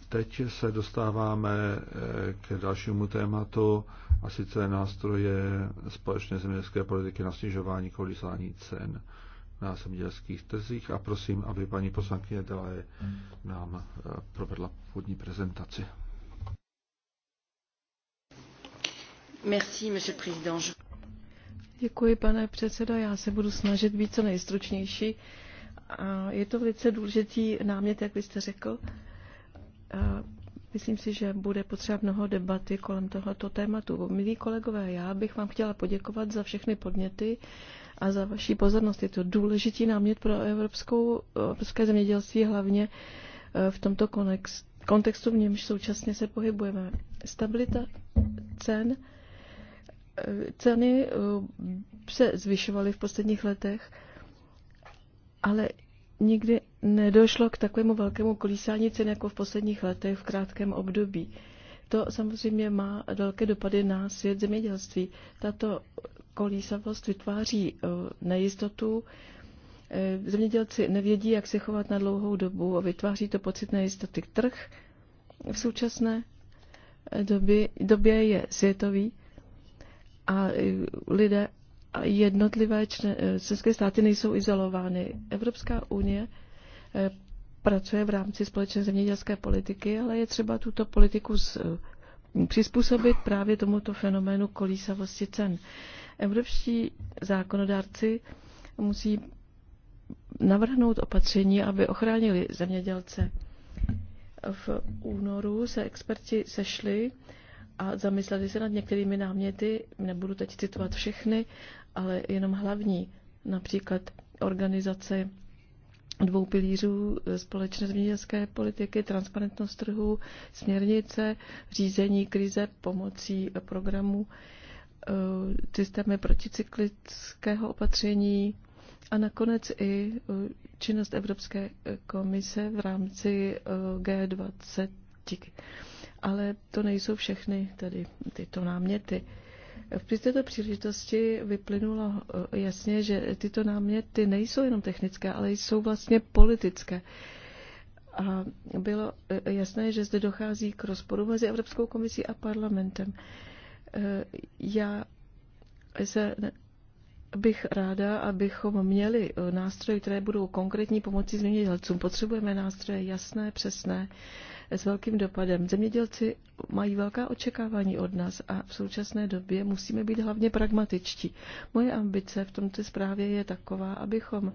Speaker 1: teď se dostáváme eh, k dalšímu tématu, a sice nástroje společné zemědělské politiky na snižování kolísání cen na zemědělských trzích a prosím, aby paní poslankyně Delaje nám eh, provedla původní prezentaci.
Speaker 3: Děkuji, pane předsedající. Já se budu snažit být co nejstručnější. je to velice důležitý námět, jak vy jste řekl. myslím si, že bude potřeba mnoho debaty kolem tohoto tématu. Milí kolegové, já bych vám chtěla poděkovat za všechny podněty a za vaši pozornost. Je to důležitý námět pro evropskou, evropské zemědělství, hlavně eh, v tomto kontextu, v němž současně se pohybujeme. Stabilita cen Ceny eh, se zvyšovaly v posledních letech, ale nikdy nedošlo k takovému velkému kolísání cen jako v posledních letech v krátkém období. To samozřejmě má velké dopady na svět zemědělství. Tato kolísavost vytváří eh, nejistotu. Eh, zemědělci nevědí, jak se chovat na dlouhou dobu a vytváří to pocit nejistoty. Trh v současné době, době je světový a lidé a jednotlivé členské e, státy nejsou izolovány. Evropská unie e, pracuje v rámci společné zemědělské politiky, ale je třeba tuto politiku z, e, přizpůsobit právě tomuto fenoménu kolísavosti cen. Evropští zákonodárci musí navrhnout opatření, aby ochránili zemědělce. V únoru se experti sešli a zamysleli se nad některými náměty. Nebudu teď citovat všechny, ale jenom hlavní. Například organizace dvou pilířů společné zemědělské politiky, transparentnost trhu, směrnice, řízení krize pomocí programů, eh, systémy proticyklického opatření a nakonec i eh, činnost Evropské komise v rámci eh, G20 ale to nejsou všechny tedy tyto náměty. V této příležitosti vyplynulo eh, jasně, že tyto náměty nejsou jenom technické, ale jsou vlastně politické. A bylo eh, jasné, že zde dochází k rozporu mezi Evropskou komisí a parlamentem. Eh, já se bych ráda, abychom měli nástroje, které budou konkrétní pomocí zemědělcům. Potřebujeme nástroje jasné, přesné, s velkým dopadem. Zemědělci mají velká očekávání od nás a v současné době musíme být hlavně pragmatičtí. Moje ambice v tomto zprávě je taková, abychom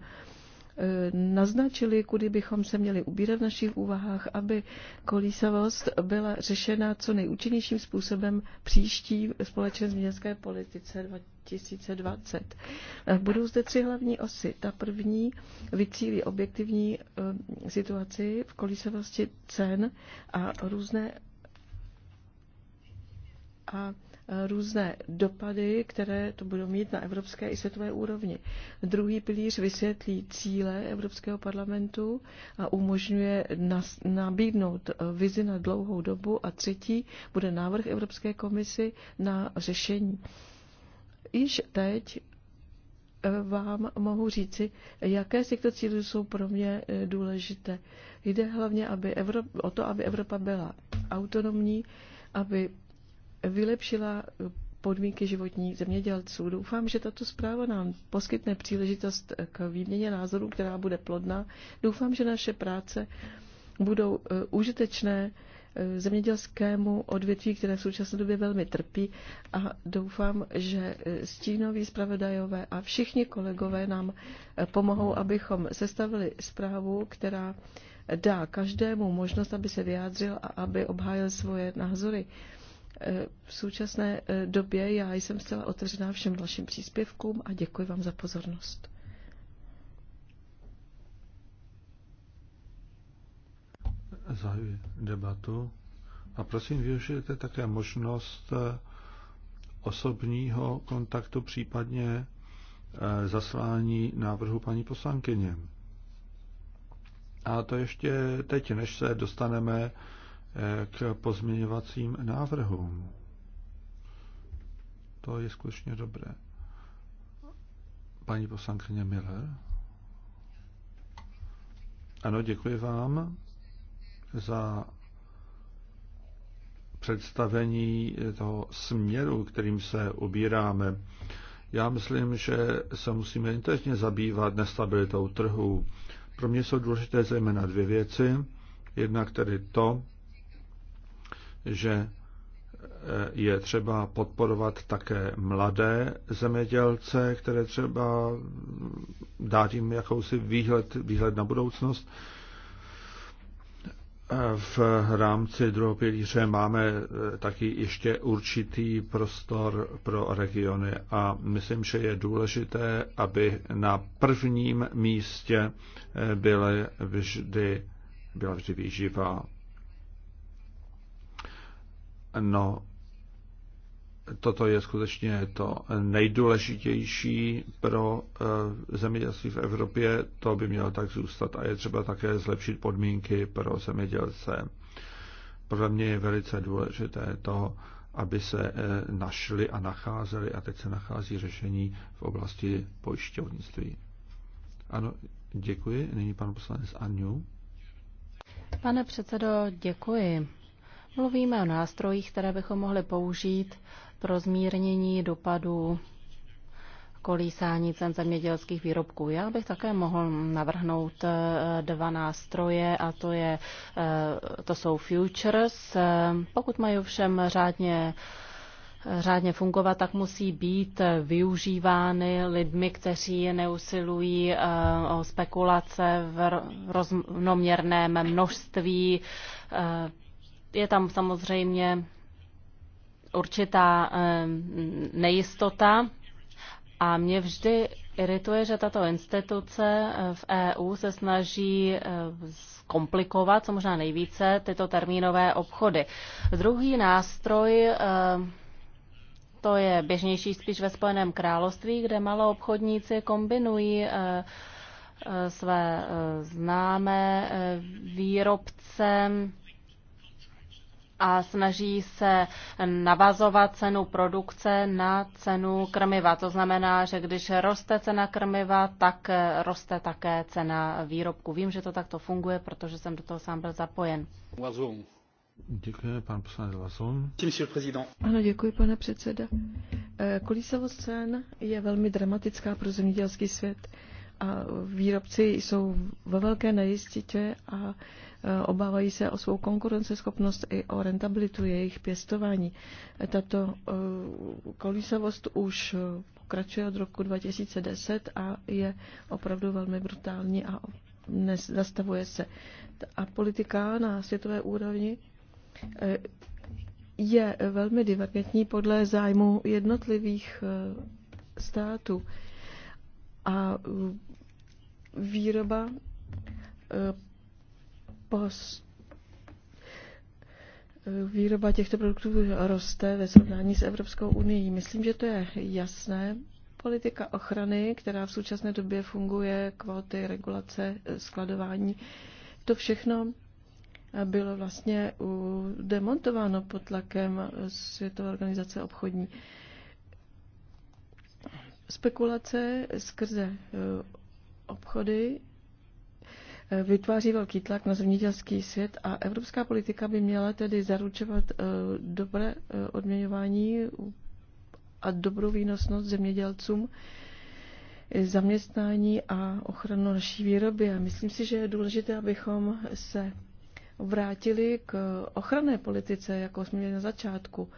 Speaker 3: naznačili, kudy bychom se měli ubírat v našich úvahách, aby kolísavost byla řešena co nejúčinnějším způsobem příští společné změnské politice 2020. Budou zde tři hlavní osy. Ta první vycílí objektivní eh, situaci v kolísavosti cen a různé a různé dopady, které to budou mít na evropské i světové úrovni. Druhý pilíř vysvětlí cíle Evropského parlamentu a umožňuje nas, nabídnout vizi na dlouhou dobu a třetí bude návrh Evropské komisy na řešení. Již teď eh, vám mohu říci, jaké z těchto cílů jsou pro mě eh, důležité. Jde hlavně aby Evrop, o to, aby Evropa byla autonomní, aby vylepšila eh, podmínky životní zemědělců. Doufám, že tato zpráva nám poskytne příležitost k výměně názorů, která bude plodná. Doufám, že naše práce budou eh, užitečné eh, zemědělskému odvětví, které v současné době velmi trpí a doufám, že stínoví zpravodajové a všichni kolegové nám pomohou, abychom sestavili zprávu, která dá každému možnost, aby se vyjádřil a aby obhájil svoje názory. V současné eh, době já jsem zcela otevřená všem vašim příspěvkům a děkuji vám za pozornost.
Speaker 1: Zahajuji debatu a prosím využijte také možnost eh, osobního kontaktu, případně eh, zaslání návrhu paní poslankyně. A to ještě teď, než se dostaneme k pozměňovacím návrhům. To je skutečně dobré. Paní poslankyně Miller. Ano, děkuji vám za představení toho směru, kterým se ubíráme. Já myslím, že se musíme intenzivně zabývat nestabilitou trhu. Pro mě jsou důležité zejména dvě věci. Jednak tedy to, že e, je třeba podporovat také mladé zemědělce, které třeba dát jim jakousi výhled, výhled na budoucnost. E, v rámci druhého pilíře máme e, taky ještě určitý prostor pro regiony a myslím, že je důležité, aby na prvním místě byly vždy, byla vždy výživa No, toto je skutečně to nejdůležitější pro eh, zemědělství v Evropě. To by mělo tak zůstat a je třeba také zlepšit podmínky pro zemědělce. Pro mě je velice důležité to, aby se eh, našli a nacházeli a teď se nachází řešení v oblasti pojišťovnictví. Ano, děkuji. Nyní pan poslanec Anňu.
Speaker 2: Pane předsedo, děkuji. Mluvíme o nástrojích, které bychom mohli použít pro zmírnění dopadů kolísání cen zemědělských výrobků. Já bych také mohl navrhnout eh, dva nástroje a to, je, eh, to jsou futures. Eh, pokud mají ovšem řádně řádně fungovat, tak musí být využívány lidmi, kteří neusilují o spekulace v rozměrném množství je tam samozřejmě určitá nejistota a mě vždy irituje, že tato instituce eh, v EU se snaží eh, zkomplikovat, co možná nejvíce, tyto termínové obchody. Druhý nástroj to je běžnější spíš ve Spojeném království, kde malou obchodníci kombinují eh, své známé výrobce a snaží se navazovat cenu produkce na cenu krmiva. To znamená, že když roste cena krmiva, tak roste také cena výrobku. Vím, že to
Speaker 3: takto funguje, protože jsem do toho sám byl zapojen.
Speaker 1: Děkuji, pan poslanec
Speaker 2: Lazon.
Speaker 3: Ano, děkuji, pane předseda. Eh, kolísavost cen je velmi dramatická pro zemědělský svět a výrobci jsou ve velké nejistitě a Eh, obávají se o svou konkurenceschopnost i o rentabilitu jejich pěstování. Tato eh, kolísavost už eh, pokračuje od roku 2010 a je opravdu velmi brutální a nezastavuje se. A politika na světové úrovni je velmi divergentní podle zájmu jednotlivých států. A výroba pos, výroba těchto produktů roste ve srovnání s Evropskou unii. Myslím, že to je jasné. Politika ochrany, která v současné době funguje, kvóty, regulace, skladování, to všechno bylo vlastně demontováno pod tlakem Světové organizace obchodní. Spekulace skrze eh, obchody vytváří velký tlak na zemědělský svět a evropská politika by měla tedy zaručovat eh, dobré eh, odměňování a dobrou výnosnost zemědělcům, eh, zaměstnání a ochranu naší výroby. A myslím si, že je důležité, abychom se vrátili k ochranné politice, jako jsme měli na začátku.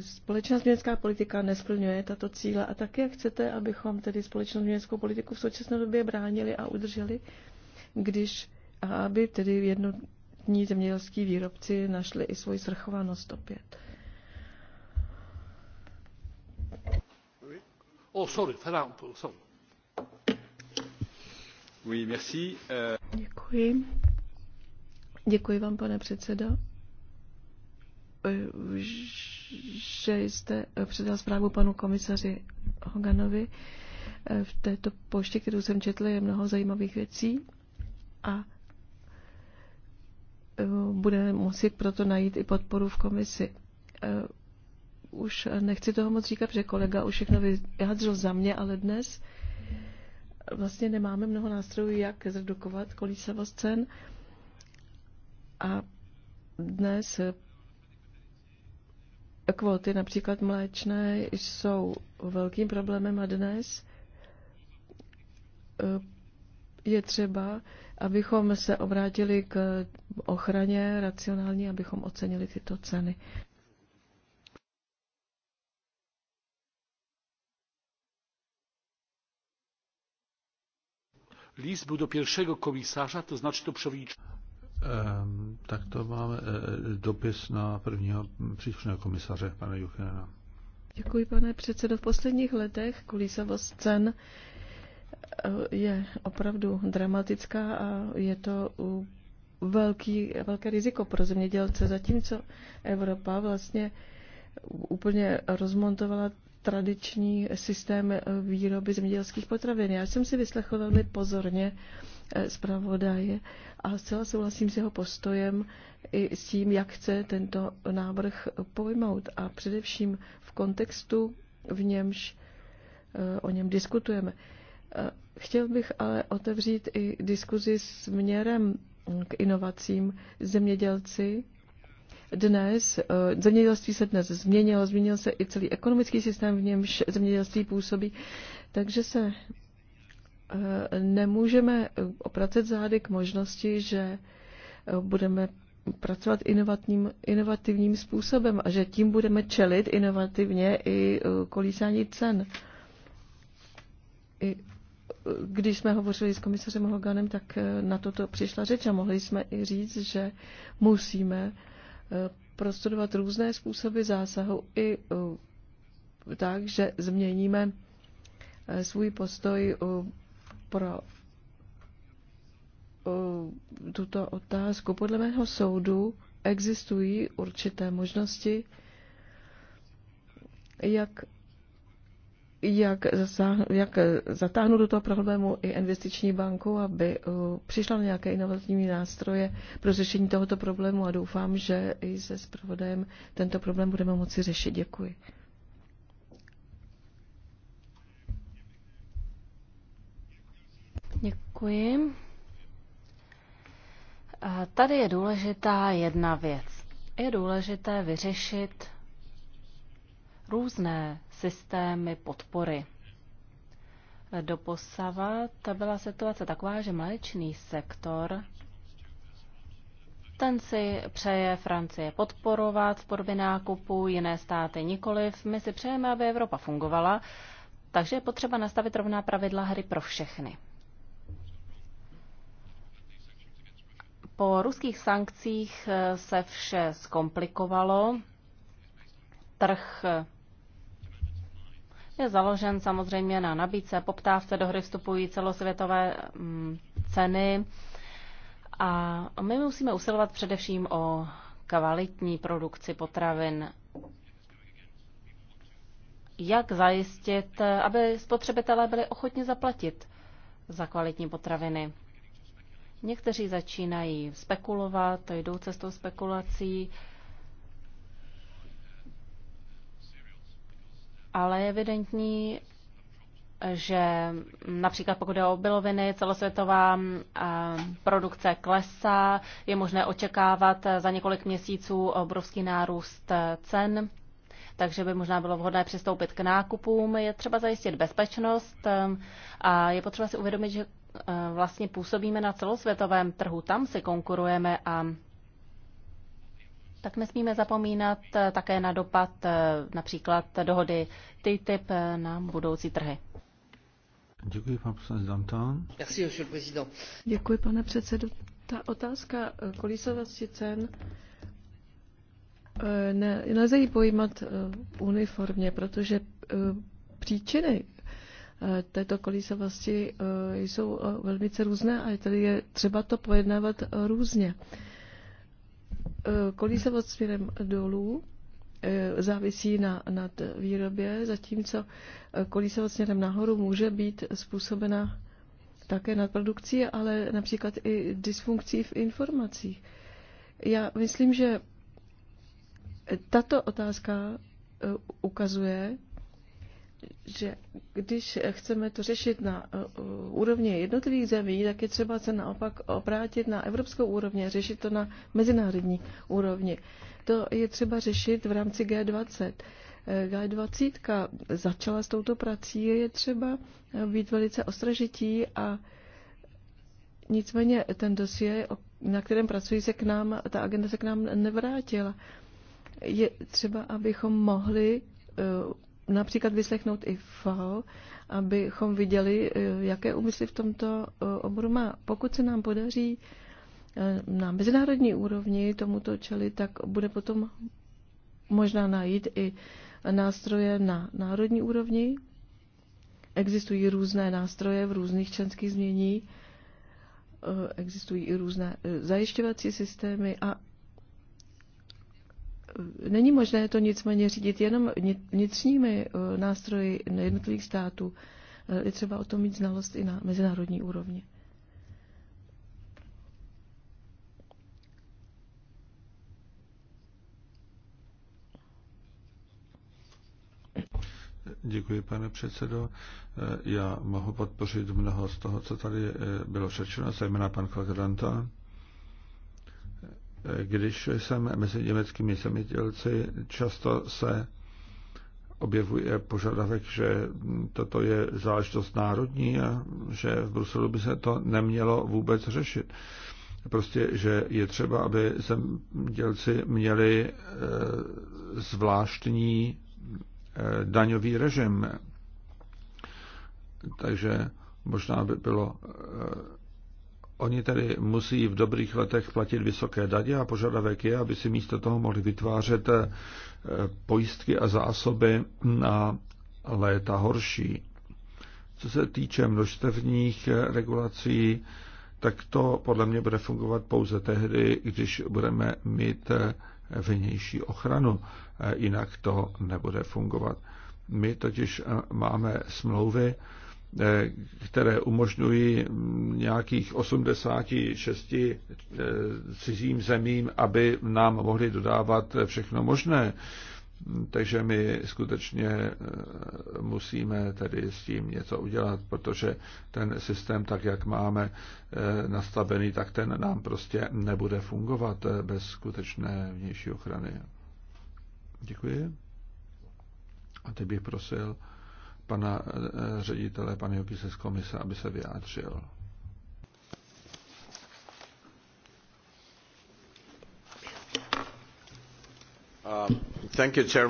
Speaker 3: Společná změnská politika nesplňuje tato cíle a také chcete, abychom tedy společnou změnskou politiku v současné době bránili a udrželi když aby tedy jednotní zemědělský výrobci našli i svoji srchovanost opět.
Speaker 1: Oh, sorry, Ferran, sorry. Oui, merci.
Speaker 3: Děkuji. Děkuji vám, pane předsedo, že jste předal zprávu panu komisaři Hoganovi. V této poště, kterou jsem četl, je mnoho zajímavých věcí a e, bude muset proto najít i podporu v komisi. E, už nechci toho moc říkat, že kolega už všechno vyjádřil za mě, ale dnes vlastně nemáme mnoho nástrojů, jak zredukovat kolísavost cen. A dnes kvóty například mléčné jsou velkým problémem a dnes e, je třeba abychom se obrátili k ochraně racionální, abychom ocenili tyto ceny.
Speaker 1: List byl do pierwszego komisarza, to znaczy do przewodniczącego. Um, tak to máme e, e, dopis na prvního příslušného komisaře, pana Juchenena.
Speaker 3: Děkuji, pane předsedo. V posledních letech kulisavost cen je opravdu dramatická a je to velký, velké riziko pro zemědělce, zatímco Evropa vlastně úplně rozmontovala tradiční systém výroby zemědělských potravin. Já jsem si vyslechl velmi pozorně eh, zpravodaje a zcela souhlasím s jeho postojem i s tím, jak chce tento návrh pojmout a především v kontextu, v němž eh, o něm diskutujeme. Eh, chtěl bych ale otevřít i diskuzi směrem k inovacím zemědělci. Dnes, eh, zemědělství se dnes změnilo, změnil se i celý ekonomický systém, v němž zemědělství působí, takže se eh, nemůžeme opracet zády k možnosti, že budeme pracovat inovativním, inovativním způsobem a že tím budeme čelit inovativně i kolísání cen. I když jsme hovořili s komisařem Hoganem, tak eh, na toto přišla řeč a mohli jsme i říct, že musíme eh, prostudovat různé způsoby zásahu i eh, tak, že změníme svůj postoj pro tuto otázku. Podle mého soudu existují určité možnosti, jak jak, zasáhnu, jak zatáhnu do toho problému i investiční banku, aby uh, přišla na nějaké inovativní nástroje pro řešení tohoto problému a doufám, že i se zpravodajem tento problém budeme moci řešit. Děkuji. Děkuji.
Speaker 2: Tady je důležitá jedna věc. Je důležité vyřešit různé systémy podpory. ta byla situace taková, že mléčný sektor ten si přeje Francie podporovat v podobě nákupu, jiné státy nikoliv. My si přejeme, aby Evropa fungovala, takže je potřeba nastavit rovná pravidla hry pro všechny. Po ruských sankcích eh, se vše zkomplikovalo. Trh je založen samozřejmě na nabídce, poptávce, do hry vstupují celosvětové mm, ceny a my musíme usilovat především o kvalitní produkci potravin. Jak zajistit, aby spotřebitelé byli ochotni zaplatit za kvalitní potraviny? Někteří začínají spekulovat, jdou cestou spekulací, ale je evidentní, že například pokud je o obiloviny, celosvětová um, produkce klesá, je možné očekávat za několik měsíců obrovský nárůst eh, cen, takže by možná bylo vhodné přistoupit k nákupům. Je třeba zajistit bezpečnost eh, a je potřeba si uvědomit, že eh, vlastně působíme na celosvětovém trhu, tam si konkurujeme a tak nesmíme zapomínat eh, také na dopad eh, například dohody TTIP eh, na budoucí trhy.
Speaker 1: Děkuji, pan poslanec Dantan.
Speaker 3: Děkuji, pane předsedo. Ta otázka kolísavosti cen ne, nelze ji pojímat uniformně, protože příčiny této kolísavosti jsou velmi různé a tedy je třeba to pojednávat různě. Eh, kolízovat směrem dolů eh, závisí na na výrobě, zatímco eh, kolízovat směrem nahoru může být způsobena také nadprodukcí, ale například i dysfunkcí v informacích. Já myslím, že tato otázka ukazuje, že když chceme to řešit na e, e, úrovni jednotlivých zemí, tak je třeba se naopak obrátit na evropskou úrovni a řešit to na mezinárodní úrovni. To je třeba řešit v rámci G20. E, G20 začala s touto prací, je třeba být velice ostražití a nicméně ten dosie, na kterém pracují, se k nám, ta agenda se k nám nevrátila. Je třeba, abychom mohli například vyslechnout i FAO, abychom viděli, eh, jaké úmysly v tomto eh, oboru má. Pokud se nám podaří eh, na mezinárodní úrovni tomuto čeli, tak bude potom možná najít i nástroje na národní úrovni. Existují různé nástroje v různých členských změní, existují i různé zajišťovací systémy a Není možné to nicméně řídit jenom vnitřními eh, nástroji jednotlivých států. Eh, je třeba o tom mít znalost i na mezinárodní úrovni.
Speaker 1: Děkuji, pane předsedo. Eh, já mohu podpořit mnoho z toho, co tady bylo řečeno, zejména pan kolega když jsem mezi německými zemědělci, často se objevuje požadavek, že toto je záležitost národní a že v Bruselu by se to nemělo vůbec řešit. Prostě, že je třeba, aby zemědělci měli e, zvláštní e, daňový režim. Takže možná by bylo e, Oni tedy musí v dobrých letech platit vysoké daně a požadavek je, aby si místo toho mohli vytvářet eh, pojistky a zásoby na léta horší. Co se týče množstevních eh, regulací, tak to podle mě bude fungovat pouze tehdy, když budeme mít eh, vnější ochranu. Jinak to nebude fungovat. My totiž máme smlouvy, Eh, které umožňují nějakých 86 eh, cizím zemím, aby nám mohli dodávat všechno možné. Takže my skutečně eh, musíme tedy s tím něco udělat, protože ten systém, tak jak máme nastavený, tak ten nám prostě nebude fungovat bez skutečné vnější ochrany. Děkuji. A teď bych prosil pana eh, eh, ředitele, pan Jopise z komise, aby se vyjádřil.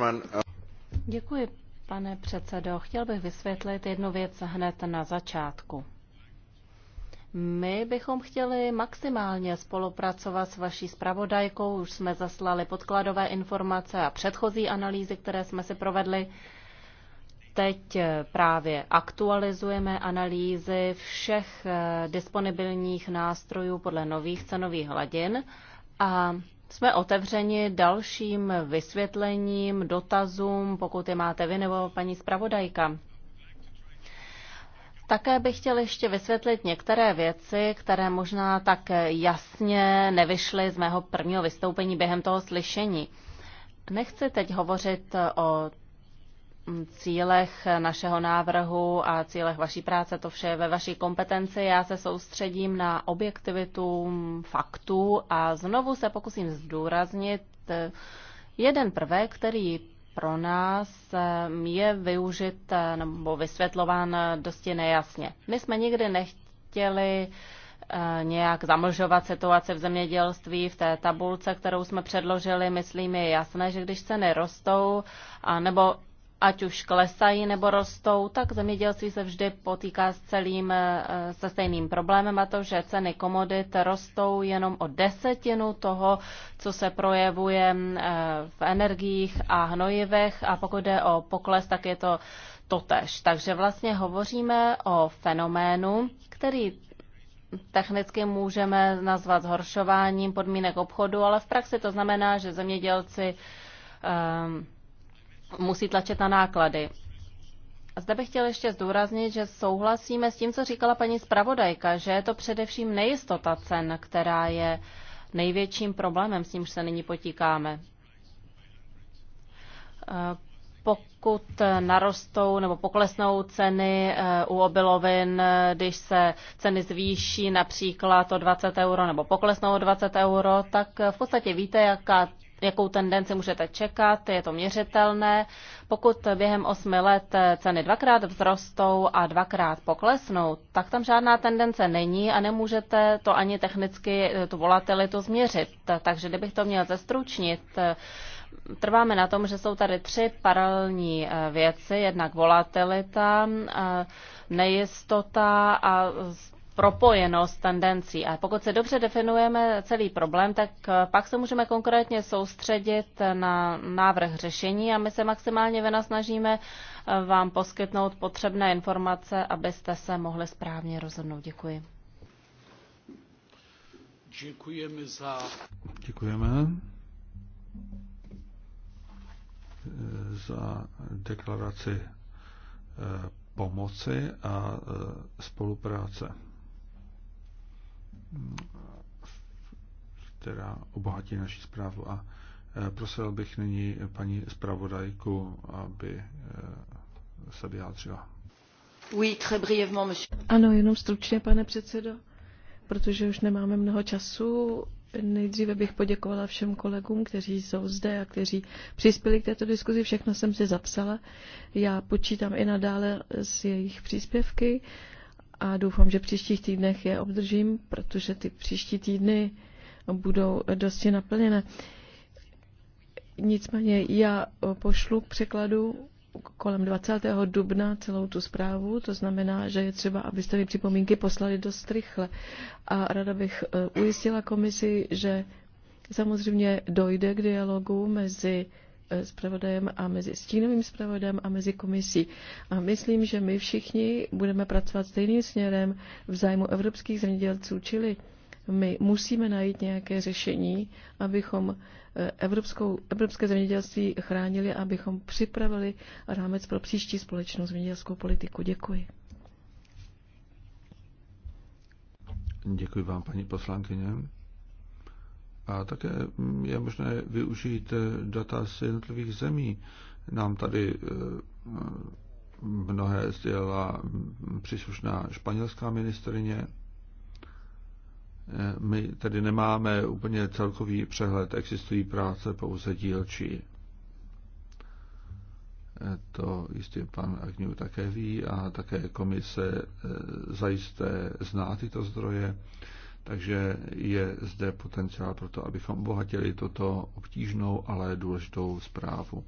Speaker 2: Uh, uh, Děkuji, pane předsedo. Chtěl bych vysvětlit jednu věc hned na začátku. My bychom chtěli maximálně spolupracovat s vaší zpravodajkou. Už jsme zaslali podkladové informace a předchozí analýzy, které jsme si provedli teď eh, právě aktualizujeme analýzy všech eh, disponibilních nástrojů podle nových cenových hladin a jsme otevřeni dalším vysvětlením, dotazům, pokud je máte vy nebo paní zpravodajka. Také bych chtěl ještě vysvětlit některé věci, které možná tak jasně nevyšly z mého prvního vystoupení během toho slyšení. Nechci teď hovořit o cílech našeho návrhu a cílech vaší práce. To vše je ve vaší kompetenci. Já se soustředím na objektivitu faktů a znovu se pokusím zdůraznit eh, jeden prvek, který pro nás eh, je využit eh, nebo vysvětlován dosti nejasně. My jsme nikdy nechtěli nějak zamlžovat situaci v zemědělství v té tabulce, kterou jsme předložili, myslím je jasné, že když ceny rostou, nebo ať už klesají nebo rostou, tak zemědělství se vždy potýká s celým eh, se stejným problémem a to, že ceny komodit rostou jenom o desetinu toho, co se projevuje eh, v energiích a hnojivech a pokud jde o pokles, tak je to totež. Takže vlastně hovoříme o fenoménu, který technicky můžeme nazvat zhoršováním podmínek obchodu, ale v praxi to znamená, že zemědělci um, musí tlačit na náklady. Zde bych chtěl ještě zdůraznit, že souhlasíme s tím, co říkala paní zpravodajka, že je to především nejistota cen, která je největším problémem, s nímž se nyní potíkáme. Eh, pokud narostou nebo poklesnou ceny eh, u obilovin, eh, když se ceny zvýší například o 20 euro nebo poklesnou o 20 euro, tak v podstatě víte, jaká jakou tendenci můžete čekat, je to měřitelné. Pokud během osmi let ceny dvakrát vzrostou a dvakrát poklesnou, tak tam žádná tendence není a nemůžete to ani technicky tu volatilitu změřit. Takže kdybych to měl zestručnit, trváme na tom, že jsou tady tři paralelní eh, věci, jednak volatilita, eh, nejistota a propojenost tendencí. A pokud se dobře definujeme celý problém, tak eh, pak se můžeme konkrétně soustředit na návrh řešení a my se maximálně vynasnažíme eh, vám poskytnout potřebné informace, abyste se mohli správně rozhodnout. Děkuji.
Speaker 1: Děkujeme za... Děkujeme eh, za deklaraci pomoci a spolupráce která obohatí naši zprávu a eh, prosil bych nyní paní zpravodajku, aby eh, se vyjádřila.
Speaker 3: Oui, très brièvement, monsieur. Ano, jenom stručně, pane předsedo, protože už nemáme mnoho času. Nejdříve bych poděkovala všem kolegům, kteří jsou zde a kteří přispěli k této diskuzi. Všechno jsem si zapsala. Já počítám i nadále s jejich příspěvky. Uh, a doufám, že v příštích týdnech je obdržím, protože ty příští týdny budou dosti naplněné. Nicméně já pošlu k překladu kolem 20. dubna celou tu zprávu, to znamená, že je třeba, abyste mi připomínky poslali dost rychle. A rada bych eh, ujistila komisi, že samozřejmě dojde k dialogu mezi zpravodajem a mezi stínovým zpravodajem a mezi komisí. A myslím, že my všichni budeme pracovat stejným směrem v zájmu evropských zemědělců, čili my musíme najít nějaké řešení, abychom eh, evropskou, evropské zemědělství chránili, abychom připravili rámec pro příští společnou zemědělskou politiku. Děkuji.
Speaker 1: Děkuji vám, paní poslankyně. A také je možné využít data z jednotlivých zemí. Nám tady eh, mnohé sdělila příslušná španělská ministrině. Eh, my tedy nemáme úplně celkový přehled, existují práce pouze dílčí. Eh, to jistě pan Agniu také ví a také komise zajisté zná tyto zdroje. Takže je zde potenciál pro to, abychom obohatili toto obtížnou, ale důležitou zprávu.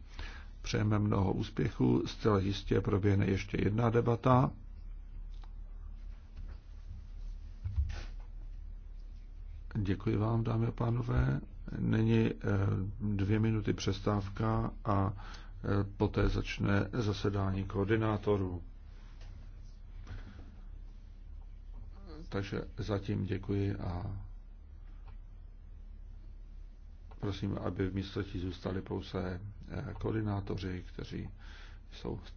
Speaker 1: Přejeme mnoho úspěchů, zcela jistě proběhne ještě jedna debata. Děkuji vám, dámy a pánové. Není eh, dvě minuty přestávka a eh, poté začne zasedání koordinátorů. Takže zatím děkuji a prosím, aby v místě zůstali pouze eh, koordinátoři, kteří jsou